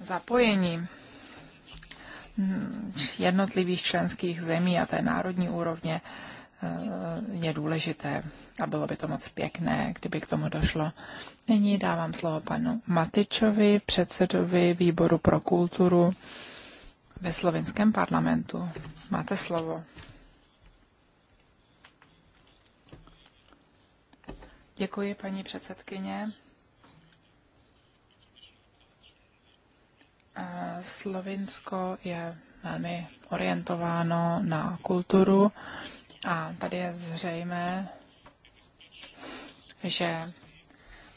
Zapojení jednotlivých členských zemí a té národní úrovně eh, je důležité a bylo by to moc pěkné, kdyby k tomu došlo. Nyní dávám slovo panu Matičovi, předsedovi výboru pro kulturu ve slovinském parlamentu. Máte slovo. Děkuji, paní předsedkyně. Slovinsko je velmi orientováno na kulturu a tady je zřejmé, že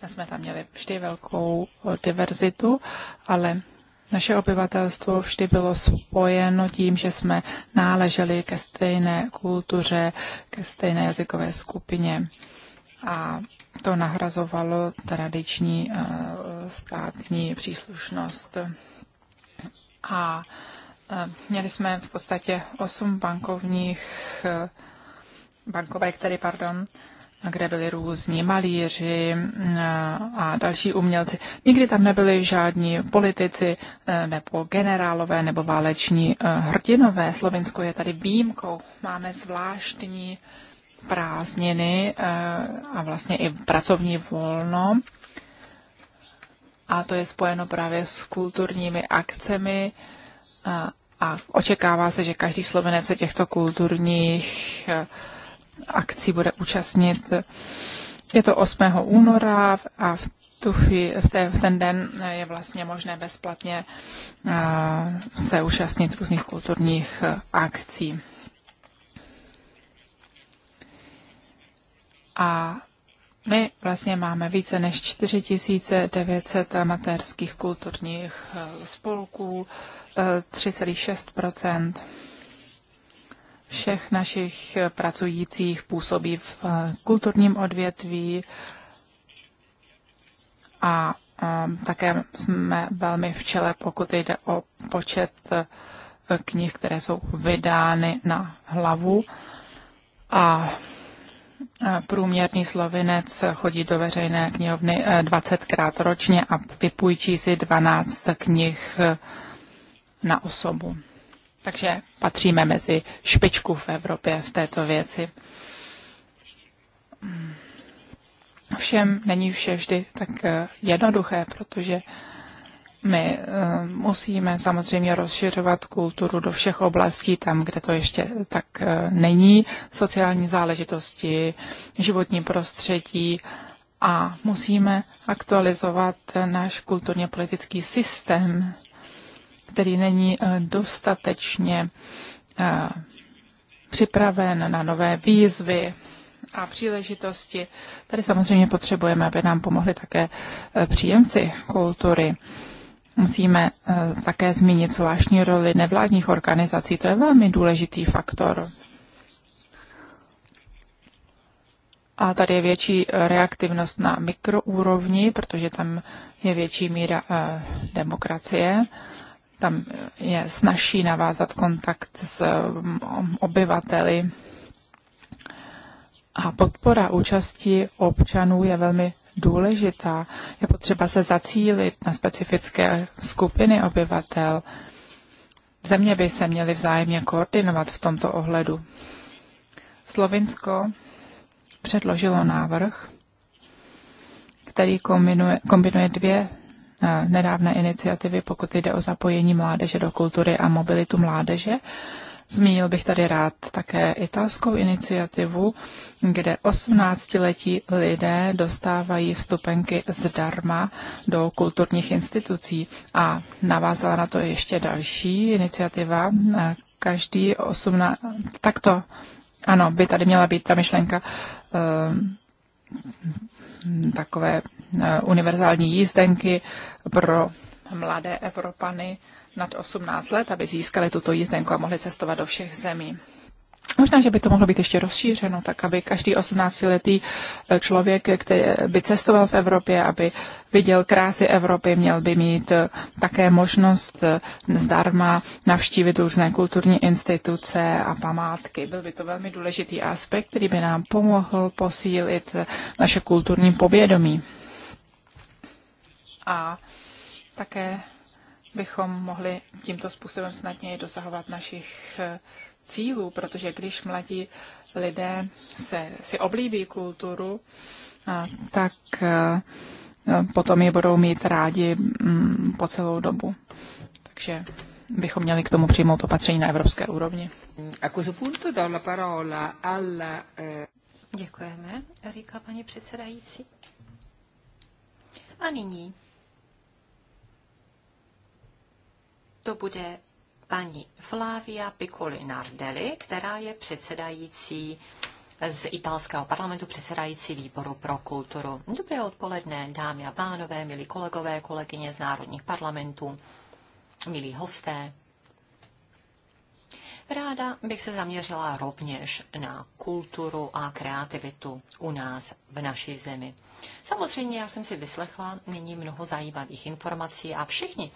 jsme tam měli vždy velkou diverzitu, ale naše obyvatelstvo vždy bylo spojeno tím, že jsme náleželi ke stejné kultuře, ke stejné jazykové skupině. A to nahrazovalo tradiční eh, státní příslušnost a e, měli jsme v podstatě osm bankovních e, bankovek, tedy pardon, kde byli různí malíři e, a další umělci. Nikdy tam nebyli žádní politici nebo generálové nebo váleční hrdinové. Slovensko je tady výjimkou. Máme zvláštní prázdniny a vlastně i pracovní volno a to je spojeno právě s kulturními akcemi a, a očekává se, že každý Slovenec se těchto kulturních eh, akcí bude účastnit. Je to 8. února a v tu chví, v, té, v ten den je vlastně možné bezplatně eh, se účastnit různých kulturních eh, akcí. A my vlastně máme více než 4900 amatérských kulturních eh, spolků, 3,6 eh, všech našich eh, pracujících působí v kulturním odvětví a také jsme velmi v čele, pokud jde o počet knih, které jsou vydány na hlavu. A Průměrný slovinec chodí do veřejné knihovny 20krát eh, ročně a vypůjčí si 12 knih eh, na osobu. Takže patříme mezi špičku v Evropě v této věci. Všem není vše vždy tak eh, jednoduché, protože my eh, musíme samozřejmě rozšiřovat kulturu do všech oblastí, tam, kde to ještě tak eh, není, sociální záležitosti, životní prostředí a musíme aktualizovat náš kulturně politický systém, který není eh, dostatečně připraven na nové výzvy, a příležitosti. Tady samozřejmě potřebujeme, aby nám pomohli také příjemci kultury musíme eh, také zmínit zvláštní roli nevládních organizací. To je velmi důležitý faktor. A tady je větší eh, reaktivnost na mikroúrovni, protože tam je větší míra eh, demokracie. Tam je snažší navázat kontakt s mm, obyvateli a podpora účasti občanů je velmi důležitá. Je potřeba se zacílit na specifické skupiny obyvatel. Země by se měly vzájemně koordinovat v tomto ohledu. Slovinsko předložilo návrh, který kombinuje, kombinuje dvě eh, nedávné iniciativy, pokud jde o zapojení mládeže do kultury a mobilitu mládeže. Zmínil bych tady rád také italskou iniciativu, kde 18-letí lidé dostávají vstupenky zdarma do kulturních institucí. A navázala na to ještě další iniciativa. Každý 18... Takto, ano, by tady měla být ta myšlenka ehm, takové eh, univerzální jízdenky pro mladé Evropany, nad 18 let, aby získali tuto jízdenku a mohli cestovat do všech zemí. Možná, že by to mohlo být ještě rozšířeno, tak aby každý 18-letý eh, člověk, který by cestoval v Evropě, aby viděl krásy Evropy, měl by mít eh, také možnost eh, zdarma navštívit různé kulturní instituce a památky. Byl by to velmi důležitý aspekt, který by nám pomohl posílit naše kulturní povědomí. A také bychom mohli tímto způsobem snadněji dosahovat našich eh, cílů, protože když mladí lidé se, si oblíbí kulturu, tak eh, potom ji budou mít rádi mm, po celou dobu. Takže bychom měli k tomu přijmout opatření na evropské úrovni. A questo parola alla... Eh, Děkujeme, říká paní předsedající. A nyní to bude paní Flavia Piccoli Nardelli, která je předsedající z italského parlamentu, předsedající výboru pro kulturu. Dobré odpoledne, dámy a pánové, milí kolegové, kolegyně z národních parlamentů, milí hosté. Ráda bych se zaměřila rovněž na kulturu a kreativitu u nás v naší zemi. Samozřejmě já jsem si vyslechla nyní mnoho zajímavých informací a všichni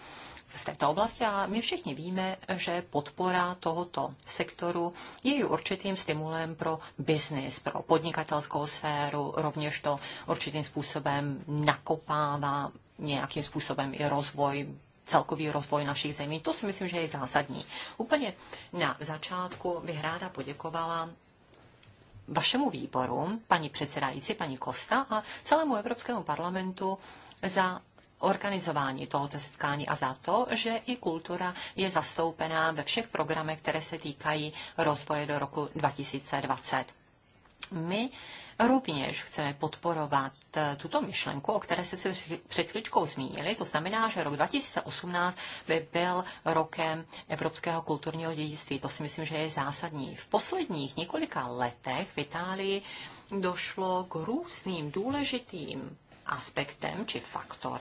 z této oblasti a my všichni víme, že podpora tohoto sektoru je určitým stimulem pro biznis, pro podnikatelskou sféru, rovněž to určitým způsobem nakopává nějakým způsobem i rozvoj celkový rozvoj našich zemí. To si myslím, že je zásadní. Úplně na začátku bych ráda poděkovala vašemu výboru, paní předsedající, paní Kosta a celému Evropskému parlamentu za organizování tohoto setkání a za to, že i kultura je zastoupená ve všech programech, které se týkají rozvoje do roku 2020. My Rovněž chceme podporovat eh, tuto myšlenku, o které se před chvíličkou zmínili. To znamená, že rok 2018 by byl rokem evropského kulturního dědictví. To si myslím, že je zásadní. V posledních několika letech v Itálii došlo k různým důležitým aspektem či faktor,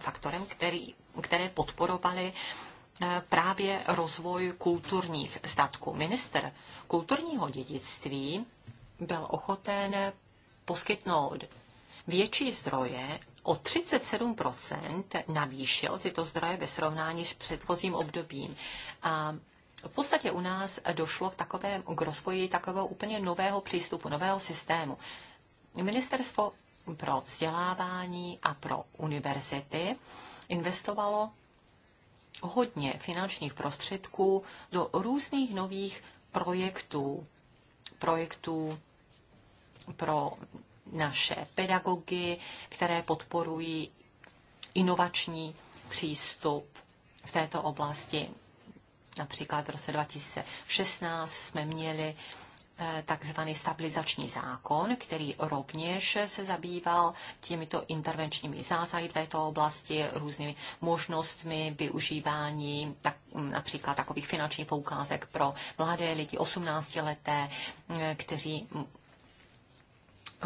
faktorem, který, které podporovaly eh, právě rozvoj kulturních statků. Minister kulturního dědictví byl ochoten poskytnout větší zdroje, o 37 navýšil tyto zdroje ve srovnání s předchozím obdobím. A v podstatě u nás došlo v takovém, k rozvoji takového úplně nového přístupu, nového systému. Ministerstvo pro vzdělávání a pro univerzity investovalo hodně finančních prostředků do různých nových projektů, projektů pro naše pedagogy, které podporují inovační přístup v této oblasti. Například v roce 2016 jsme měli Eh, takzvaný stabilizační zákon, který rovněž se zabýval těmito intervenčními zásahy v této oblasti, různými možnostmi využívání tak, mm, například takových finančních poukázek pro mladé lidi, 18 leté, eh, kteří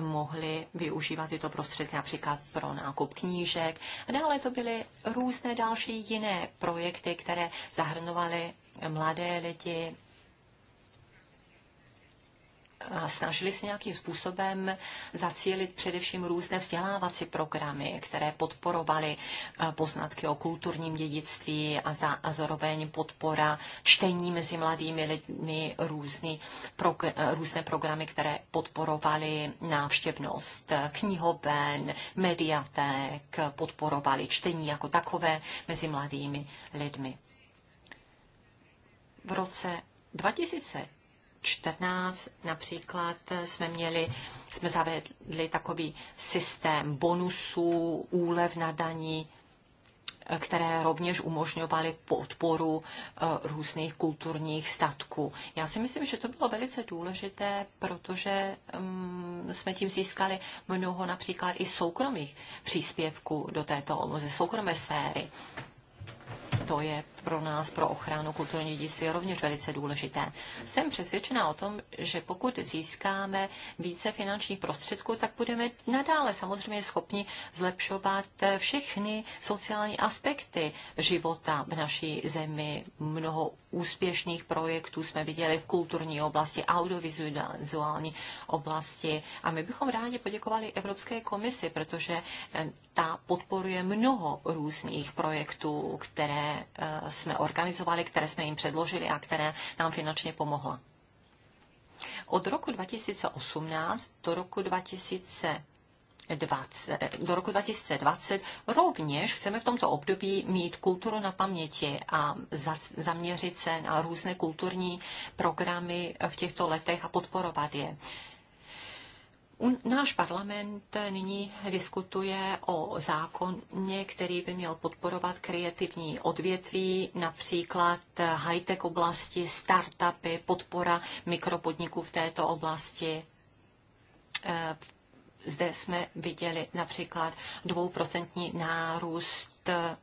mohli využívat tyto prostředky například pro nákup knížek. A dále to byly různé další jiné projekty, které zahrnovaly mladé lidi, snažili se nějakým způsobem zacílit především různé vzdělávací programy, které podporovaly eh, poznatky o kulturním dědictví a, za, a zároveň podpora čtení mezi mladými lidmi, různý, prog, eh, různé programy, které podporovaly návštěvnost knihoven, mediatek, podporovaly čtení jako takové mezi mladými lidmi. V roce 2000 14 například eh, jsme měli, jsme zavedli takový systém bonusů, úlev na daní, eh, které rovněž umožňovaly podporu eh, různých kulturních statků. Já si myslím, že to bylo velice důležité, protože mm, jsme tím získali mnoho například i soukromých příspěvků do této ze soukromé sféry. To je pro nás, pro ochranu kulturní dědictví je rovněž velice důležité. Jsem přesvědčená o tom, že pokud získáme více finančních prostředků, tak budeme nadále samozřejmě schopni zlepšovat všechny sociální aspekty života v naší zemi. Mnoho úspěšných projektů jsme viděli v kulturní oblasti, audiovizuální oblasti. A my bychom rádi poděkovali Evropské komisi, protože eh, ta podporuje mnoho různých projektů, které eh, jsme organizovali, které jsme jim předložili a které nám finančně pomohla. Od roku 2018 do roku 2000 20, do roku 2020. Rovněž chceme v tomto období mít kulturu na paměti a za, zaměřit se na různé kulturní programy v těchto letech a podporovat je. Náš parlament nyní diskutuje o zákoně, který by měl podporovat kreativní odvětví, například high-tech oblasti, startupy, podpora mikropodniků v této oblasti. Eh, zde jsme viděli například dvouprocentní nárůst eh,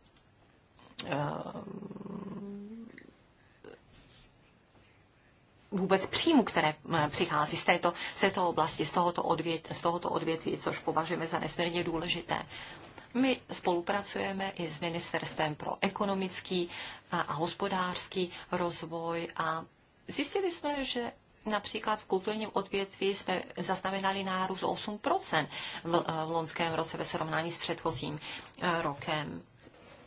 vůbec příjmu, které eh, přichází z této, z této oblasti, z tohoto, odvět, z tohoto odvětví, což považujeme za nesmírně důležité. My spolupracujeme i s Ministerstvem pro ekonomický a hospodářský rozvoj a zjistili jsme, že Například v kulturním odvětví jsme zaznamenali nárůst 8 v, eh, v loňském roce ve srovnání s předchozím eh, rokem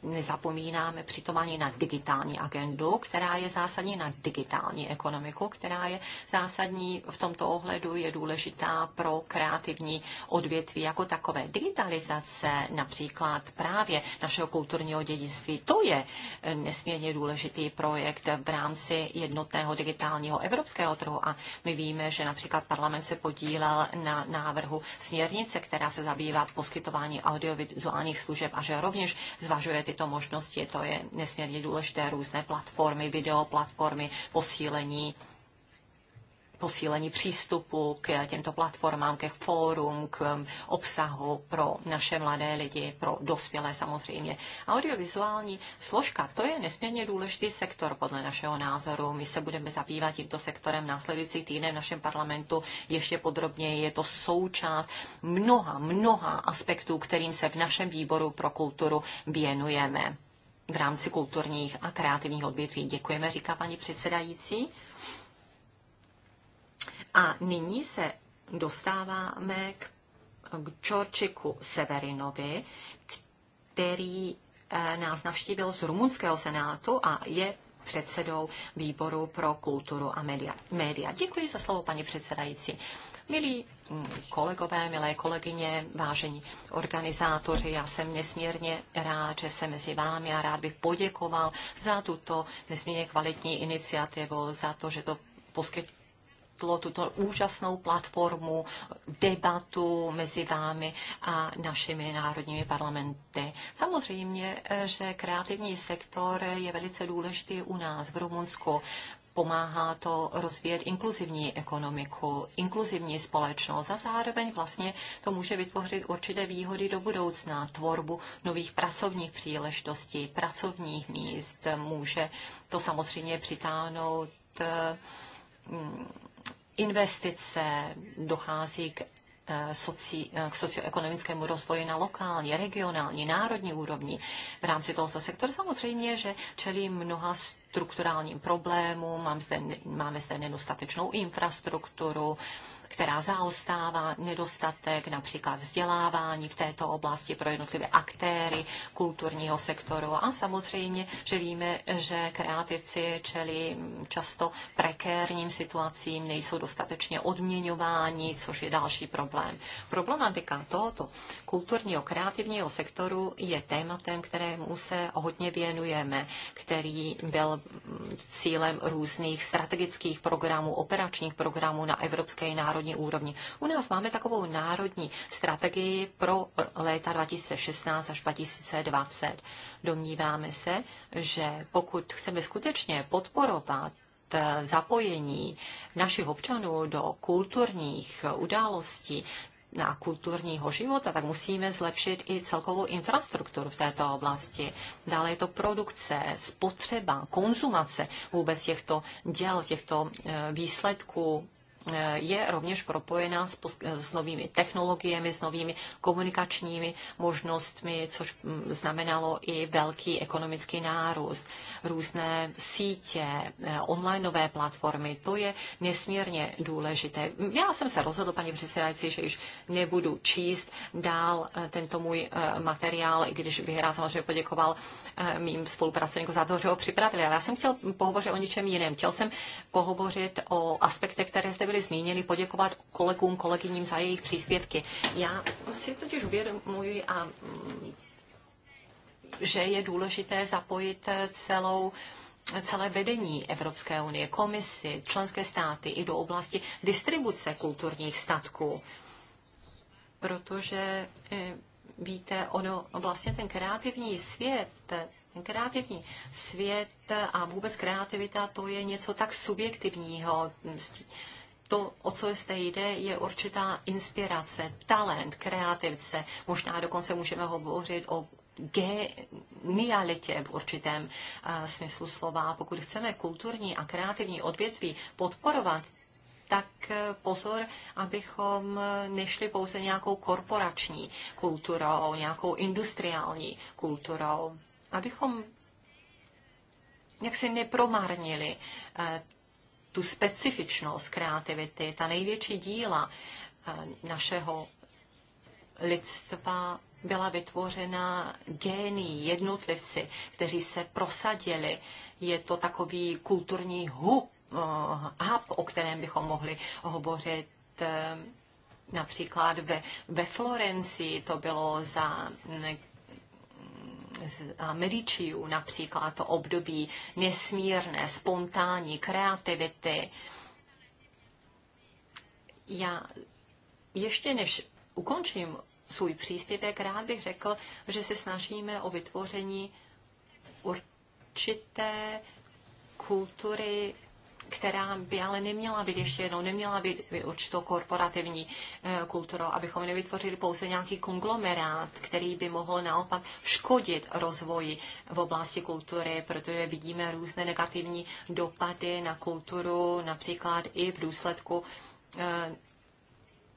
nezapomínáme přitom ani na digitální agendu, která je zásadní na digitální ekonomiku, která je zásadní v tomto ohledu, je důležitá pro kreativní odvětví jako takové. Digitalizace například právě našeho kulturního dědictví, to je nesmírně důležitý projekt v rámci jednotného digitálního evropského trhu a my víme, že například parlament se podílel na návrhu směrnice, která se zabývá poskytování audiovizuálních služeb a že rovněž zvažuje ty tyto možnosti. To je nesmírně důležité, různé platformy, videoplatformy, posílení posílení přístupu k těmto platformám, ke fórum, k um, obsahu pro naše mladé lidi, pro dospělé samozřejmě. Audiovizuální složka, to je nesmírně důležitý sektor podle našeho názoru. My se budeme zabývat tímto sektorem následující týden v našem parlamentu ještě podrobněji. Je to součást mnoha, mnoha aspektů, kterým se v našem výboru pro kulturu věnujeme v rámci kulturních a kreativních odvětví. Děkujeme, říká paní předsedající. A nyní se dostáváme k, k Čorčiku Severinovi, který eh, nás navštívil z rumunského senátu a je předsedou výboru pro kulturu a média. média. Děkuji za slovo, paní předsedající. Milí mm, kolegové, milé kolegyně, vážení organizátoři, já jsem nesmírně rád, že jsem mezi vámi a rád bych poděkoval za tuto nesmírně kvalitní iniciativu, za to, že to poskytl poskytlo tuto úžasnou platformu, debatu mezi vámi a našimi národními parlamenty. Samozřejmě, eh, že kreativní sektor je velice důležitý u nás v Rumunsku pomáhá to rozvíjet inkluzivní ekonomiku, inkluzivní společnost a zároveň vlastně to může vytvořit určité výhody do budoucna, tvorbu nových pracovních příležitostí, pracovních míst, může to samozřejmě přitáhnout eh, mm, investice, dochází k, eh, soci, eh, k socioekonomickému rozvoji na lokální, regionální, národní úrovni v rámci tohoto sektoru. Samozřejmě, že čelí mnoha strukturálním problémům, zde, máme zde nedostatečnou infrastrukturu, která zaostává, nedostatek například vzdělávání v této oblasti pro jednotlivé aktéry kulturního sektoru. A samozřejmě, že víme, že kreativci čelí často prekérním situacím, nejsou dostatečně odměňováni, což je další problém. Problematika tohoto kulturního kreativního sektoru je tématem, kterému se hodně věnujeme, který byl cílem různých strategických programů, operačních programů na evropské národní národní úrovni. U nás máme takovou národní strategii pro léta 2016 až 2020. Domníváme se, že pokud chceme skutečně podporovat eh, zapojení našich občanů do kulturních událostí, na kulturního života, tak musíme zlepšit i celkovou infrastrukturu v této oblasti. Dále je to produkce, spotřeba, konzumace vůbec těchto děl, těchto eh, výsledků je rovněž propojená s, s novými technologiemi, s novými komunikačními možnostmi, což mm, znamenalo i velký ekonomický nárůst. Různé sítě, eh, online nové platformy, to je nesmírně důležité. Já jsem se rozhodl, paní předsedající, že již nebudu číst dál eh, tento můj eh, materiál, i když bych rád samozřejmě poděkoval Eh, mým spolupracovníkům za to, že ho připravili. Ale já jsem chtěl pohovořit o něčem jiném. Chtěl jsem pohovořit o aspektech, které zde byly zmíněny, poděkovat kolegům, kolegyním za jejich příspěvky. Já si totiž uvědomuji a mm, že je důležité zapojit celou celé vedení Evropské unie, komisi, členské státy i do oblasti distribuce kulturních statků. Protože eh, víte, ono vlastně ten kreativní svět, ten kreativní svět a vůbec kreativita, to je něco tak subjektivního. To, o co jste jde, je určitá inspirace, talent, kreativce. Možná dokonce můžeme hovořit o genialitě v určitém uh, smyslu slova. Pokud chceme kulturní a kreativní odvětví podporovat, tak eh, pozor, abychom eh, nešli pouze nějakou korporační kulturou, nějakou industriální kulturou, abychom jaksi nepromarnili eh, tu specifičnost kreativity, ta největší díla našeho lidstva byla vytvořena gény, jednotlivci, kteří se prosadili. Je to takový kulturní hub, Eh, hub, o kterém bychom mohli hovořit eh, například ve, ve Florencii, to bylo za z Medičiů například to období nesmírné, spontánní kreativity. Já ještě než ukončím svůj příspěvek, rád bych řekl, že se snažíme o vytvoření určité kultury která by ale neměla být ještě jednou, neměla být určitou korporativní eh, kulturou, abychom nevytvořili pouze nějaký konglomerát, který by mohl naopak škodit rozvoji v oblasti kultury, protože vidíme různé negativní dopady na kulturu, například i v důsledku eh,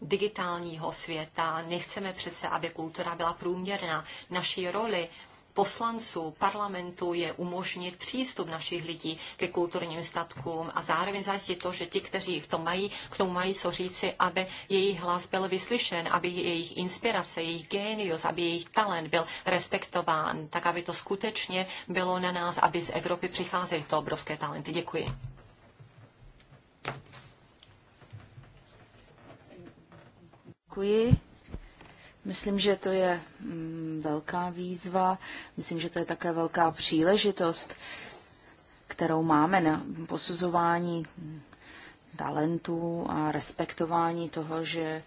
digitálního světa. Nechceme přece, aby kultura byla průměrná. Naší roli poslanců parlamentu je umožnit přístup našich lidí ke kulturním statkům a zároveň zajistit to, že ti, kteří v tom mají, k tomu mají co říci, aby jejich hlas byl vyslyšen, aby jejich inspirace, jejich génius, aby jejich talent byl respektován, tak aby to skutečně bylo na nás, aby z Evropy přicházely to obrovské talenty. Děkuji. Děkuji. Myslím, že to je mm, velká výzva, myslím, že to je také velká příležitost, kterou máme na posuzování talentů a respektování toho, že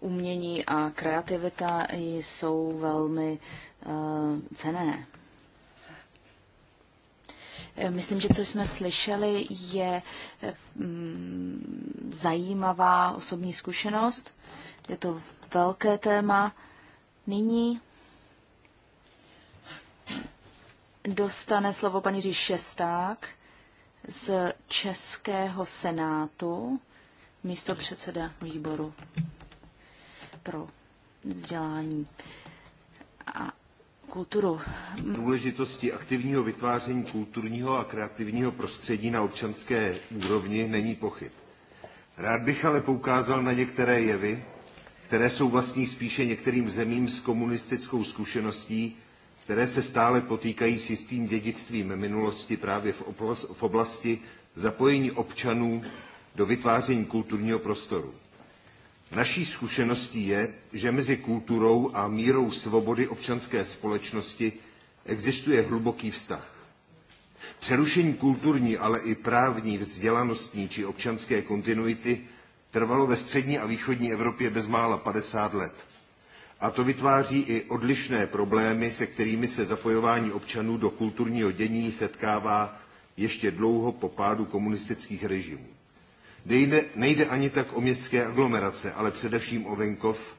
umění a kreativita jsou velmi uh, eh, cené. Eh, myslím, že co jsme slyšeli, je um, zajímavá osobní zkušenost. Je to velké téma. Nyní dostane slovo paní Ří Šesták z Českého senátu, místo předseda výboru pro vzdělání a kulturu. Důležitosti aktivního vytváření kulturního a kreativního prostředí na občanské úrovni není pochyb. Rád bych ale poukázal na některé jevy, které jsou vlastní spíše některým zemím s komunistickou zkušeností, které se stále potýkají s jistým dědictvím minulosti právě v oblasti zapojení občanů do vytváření kulturního prostoru. Naší zkušeností je, že mezi kulturou a mírou svobody občanské společnosti existuje hluboký vztah. Přerušení kulturní, ale i právní, vzdělanostní či občanské kontinuity trvalo ve střední a východní Evropě bezmála 50 let. A to vytváří i odlišné problémy, se kterými se zapojování občanů do kulturního dění setkává ještě dlouho po pádu komunistických režimů. Nejde, nejde ani tak o městské aglomerace, ale především o venkov,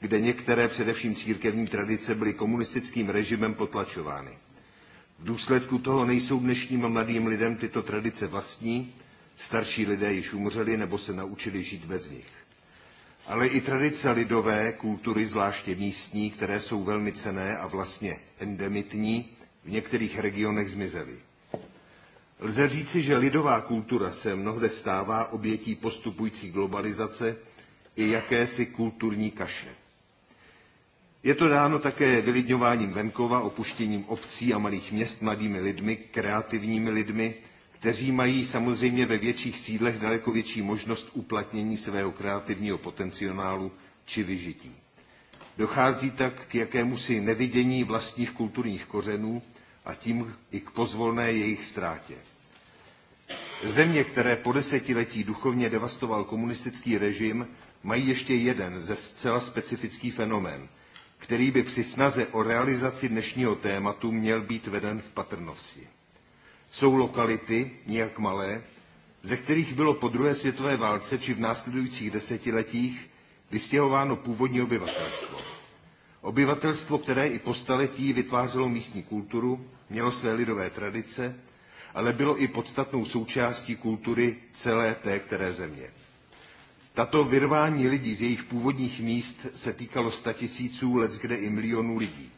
kde některé především církevní tradice byly komunistickým režimem potlačovány. V důsledku toho nejsou dnešním mladým lidem tyto tradice vlastní Starší lidé již umřeli nebo se naučili žít bez nich. Ale i tradice lidové, kultury, zvláště místní, které jsou velmi cené a vlastně endemitní, v některých regionech zmizely. Lze říci, že lidová kultura se mnohde stává obětí postupující globalizace i jakési kulturní kaše. Je to dáno také vylidňováním venkova, opuštěním obcí a malých měst mladými lidmi, kreativními lidmi, kteří mají samozřejmě ve větších sídlech daleko větší možnost uplatnění svého kreativního potenciálu či vyžití. Dochází tak k jakémusi nevidění vlastních kulturních kořenů a tím i k pozvolné jejich ztrátě. Země, které po desetiletí duchovně devastoval komunistický režim, mají ještě jeden ze zcela specifický fenomén, který by při snaze o realizaci dnešního tématu měl být veden v patrnosti. Jsou lokality, nějak malé, ze kterých bylo po druhé světové válce či v následujících desetiletích vystěhováno původní obyvatelstvo. Obyvatelstvo, které i po staletí vytvářelo místní kulturu, mělo své lidové tradice, ale bylo i podstatnou součástí kultury celé té které země. Tato vyrvání lidí z jejich původních míst se týkalo statisíců, let kde i milionů lidí.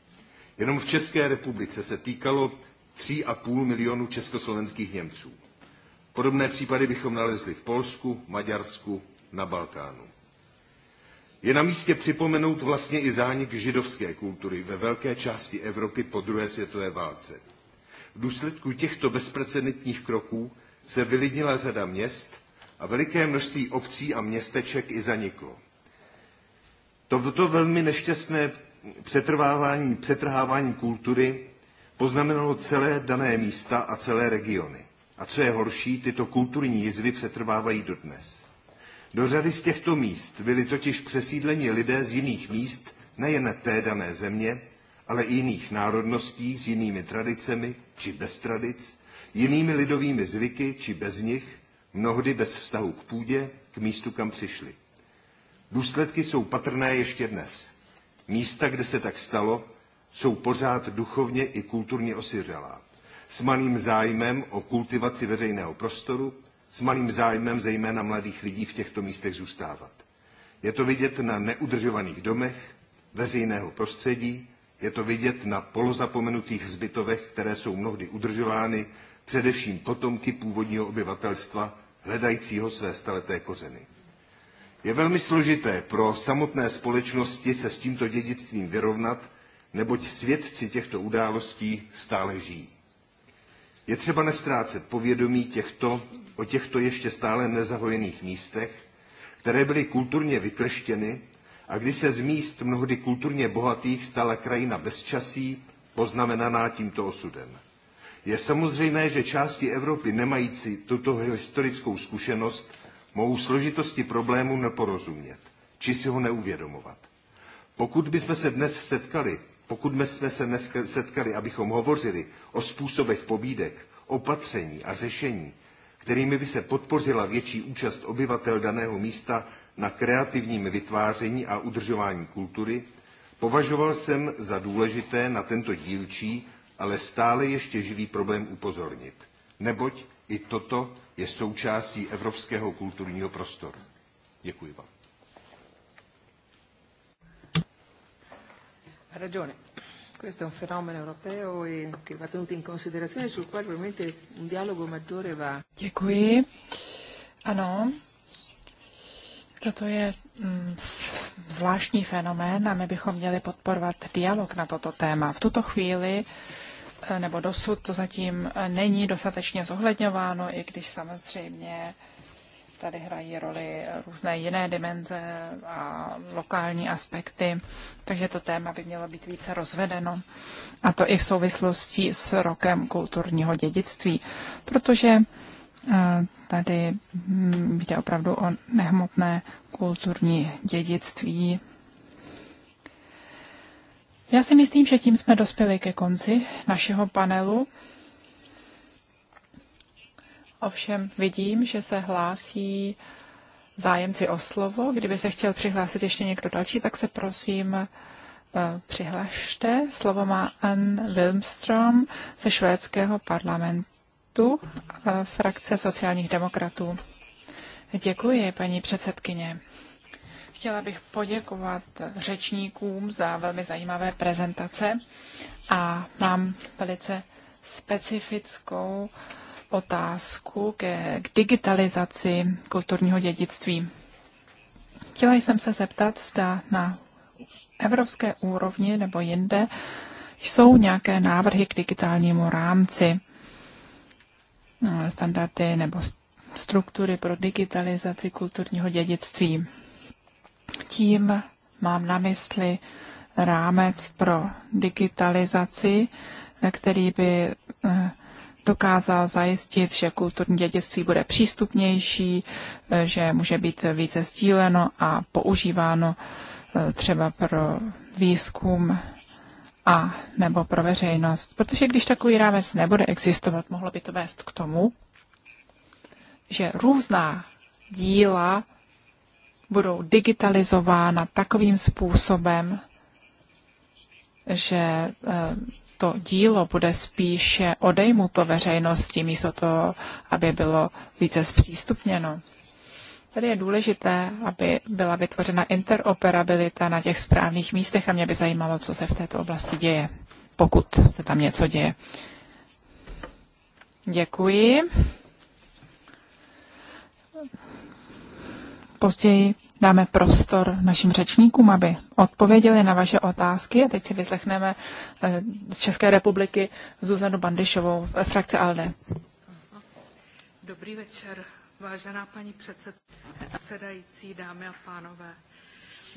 Jenom v České republice se týkalo 3,5 milionu československých Němců. Podobné případy bychom nalezli v Polsku, Maďarsku, na Balkánu. Je na místě připomenout vlastně i zánik židovské kultury ve velké části Evropy po druhé světové válce. V důsledku těchto bezprecedentních kroků se vylidnila řada měst a veliké množství obcí a městeček i zaniklo. Toto velmi nešťastné přetrvávání, přetrhávání kultury Poznamenalo celé dané místa a celé regiony. A co je horší, tyto kulturní jizvy přetrvávají dodnes. Do řady z těchto míst byli totiž přesídleni lidé z jiných míst, nejen té dané země, ale i jiných národností s jinými tradicemi či bez tradic, jinými lidovými zvyky či bez nich, mnohdy bez vztahu k půdě, k místu, kam přišli. Důsledky jsou patrné ještě dnes. Místa, kde se tak stalo, jsou pořád duchovně i kulturně osiřelá. S malým zájmem o kultivaci veřejného prostoru, s malým zájmem zejména mladých lidí v těchto místech zůstávat. Je to vidět na neudržovaných domech, veřejného prostředí, je to vidět na polozapomenutých zbytovech, které jsou mnohdy udržovány především potomky původního obyvatelstva, hledajícího své staleté kořeny. Je velmi složité pro samotné společnosti se s tímto dědictvím vyrovnat neboť svědci těchto událostí stále žijí. Je třeba nestrácet povědomí těchto, o těchto ještě stále nezahojených místech, které byly kulturně vykleštěny a kdy se z míst mnohdy kulturně bohatých stala krajina bezčasí, poznamenaná tímto osudem. Je samozřejmé, že části Evropy nemající tuto historickou zkušenost mohou složitosti problému neporozumět, či si ho neuvědomovat. Pokud bychom se dnes setkali pokud jsme se dnes setkali, abychom hovořili o způsobech pobídek, opatření a řešení, kterými by se podpořila větší účast obyvatel daného místa na kreativním vytváření a udržování kultury, považoval jsem za důležité na tento dílčí, ale stále ještě živý problém upozornit, neboť i toto je součástí evropského kulturního prostoru. Děkuji vám. Ragione. Questo è un fenomeno europeo e che va tenuto in considerazione, sul quale probabilmente un dialogo maggiore va. Děkuji. Ano, toto je mm, zvláštní fenomén a my bychom měli podporovat dialog na toto téma. V tuto chvíli eh, nebo dosud to zatím eh, není dostatečně zohledňováno, i když samozřejmě Tady hrají roli různé jiné dimenze a lokální aspekty, takže to téma by mělo být více rozvedeno. A to i v souvislosti s rokem kulturního dědictví, protože eh, tady hm, jde opravdu o nehmotné kulturní dědictví. Já si myslím, že tím jsme dospěli ke konci našeho panelu. Ovšem vidím, že se hlásí zájemci o slovo. Kdyby se chtěl přihlásit ještě někdo další, tak se prosím eh, přihlašte. Slovo má Ann Wilmström ze švédského parlamentu, eh, frakce sociálních demokratů. Děkuji, paní předsedkyně. Chtěla bych poděkovat řečníkům za velmi zajímavé prezentace a mám velice specifickou uh, otázku ke, k digitalizaci kulturního dědictví. Chtěla jsem se zeptat, zda na evropské úrovni nebo jinde jsou nějaké návrhy k digitálnímu rámci, no, standardy nebo struktury pro digitalizaci kulturního dědictví. Tím mám na mysli rámec pro digitalizaci, který by eh, dokázal zajistit, že kulturní dědictví bude přístupnější, eh, že může být více sdíleno a používáno eh, třeba pro výzkum a nebo pro veřejnost. Protože když takový rámec nebude existovat, mohlo by to vést k tomu, že různá díla budou digitalizována takovým způsobem, že eh, to dílo bude spíše odejmuto veřejnosti, místo toho, aby bylo více zpřístupněno. Tady je důležité, aby byla vytvořena interoperabilita na těch správných místech a mě by zajímalo, co se v této oblasti děje, pokud se tam něco děje. Děkuji. Později dáme prostor našim řečníkům, aby odpověděli na vaše otázky. A teď si vyslechneme eh, z České republiky Zuzanu Bandyšovou, eh, frakce ALDE. Dobrý večer, vážená paní předsedající, dámy a pánové.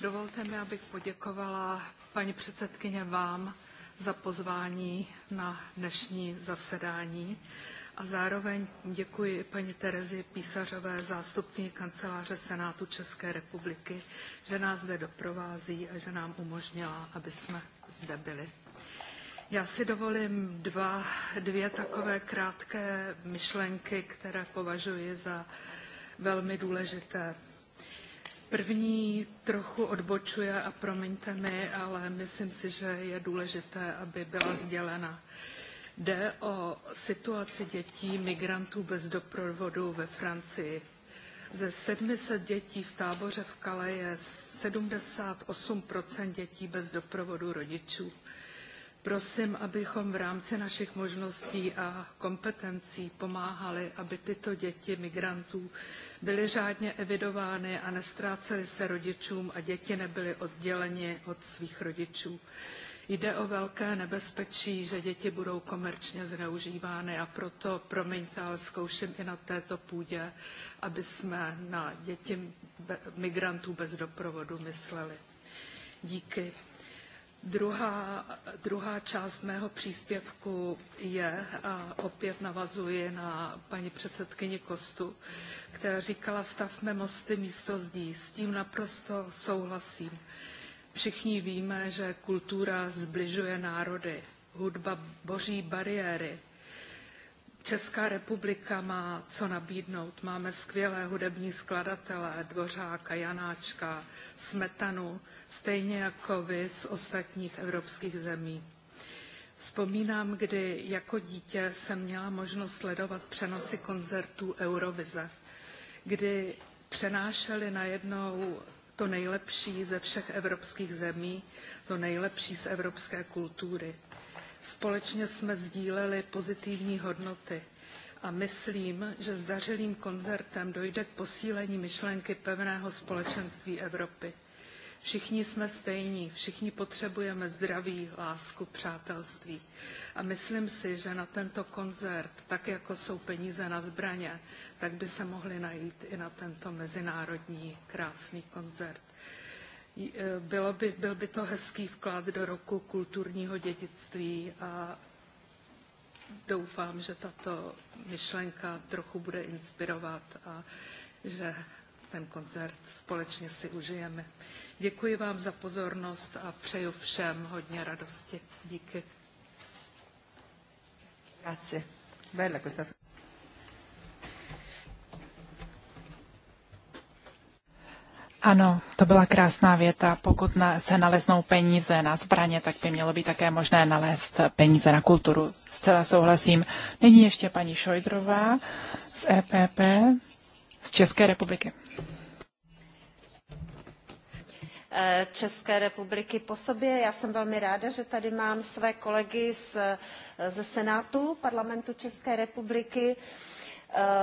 Dovolte mi, abych poděkovala paní předsedkyně vám za pozvání na dnešní zasedání a zároveň děkuji paní Terezi Písařové, zástupkyni kanceláře Senátu České republiky, že nás zde doprovází a že nám umožnila, aby jsme zde byli. Já si dovolím dva, dvě takové krátké myšlenky, které považuji za velmi důležité. První trochu odbočuje a promiňte mi, ale myslím si, že je důležité, aby byla sdělena. Jde o situaci dětí migrantů bez doprovodu ve Francii. Ze 700 dětí v táboře v Kale je 78 dětí bez doprovodu rodičů. Prosím, abychom v rámci našich možností a kompetencí pomáhali, aby tyto děti migrantů byly řádně evidovány a nestrácely se rodičům a děti nebyly odděleny od svých rodičů. Jde o velké nebezpečí, že děti budou komerčně zneužívány a proto, promiňte, ale zkouším i na této půdě, aby jsme na děti migrantů bez doprovodu mysleli. Díky. Druhá, druhá část mého příspěvku je, a opět navazuji na paní předsedkyni Kostu, která říkala, stavme mosty místo zdí. S tím naprosto souhlasím. Všichni víme, že kultura zbližuje národy, hudba boří bariéry. Česká republika má co nabídnout. Máme skvělé hudební skladatele, Dvořáka, Janáčka, Smetanu, stejně jako vy z ostatních evropských zemí. Vzpomínám, kdy jako dítě jsem měla možnost sledovat přenosy koncertů Eurovize, kdy přenášeli najednou to nejlepší ze všech evropských zemí, to nejlepší z evropské kultury. Společně jsme sdíleli pozitivní hodnoty a myslím, že zdařilým koncertem dojde k posílení myšlenky pevného společenství Evropy. Všichni jsme stejní, všichni potřebujeme zdraví, lásku, přátelství. A myslím si, že na tento koncert, tak jako jsou peníze na zbraně, tak by se mohli najít i na tento mezinárodní krásný koncert. E, bylo by, byl by to hezký vklad do roku kulturního dědictví a doufám, že tato myšlenka trochu bude inspirovat a že ten koncert společně si užijeme. Děkuji vám za pozornost a přeju všem hodně radosti. Díky. Grazie. Bella questa Ano, to byla krásná věta. Pokud na, se naleznou peníze na zbraně, tak by mělo být také možné nalézt peníze na kulturu. Zcela souhlasím. Nyní ještě paní Šojdrová z EPP z České republiky. Eh, České republiky po sobě. Já jsem velmi ráda, že tady mám své kolegy z, ze Senátu parlamentu České republiky.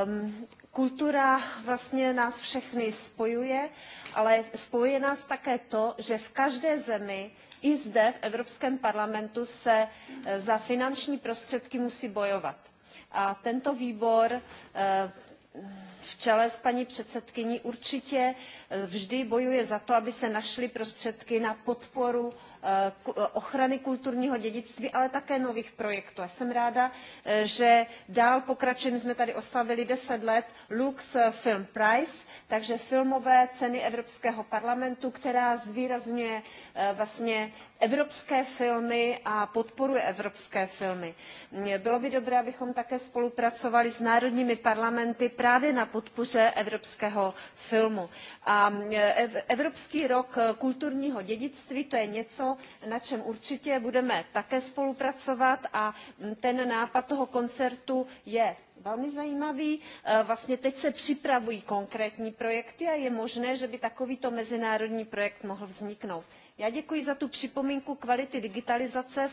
Um, Kultura vlastně nás všechny spojuje, ale spojuje nás také to, že v každé zemi i zde v Evropském parlamentu se eh, za finanční prostředky musí bojovat. A tento výbor eh, v čele s paní předsedkyní určitě eh, vždy bojuje za to, aby se našly prostředky na podporu Eh, eh, ochrany kulturního dědictví, ale také nových projektů. A jsem ráda, eh, že dál pokračujeme, jsme tady oslavili 10 let Lux Film Prize, takže filmové ceny Evropského parlamentu, která zvýrazňuje vlastně evropské filmy a podporuje evropské filmy. Bylo by dobré, abychom také spolupracovali s národními parlamenty právě na podpoře evropského filmu. A e, Evropský rok kulturního dědictví, to je něco, na čem určitě budeme také spolupracovat a ten nápad toho koncertu je velmi zajímavý. E, vlastně teď se připravují konkrétní projekty a je možné, že by takovýto mezinárodní projekt mohl vzniknout já děkuji za tu připomínku kvality digitalizace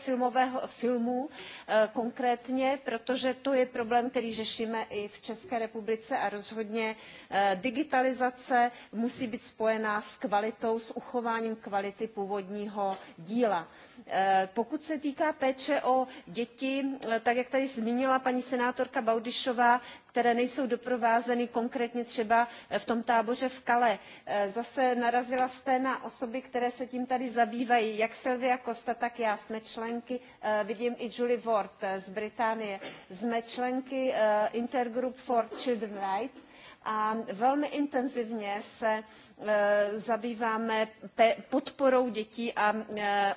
filmů eh, konkrétně protože to je problém který řešíme i v české republice a rozhodně eh, digitalizace musí být spojena s kvalitou s uchováním kvality původního díla. Eh, pokud se týká péče o děti tak jak tady zmínila paní senátorka baudisová které nejsou doprovázeny konkrétně třeba eh, v tom táboře v calais. Eh, zase narazila jste na osoby které se tím tady zabývají jak silvia costa tak já jsme členky eh, vidím i julie ward z británie jsme členky intergroup for children's rights a velmi intenzivně se e, zabýváme podporou dětí a e,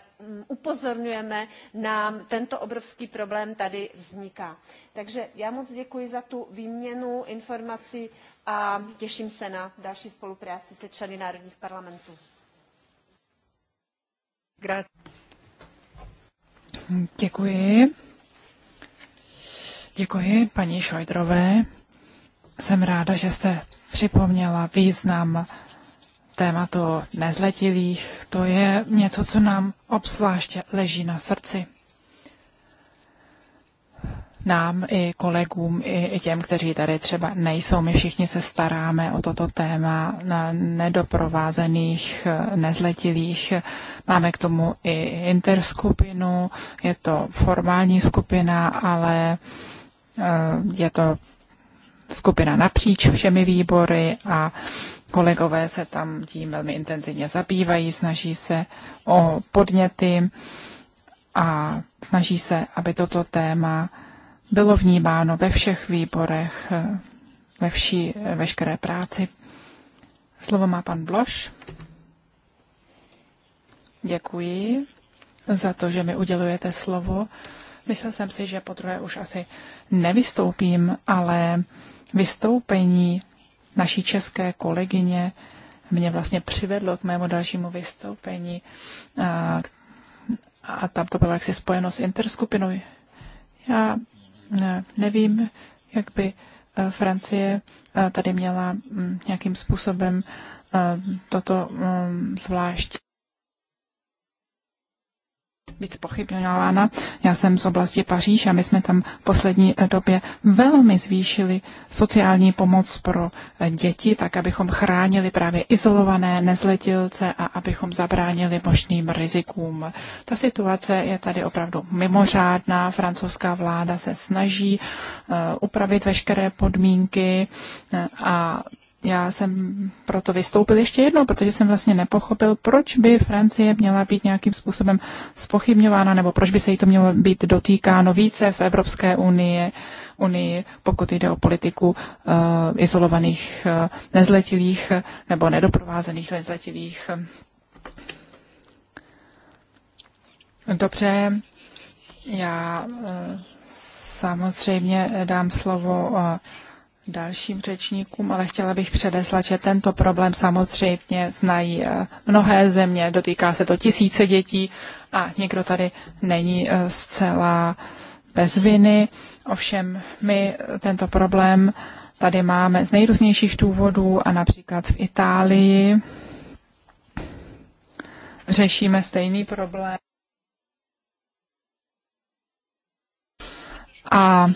upozorňujeme na tento obrovský problém tady vzniká. Takže já moc děkuji za tu výměnu informací a těším se na další spolupráci se členy národních parlamentů. Děkuji. Děkuji paní Šojdrové. Jsem ráda, že jste připomněla význam tématu nezletilých. To je něco, co nám obzvláště leží na srdci. Nám i kolegům, i těm, kteří tady třeba nejsou, my všichni se staráme o toto téma na nedoprovázených eh, nezletilých. Máme k tomu i interskupinu, je to formální skupina, ale eh, je to skupina napříč všemi výbory a kolegové se tam tím velmi intenzivně zabývají, snaží se o podněty a snaží se, aby toto téma bylo vnímáno ve všech výborech, ve vší, veškeré práci. Slovo má pan Bloš. Děkuji za to, že mi udělujete slovo. Myslel jsem si, že po druhé už asi nevystoupím, ale vystoupení naší české kolegyně mě vlastně přivedlo k mému dalšímu vystoupení a, a tam to bylo jaksi spojeno s interskupinou. Já e, nevím, jak by e, Francie e, tady měla nějakým způsobem toto zvlášť být spochybňována. Já jsem z oblasti Paříž a my jsme tam v poslední době velmi zvýšili sociální pomoc pro eh, děti, tak abychom chránili právě izolované nezletilce a abychom zabránili možným rizikům. Ta situace je tady opravdu mimořádná. Francouzská vláda se snaží eh, upravit veškeré podmínky eh, a já jsem proto vystoupil ještě jednou, protože jsem vlastně nepochopil, proč by Francie měla být nějakým způsobem spochybňována, nebo proč by se jí to mělo být dotýkáno více v Evropské unii, unii pokud jde o politiku uh, izolovaných uh, nezletilých nebo nedoprovázených nezletilých. Dobře, já uh, samozřejmě dám slovo uh, dalším řečníkům, ale chtěla bych předeslat, že tento problém samozřejmě znají eh, mnohé země, dotýká se to tisíce dětí a někdo tady není eh, zcela bez viny. Ovšem my eh, tento problém tady máme z nejrůznějších důvodů a například v Itálii řešíme stejný problém. A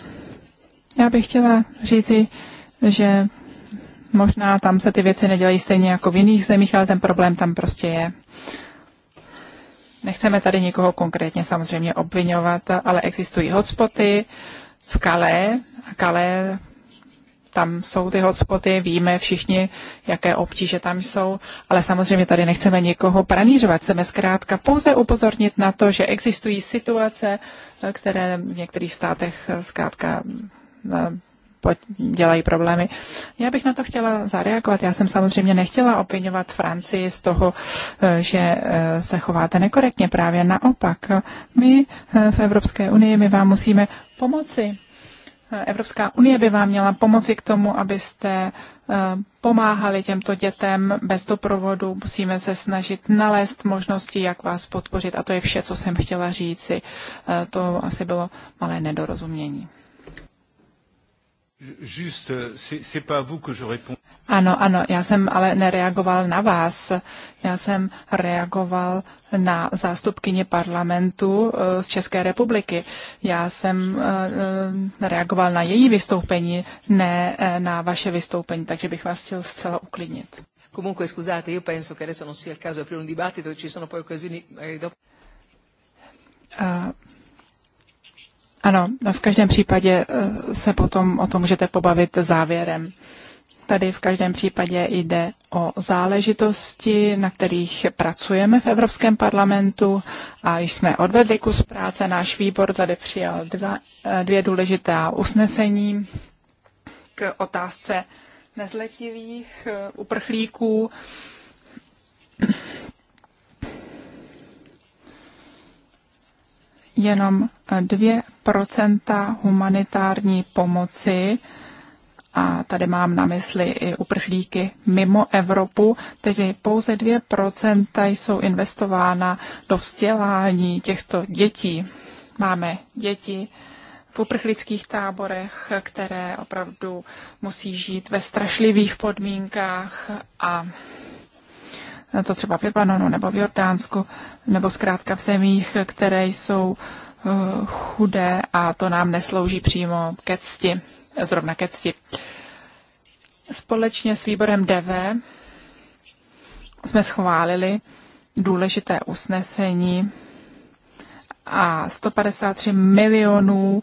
já bych chtěla říci, že možná tam se ty věci nedělají stejně jako v jiných zemích, ale ten problém tam prostě je. Nechceme tady nikoho konkrétně samozřejmě obvinovat, ale existují hotspoty v a Kalé tam jsou ty hotspoty, víme všichni, jaké obtíže tam jsou, ale samozřejmě tady nechceme nikoho pranířovat. Chceme zkrátka pouze upozornit na to, že existují situace, které v některých státech zkrátka Eh, dělají problémy. Já bych na to chtěla zareagovat. Já jsem samozřejmě nechtěla opinovat Francii z toho, eh, že eh, se chováte nekorektně. Právě naopak. My v Evropské unii, my vám musíme pomoci. Evropská unie by vám měla pomoci k tomu, abyste pomáhali těmto dětem bez doprovodu. Musíme se snažit nalézt možnosti, jak vás podpořit. A to je vše, co jsem chtěla říci. To asi bylo malé nedorozumění. Ano, ano, já jsem ale nereagoval na vás. Já jsem reagoval na zástupkyně parlamentu eh, z České republiky. Já jsem eh, eh, reagoval na její vystoupení, ne na vaše vystoupení, takže bych vás chtěl zcela uklidnit. Comunque, scusate, io penso che adesso non sia il caso di aprire un dibattito, ci sono poi occasioni Uh, ano, v každém případě eh, se potom o tom můžete pobavit závěrem. Tady v každém případě jde o záležitosti, na kterých pracujeme v Evropském parlamentu a již jsme odvedli kus práce. Náš výbor tady přijal dva, eh, dvě důležitá usnesení k otázce nezletilých eh, uprchlíků jenom 2% eh, humanitární pomoci, a tady mám na mysli i uprchlíky mimo Evropu, tedy pouze 2% jsou investována do vzdělání těchto dětí. Máme děti v uprchlických táborech, které opravdu musí žít ve strašlivých podmínkách a Eh, to třeba v Libanonu nebo v Jordánsku, nebo zkrátka v zemích, které jsou eh, chudé a to nám neslouží přímo ke cti, zrovna ke cti. Společně s výborem DV jsme schválili důležité usnesení a 153 milionů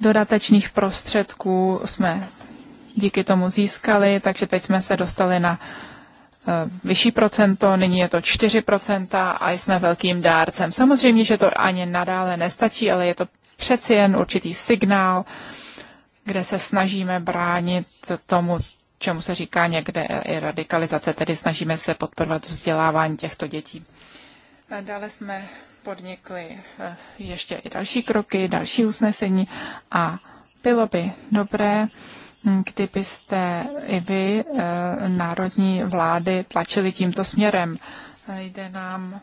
dodatečných prostředků jsme díky tomu získali, takže teď jsme se dostali na Eh, vyšší procento, nyní je to 4% a jsme velkým dárcem. Samozřejmě, že to ani nadále nestačí, ale je to přeci jen určitý signál, kde se snažíme bránit tomu, čemu se říká někde i radikalizace, tedy snažíme se podporovat vzdělávání těchto dětí. Dále jsme podnikli eh, ještě i další kroky, další usnesení a bylo by dobré, Hm, kdybyste i vy, eh, národní vlády, tlačili tímto směrem. Eh, jde nám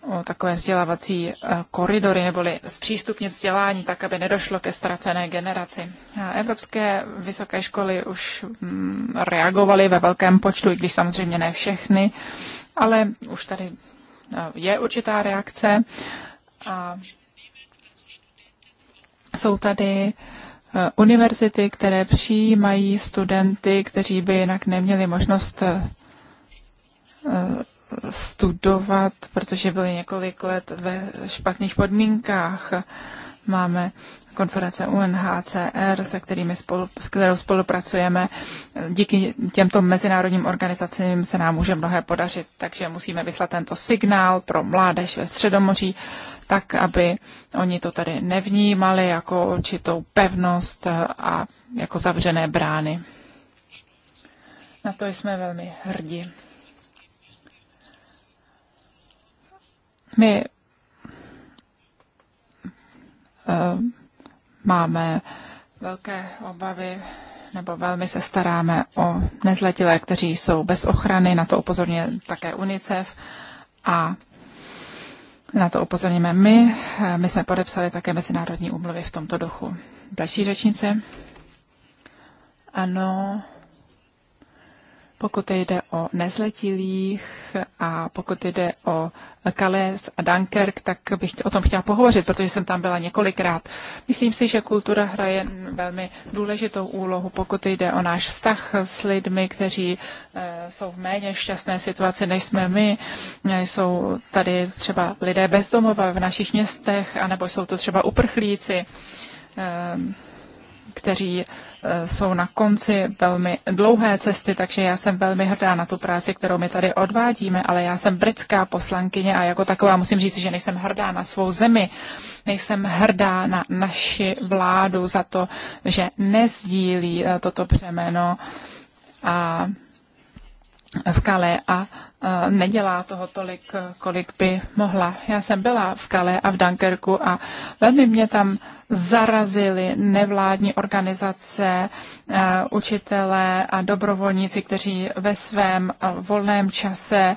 o takové vzdělávací eh, koridory neboli zpřístupnit vzdělání tak, aby nedošlo ke ztracené generaci. Evropské vysoké školy už hm, reagovaly ve velkém počtu, i když samozřejmě ne všechny, ale už tady je určitá reakce. A jsou tady uh, Eh, univerzity, které přijímají studenty, kteří by jinak neměli možnost eh, studovat, protože byli několik let ve špatných podmínkách. Máme konference UNHCR, se kterými spolu, s kterou spolupracujeme. Díky těmto mezinárodním organizacím se nám může mnohé podařit, takže musíme vyslat tento signál pro mládež ve Středomoří, tak, aby oni to tady nevnímali jako určitou pevnost a jako zavřené brány. Na to jsme velmi hrdí. My uh, máme velké obavy nebo velmi se staráme o nezletilé, kteří jsou bez ochrany, na to upozorňuje také UNICEF a na to upozorníme my. My jsme podepsali také mezinárodní úmluvy v tomto duchu. Další řečnice. Ano, pokud jde o nezletilých a pokud jde o Calais a Dunkirk, tak bych o tom chtěla pohovořit, protože jsem tam byla několikrát. Myslím si, že kultura hraje velmi důležitou úlohu, pokud jde o náš vztah s lidmi, kteří eh, jsou v méně šťastné situaci, než jsme my. Eh, jsou tady třeba lidé bezdomova v našich městech, anebo jsou to třeba uprchlíci ehm, kteří e, jsou na konci velmi dlouhé cesty, takže já jsem velmi hrdá na tu práci, kterou my tady odvádíme, ale já jsem britská poslankyně a jako taková musím říct, že nejsem hrdá na svou zemi, nejsem hrdá na naši vládu za to, že nezdílí e, toto přeměno a v Kale a Eh, nedělá toho tolik, eh, kolik by mohla. Já jsem byla v Kale a v Dunkerku a velmi mě tam zarazili nevládní organizace, eh, učitelé a dobrovolníci, kteří ve svém volném čase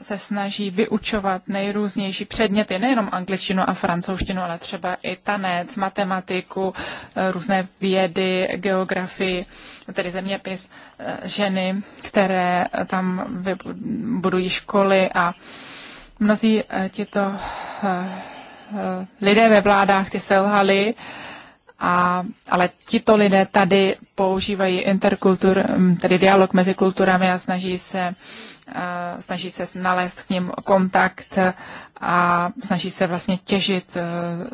se snaží vyučovat nejrůznější předměty, nejenom angličtinu a francouzštinu, ale třeba i tanec, matematiku, eh, různé vědy, geografii, tedy zeměpis, eh, ženy, které tam budují školy a mnozí eh, tito lidé ve vládách ty selhali a, ale tito lidé tady používají interkultur, mm, tedy dialog mezi kulturami a snaží se, a snaží se nalézt k ním kontakt a snaží se vlastně těžit e,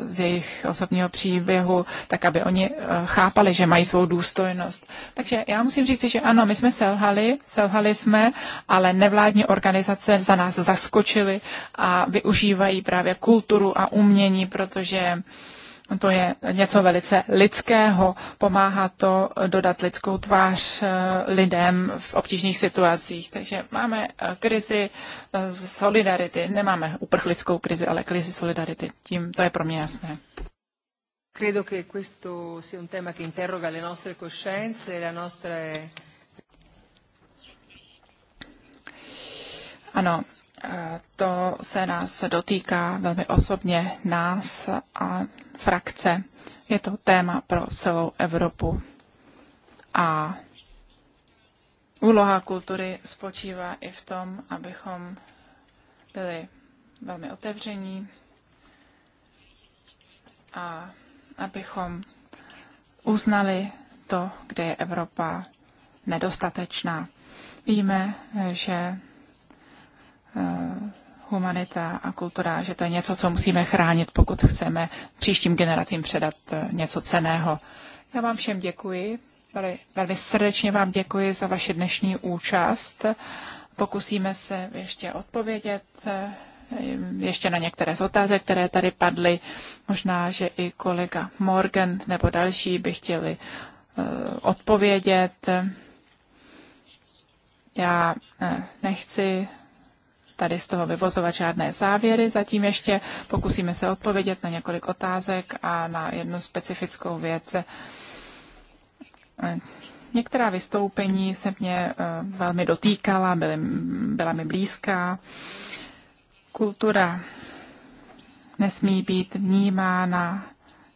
z jejich osobního příběhu, tak aby oni e, chápali, že mají svou důstojnost. Takže já musím říct, že ano, my jsme selhali, selhali jsme, ale nevládní organizace za nás zaskočily a využívají právě kulturu a umění, protože uh, to je něco velice lidského. Pomáhá to dodat lidskou tvář eh, lidem v obtížných situacích. Takže máme eh, krizi eh, solidarity. Nemáme uprchlickou krizi, ale krizi solidarity. Tím to je pro mě jasné. Credo che questo sia un tema che interroga le nostre coscienze, e la nostra... Ano, to se nás dotýká velmi osobně nás a frakce. Je to téma pro celou Evropu. A úloha kultury spočívá i v tom, abychom byli velmi otevření a abychom uznali to, kde je Evropa nedostatečná. Víme, že Eh, humanita a kultura, že to je něco, co musíme chránit, pokud chceme příštím generacím předat eh, něco ceného. Já vám všem děkuji. Velmi, velmi srdečně vám děkuji za vaši dnešní účast. Pokusíme se ještě odpovědět eh, ještě na některé z otázek, které tady padly. Možná, že i kolega Morgan nebo další by chtěli odpovědět. Já nechci tady z toho vyvozovat žádné závěry. Zatím ještě pokusíme se odpovědět na několik otázek a na jednu specifickou věc. Některá vystoupení se mě eh, velmi dotýkala, byly, byla mi blízká. Kultura nesmí být vnímána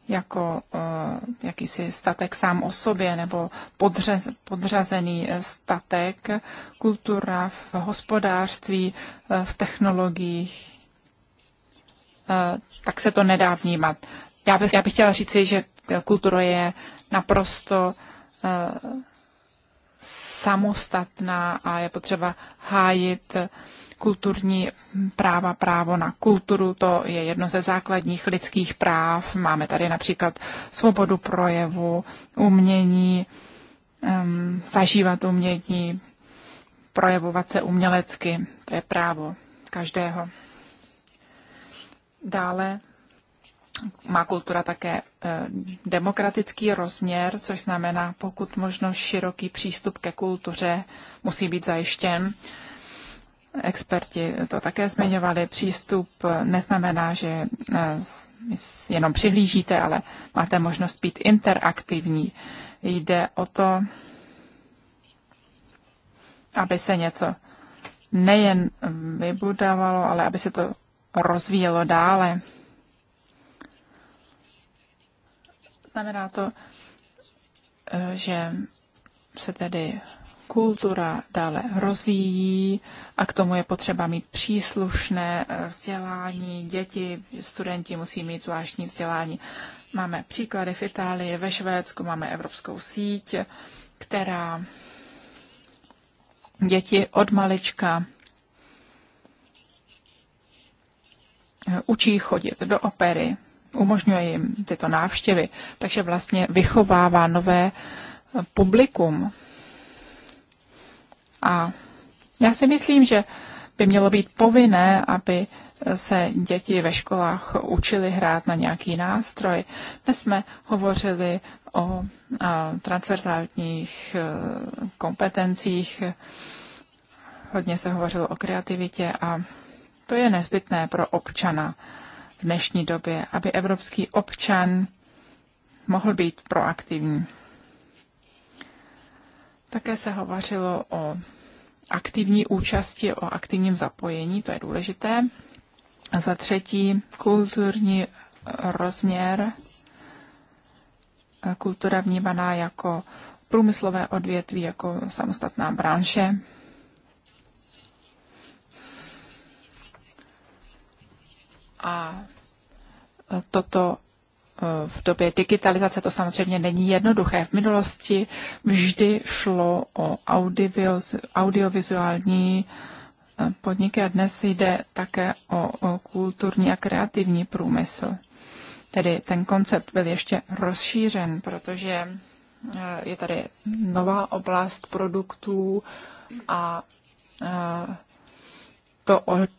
jako eh, jakýsi statek sám o sobě nebo podřez, podřazený eh, statek, kultura v hospodářství, eh, v technologiích, tak se to nedá vnímat. Já bych, já bych chtěla říci, že kultura je naprosto samostatná a je potřeba hájit kulturní práva, právo na kulturu, to je jedno ze základních lidských práv. Máme tady například svobodu projevu, umění, um, zažívat umění, projevovat se umělecky, to je právo každého. Dále má kultura také e, demokratický rozměr, což znamená, pokud možno široký přístup ke kultuře musí být zajištěn. Experti to také zmiňovali. Přístup neznamená, že e, jenom přihlížíte, ale máte možnost být interaktivní. Jde o to, aby se něco nejen vybudovalo, ale aby se to rozvíjelo dále. Znamená to, že se tedy kultura dále rozvíjí a k tomu je potřeba mít příslušné eh, vzdělání. Děti, studenti musí mít zvláštní vzdělání. Máme příklady v Itálii, ve Švédsku máme evropskou síť, která děti od malička eh, učí chodit do opery, umožňuje jim tyto návštěvy, takže vlastně vychovává nové eh, publikum. A já si myslím, že by mělo být povinné, aby eh, se děti ve školách učili hrát na nějaký nástroj. Dnes jsme hovořili o eh, transverzálních kompetencích, hodně se hovořilo o kreativitě a to je nezbytné pro občana v dnešní době, aby evropský občan mohl být proaktivní. Také se hovořilo o aktivní účasti, o aktivním zapojení, to je důležité. A za třetí, kulturní rozměr, kultura vnímaná jako průmyslové odvětví, jako samostatná branše. A e, toto e, v době digitalizace to samozřejmě není jednoduché. V minulosti vždy šlo o audiovizuální e, podniky a dnes jde také o kulturní a kreativní průmysl. Tedy ten koncept byl ještě rozšířen, protože je tady nová oblast produktů a to od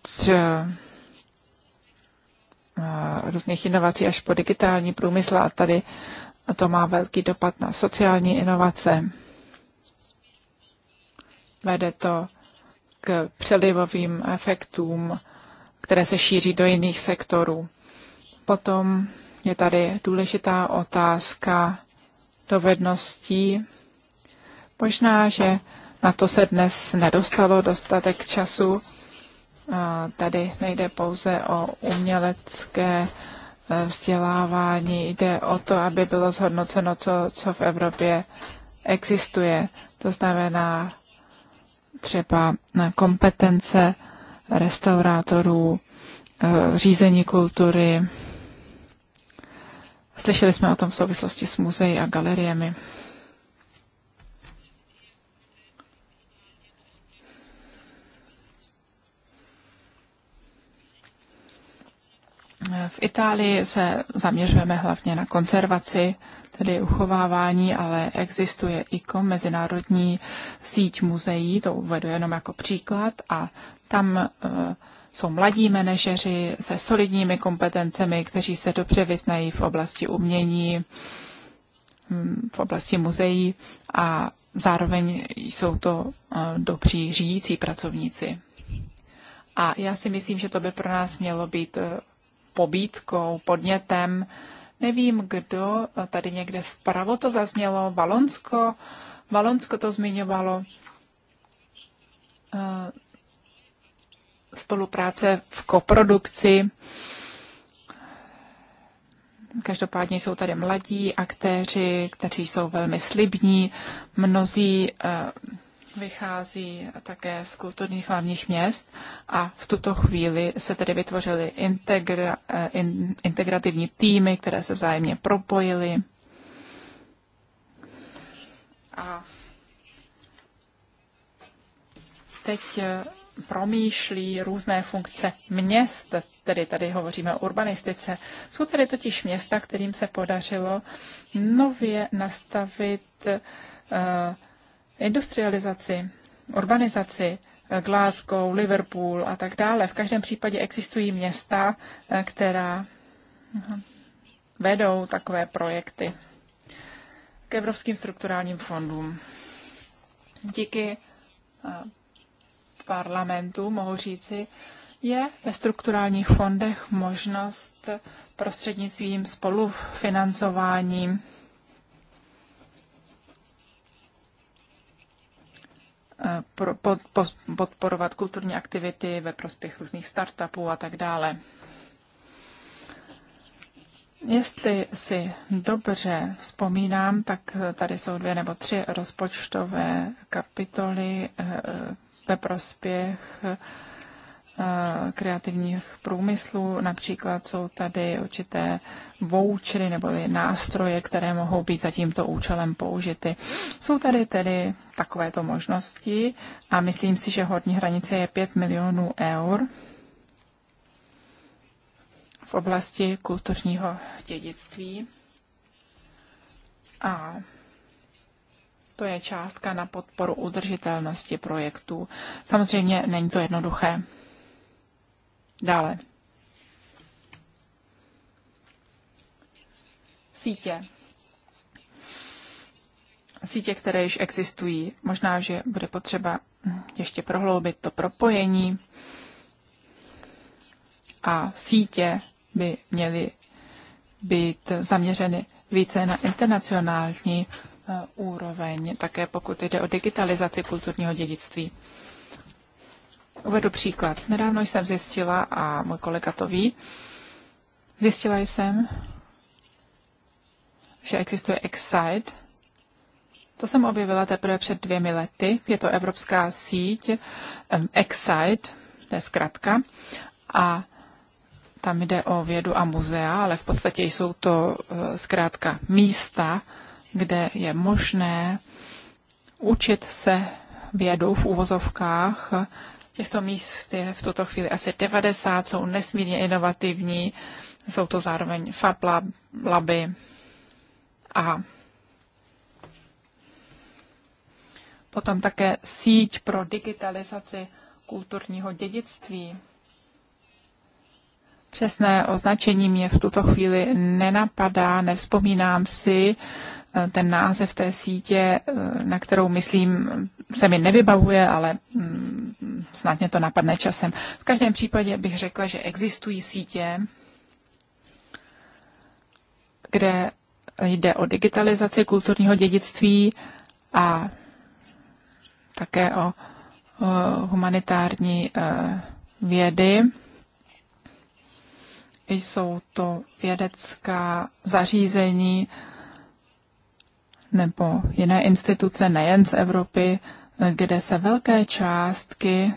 různých inovací až po digitální průmysl a tady to má velký dopad na sociální inovace. Vede to k přelivovým efektům, které se šíří do jiných sektorů. Potom je tady důležitá otázka dovedností. Možná, že na to se dnes nedostalo dostatek času tady nejde pouze o umělecké e, vzdělávání, jde o to, aby bylo zhodnoceno, co, co v Evropě existuje. To znamená třeba kompetence restaurátorů, e, řízení kultury. Slyšeli jsme o tom v souvislosti s muzeji a galeriemi. V Itálii se zaměřujeme hlavně na konzervaci, tedy uchovávání, ale existuje ICO, Mezinárodní síť muzeí, to uvedu jenom jako příklad, a tam e, jsou mladí manažeři se solidními kompetencemi, kteří se dobře vyznají v oblasti umění, mm, v oblasti muzeí a zároveň jsou to e, dobří řídící pracovníci. A já si myslím, že to by pro nás mělo být e, pobídkou, podnětem. Nevím, kdo, tady někde vpravo to zaznělo, Valonsko, Valonsko to zmiňovalo. Eh, spolupráce v koprodukci. Každopádně jsou tady mladí aktéři, kteří jsou velmi slibní. Mnozí eh, vychází také z kulturních hlavních měst a v tuto chvíli se tedy vytvořily integra, eh, in, integrativní týmy, které se vzájemně propojily. A teď eh, promýšlí různé funkce měst, tedy tady hovoříme o urbanistice. Jsou tady totiž města, kterým se podařilo nově nastavit uh, industrializaci, urbanizaci, eh, Glasgow, Liverpool a tak dále. V každém případě existují města, eh, která vedou takové projekty k evropským strukturálním fondům. Díky eh, parlamentu, mohu říci, je ve strukturálních fondech možnost prostřednictvím spolufinancování podporovat kulturní aktivity ve prospěch různých startupů a tak dále. Jestli si dobře vzpomínám, tak tady jsou dvě nebo tři rozpočtové kapitoly eh, ve prospěch Eh, kreativních průmyslů. Například jsou tady určité vouchery nebo nástroje, které mohou být za tímto účelem použity. Jsou tady tedy takovéto možnosti a myslím si, že horní hranice je 5 milionů eur v oblasti kulturního dědictví. A to je částka na podporu udržitelnosti projektů. Samozřejmě není to jednoduché. Dále. Sítě. Sítě, které již existují. Možná, že bude potřeba ještě prohloubit to propojení a sítě by měly být zaměřeny více na internacionální eh, úroveň, také pokud jde o digitalizaci kulturního dědictví. Uvedu příklad. Nedávno jsem zjistila, a můj kolega to ví, zjistila jsem, že existuje Excite. To jsem objevila teprve před dvěmi lety. Je to evropská síť Excite, to je zkratka. A tam jde o vědu a muzea, ale v podstatě jsou to eh, zkrátka místa, kde je možné učit se vědu v úvozovkách Těchto míst je v tuto chvíli asi 90, jsou nesmírně inovativní, jsou to zároveň FAP lab, laby a potom také síť pro digitalizaci kulturního dědictví. Přesné označení mě v tuto chvíli nenapadá, nevzpomínám si, ten název té sítě, eh, na kterou myslím, se mi nevybavuje, ale mm, snad mě to napadne časem. V každém případě bych řekla, že existují sítě, kde jde o digitalizaci kulturního dědictví a také o, humanitární eh, vědy. Jsou to vědecká zařízení, nebo jiné instituce nejen z Evropy, kde se velké částky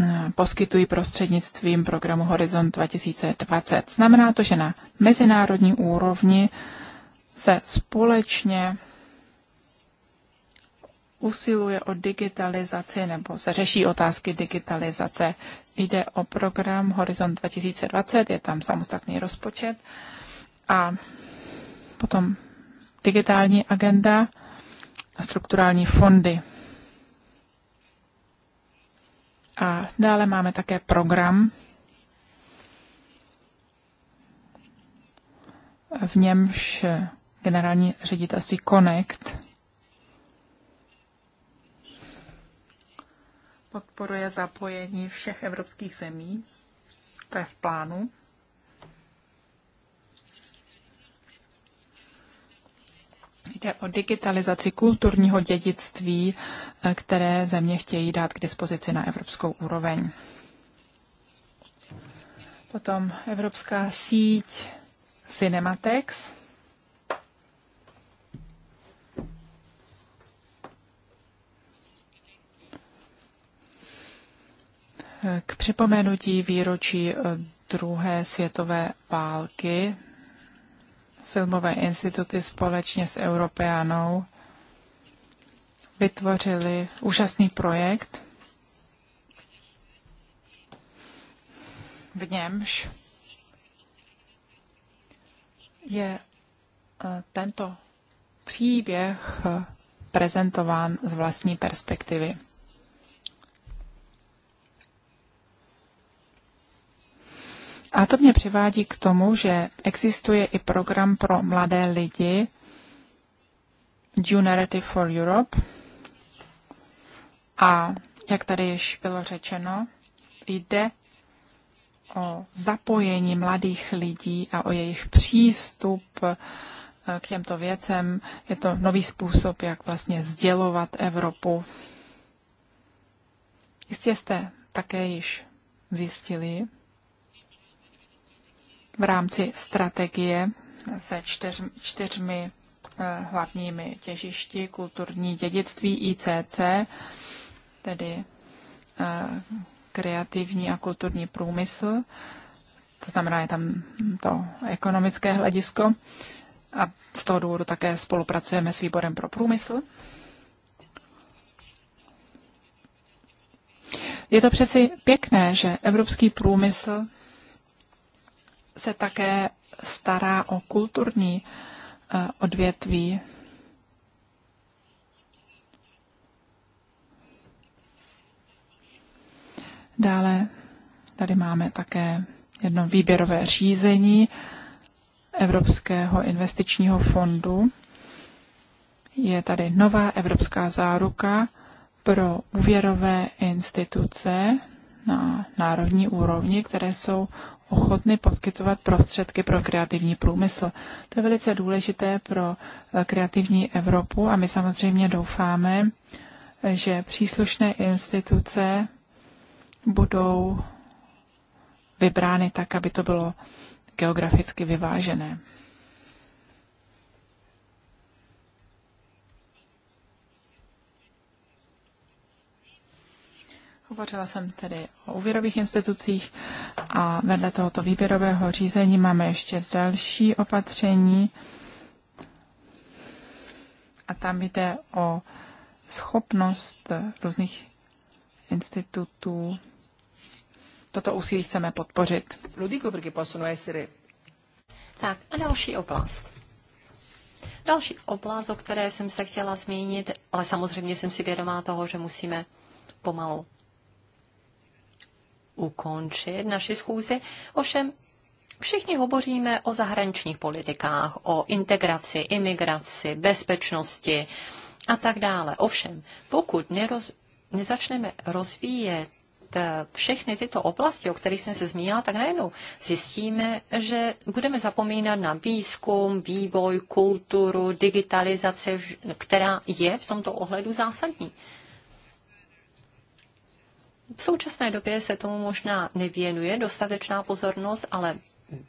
eh, poskytují prostřednictvím programu Horizont 2020. Znamená to, že na mezinárodní úrovni se společně usiluje o digitalizaci nebo se řeší otázky digitalizace. Jde o program Horizont 2020, je tam samostatný rozpočet a potom digitální agenda a strukturální fondy. A dále máme také program, v němž generální ředitelství Connect podporuje zapojení všech evropských zemí. To je v plánu Jde o digitalizaci kulturního dědictví, eh, které země chtějí dát k dispozici na evropskou úroveň. Potom evropská síť Cinematex. K připomenutí výročí eh, druhé světové války filmové instituty společně s Europeanou vytvořili úžasný projekt, v němž je eh, tento příběh eh, prezentován z vlastní perspektivy. A to mě přivádí k tomu, že existuje i program pro mladé lidi Junarity for Europe. A jak tady již bylo řečeno, jde o zapojení mladých lidí a o jejich přístup eh, k těmto věcem. Je to nový způsob, jak vlastně sdělovat Evropu. Jistě jste také již zjistili, v rámci strategie se čtyř, čtyřmi eh, hlavními těžišti kulturní dědictví ICC, tedy eh, kreativní a kulturní průmysl, to znamená, je tam to ekonomické hledisko a z toho důvodu také spolupracujeme s výborem pro průmysl. Je to přeci pěkné, že evropský průmysl se také stará o kulturní eh, odvětví. Dále tady máme také jedno výběrové řízení Evropského investičního fondu. Je tady nová evropská záruka pro úvěrové instituce na národní úrovni, které jsou ochotny poskytovat prostředky pro kreativní průmysl. To je velice důležité pro eh, kreativní Evropu a my samozřejmě doufáme, že příslušné instituce budou vybrány tak, aby to bylo geograficky vyvážené. Hovořila jsem tedy o úvěrových institucích a vedle tohoto výběrového řízení máme ještě další opatření. A tam jde o schopnost různých institutů. Toto úsilí chceme podpořit. Tak a další oblast. Další oblast, o které jsem se chtěla zmínit, ale samozřejmě jsem si vědomá toho, že musíme pomalu ukončit naši schůzi. Ovšem, všichni hovoříme o zahraničních politikách, o integraci, imigraci, bezpečnosti a tak dále. Ovšem, pokud neroz, nezačneme rozvíjet eh, všechny tyto oblasti, o kterých jsem se zmínila, tak najednou zjistíme, že budeme zapomínat na výzkum, vývoj, kulturu, digitalizaci, která je v tomto ohledu zásadní. V současné době se tomu možná nevěnuje dostatečná pozornost, ale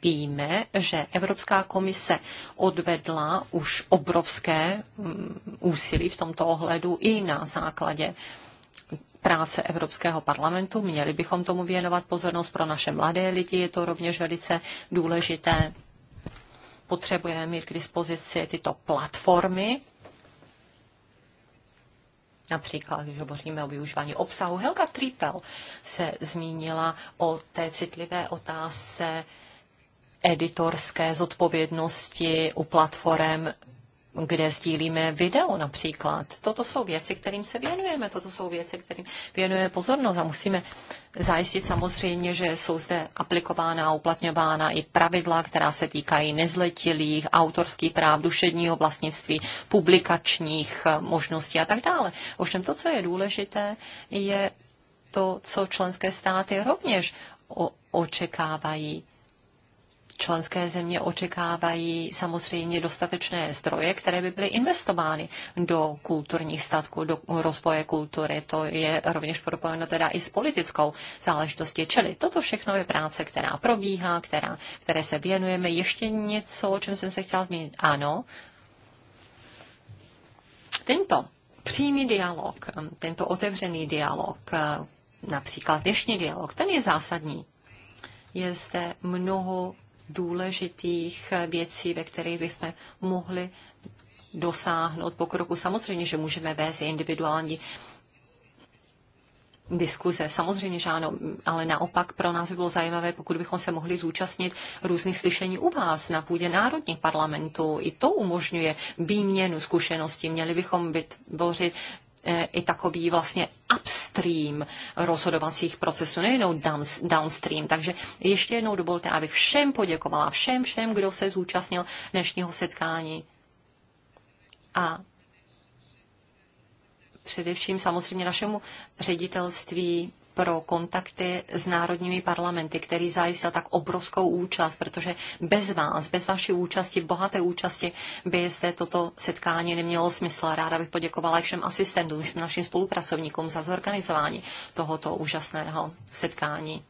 víme, že Evropská komise odvedla už obrovské mm, úsilí v tomto ohledu i na základě práce Evropského parlamentu. Měli bychom tomu věnovat pozornost pro naše mladé lidi, je to rovněž velice důležité. Potřebujeme mít k dispozici tyto platformy Například, když hovoříme o využívání obsahu, Helga Trippel se zmínila o té citlivé otázce editorské zodpovědnosti u platform kde sdílíme video například. Toto jsou věci, kterým se věnujeme, toto jsou věci, kterým věnujeme pozornost a musíme zajistit samozřejmě, že jsou zde aplikována a uplatňována i pravidla, která se týkají nezletilých, autorských práv, duševního vlastnictví, publikačních eh, možností a tak dále. Ovšem to, co je důležité, je to, co členské státy rovněž očekávají členské země očekávají samozřejmě dostatečné zdroje, které by byly investovány do kulturních statků, do rozvoje kultury. To je rovněž propojeno teda i s politickou záležitostí. Čili toto všechno je práce, která probíhá, která, které se věnujeme. Ještě něco, o čem jsem se chtěla zmínit. Ano. Tento přímý dialog, tento otevřený dialog, například dnešní dialog, ten je zásadní je zde mnoho důležitých věcí, ve kterých bychom mohli dosáhnout pokroku. Samozřejmě, že můžeme vést individuální diskuze. Samozřejmě, že ano, ale naopak pro nás by bylo zajímavé, pokud bychom se mohli zúčastnit různých slyšení u vás na půdě národních parlamentů. I to umožňuje výměnu zkušeností. Měli bychom vytvořit E, i takový vlastně upstream rozhodovacích procesů, nejenom downstream. Takže ještě jednou dovolte, abych všem poděkovala, všem, všem, kdo se zúčastnil dnešního setkání. A především samozřejmě našemu ředitelství pro kontakty s národními parlamenty, který zajistil tak obrovskou účast, protože bez vás, bez vaší účasti, bohaté účasti, by zde toto setkání nemělo smysl. Ráda bych poděkovala všem asistentům, všem našim spolupracovníkům za zorganizování tohoto úžasného setkání.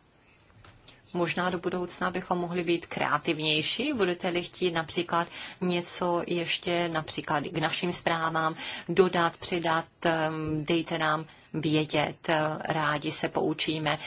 Možná do budoucna bychom mohli být kreativnější, budete-li chtít například něco ještě například k našim zprávám dodat, přidat, ehm, dejte nám vědět, rádi se poučíme.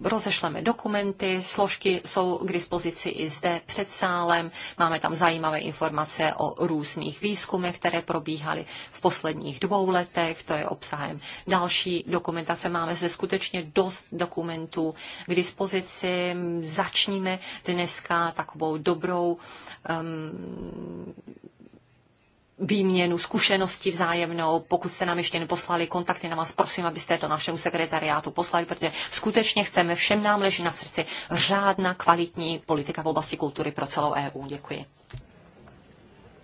Rozešleme dokumenty, složky jsou k dispozici i zde před sálem. Máme tam zajímavé informace o různých výzkumech, které probíhaly v posledních dvou letech. To je obsahem další dokumentace. Máme zde skutečně dost dokumentů k dispozici. Začníme dneska takovou dobrou um, výměnu zkušenosti vzájemnou. Pokud jste nám ještě neposlali kontakty na vás, prosím, abyste to našemu sekretariátu poslali, protože skutečně chceme, všem nám leží na srdci řádná kvalitní politika v oblasti kultury pro celou EU. Děkuji.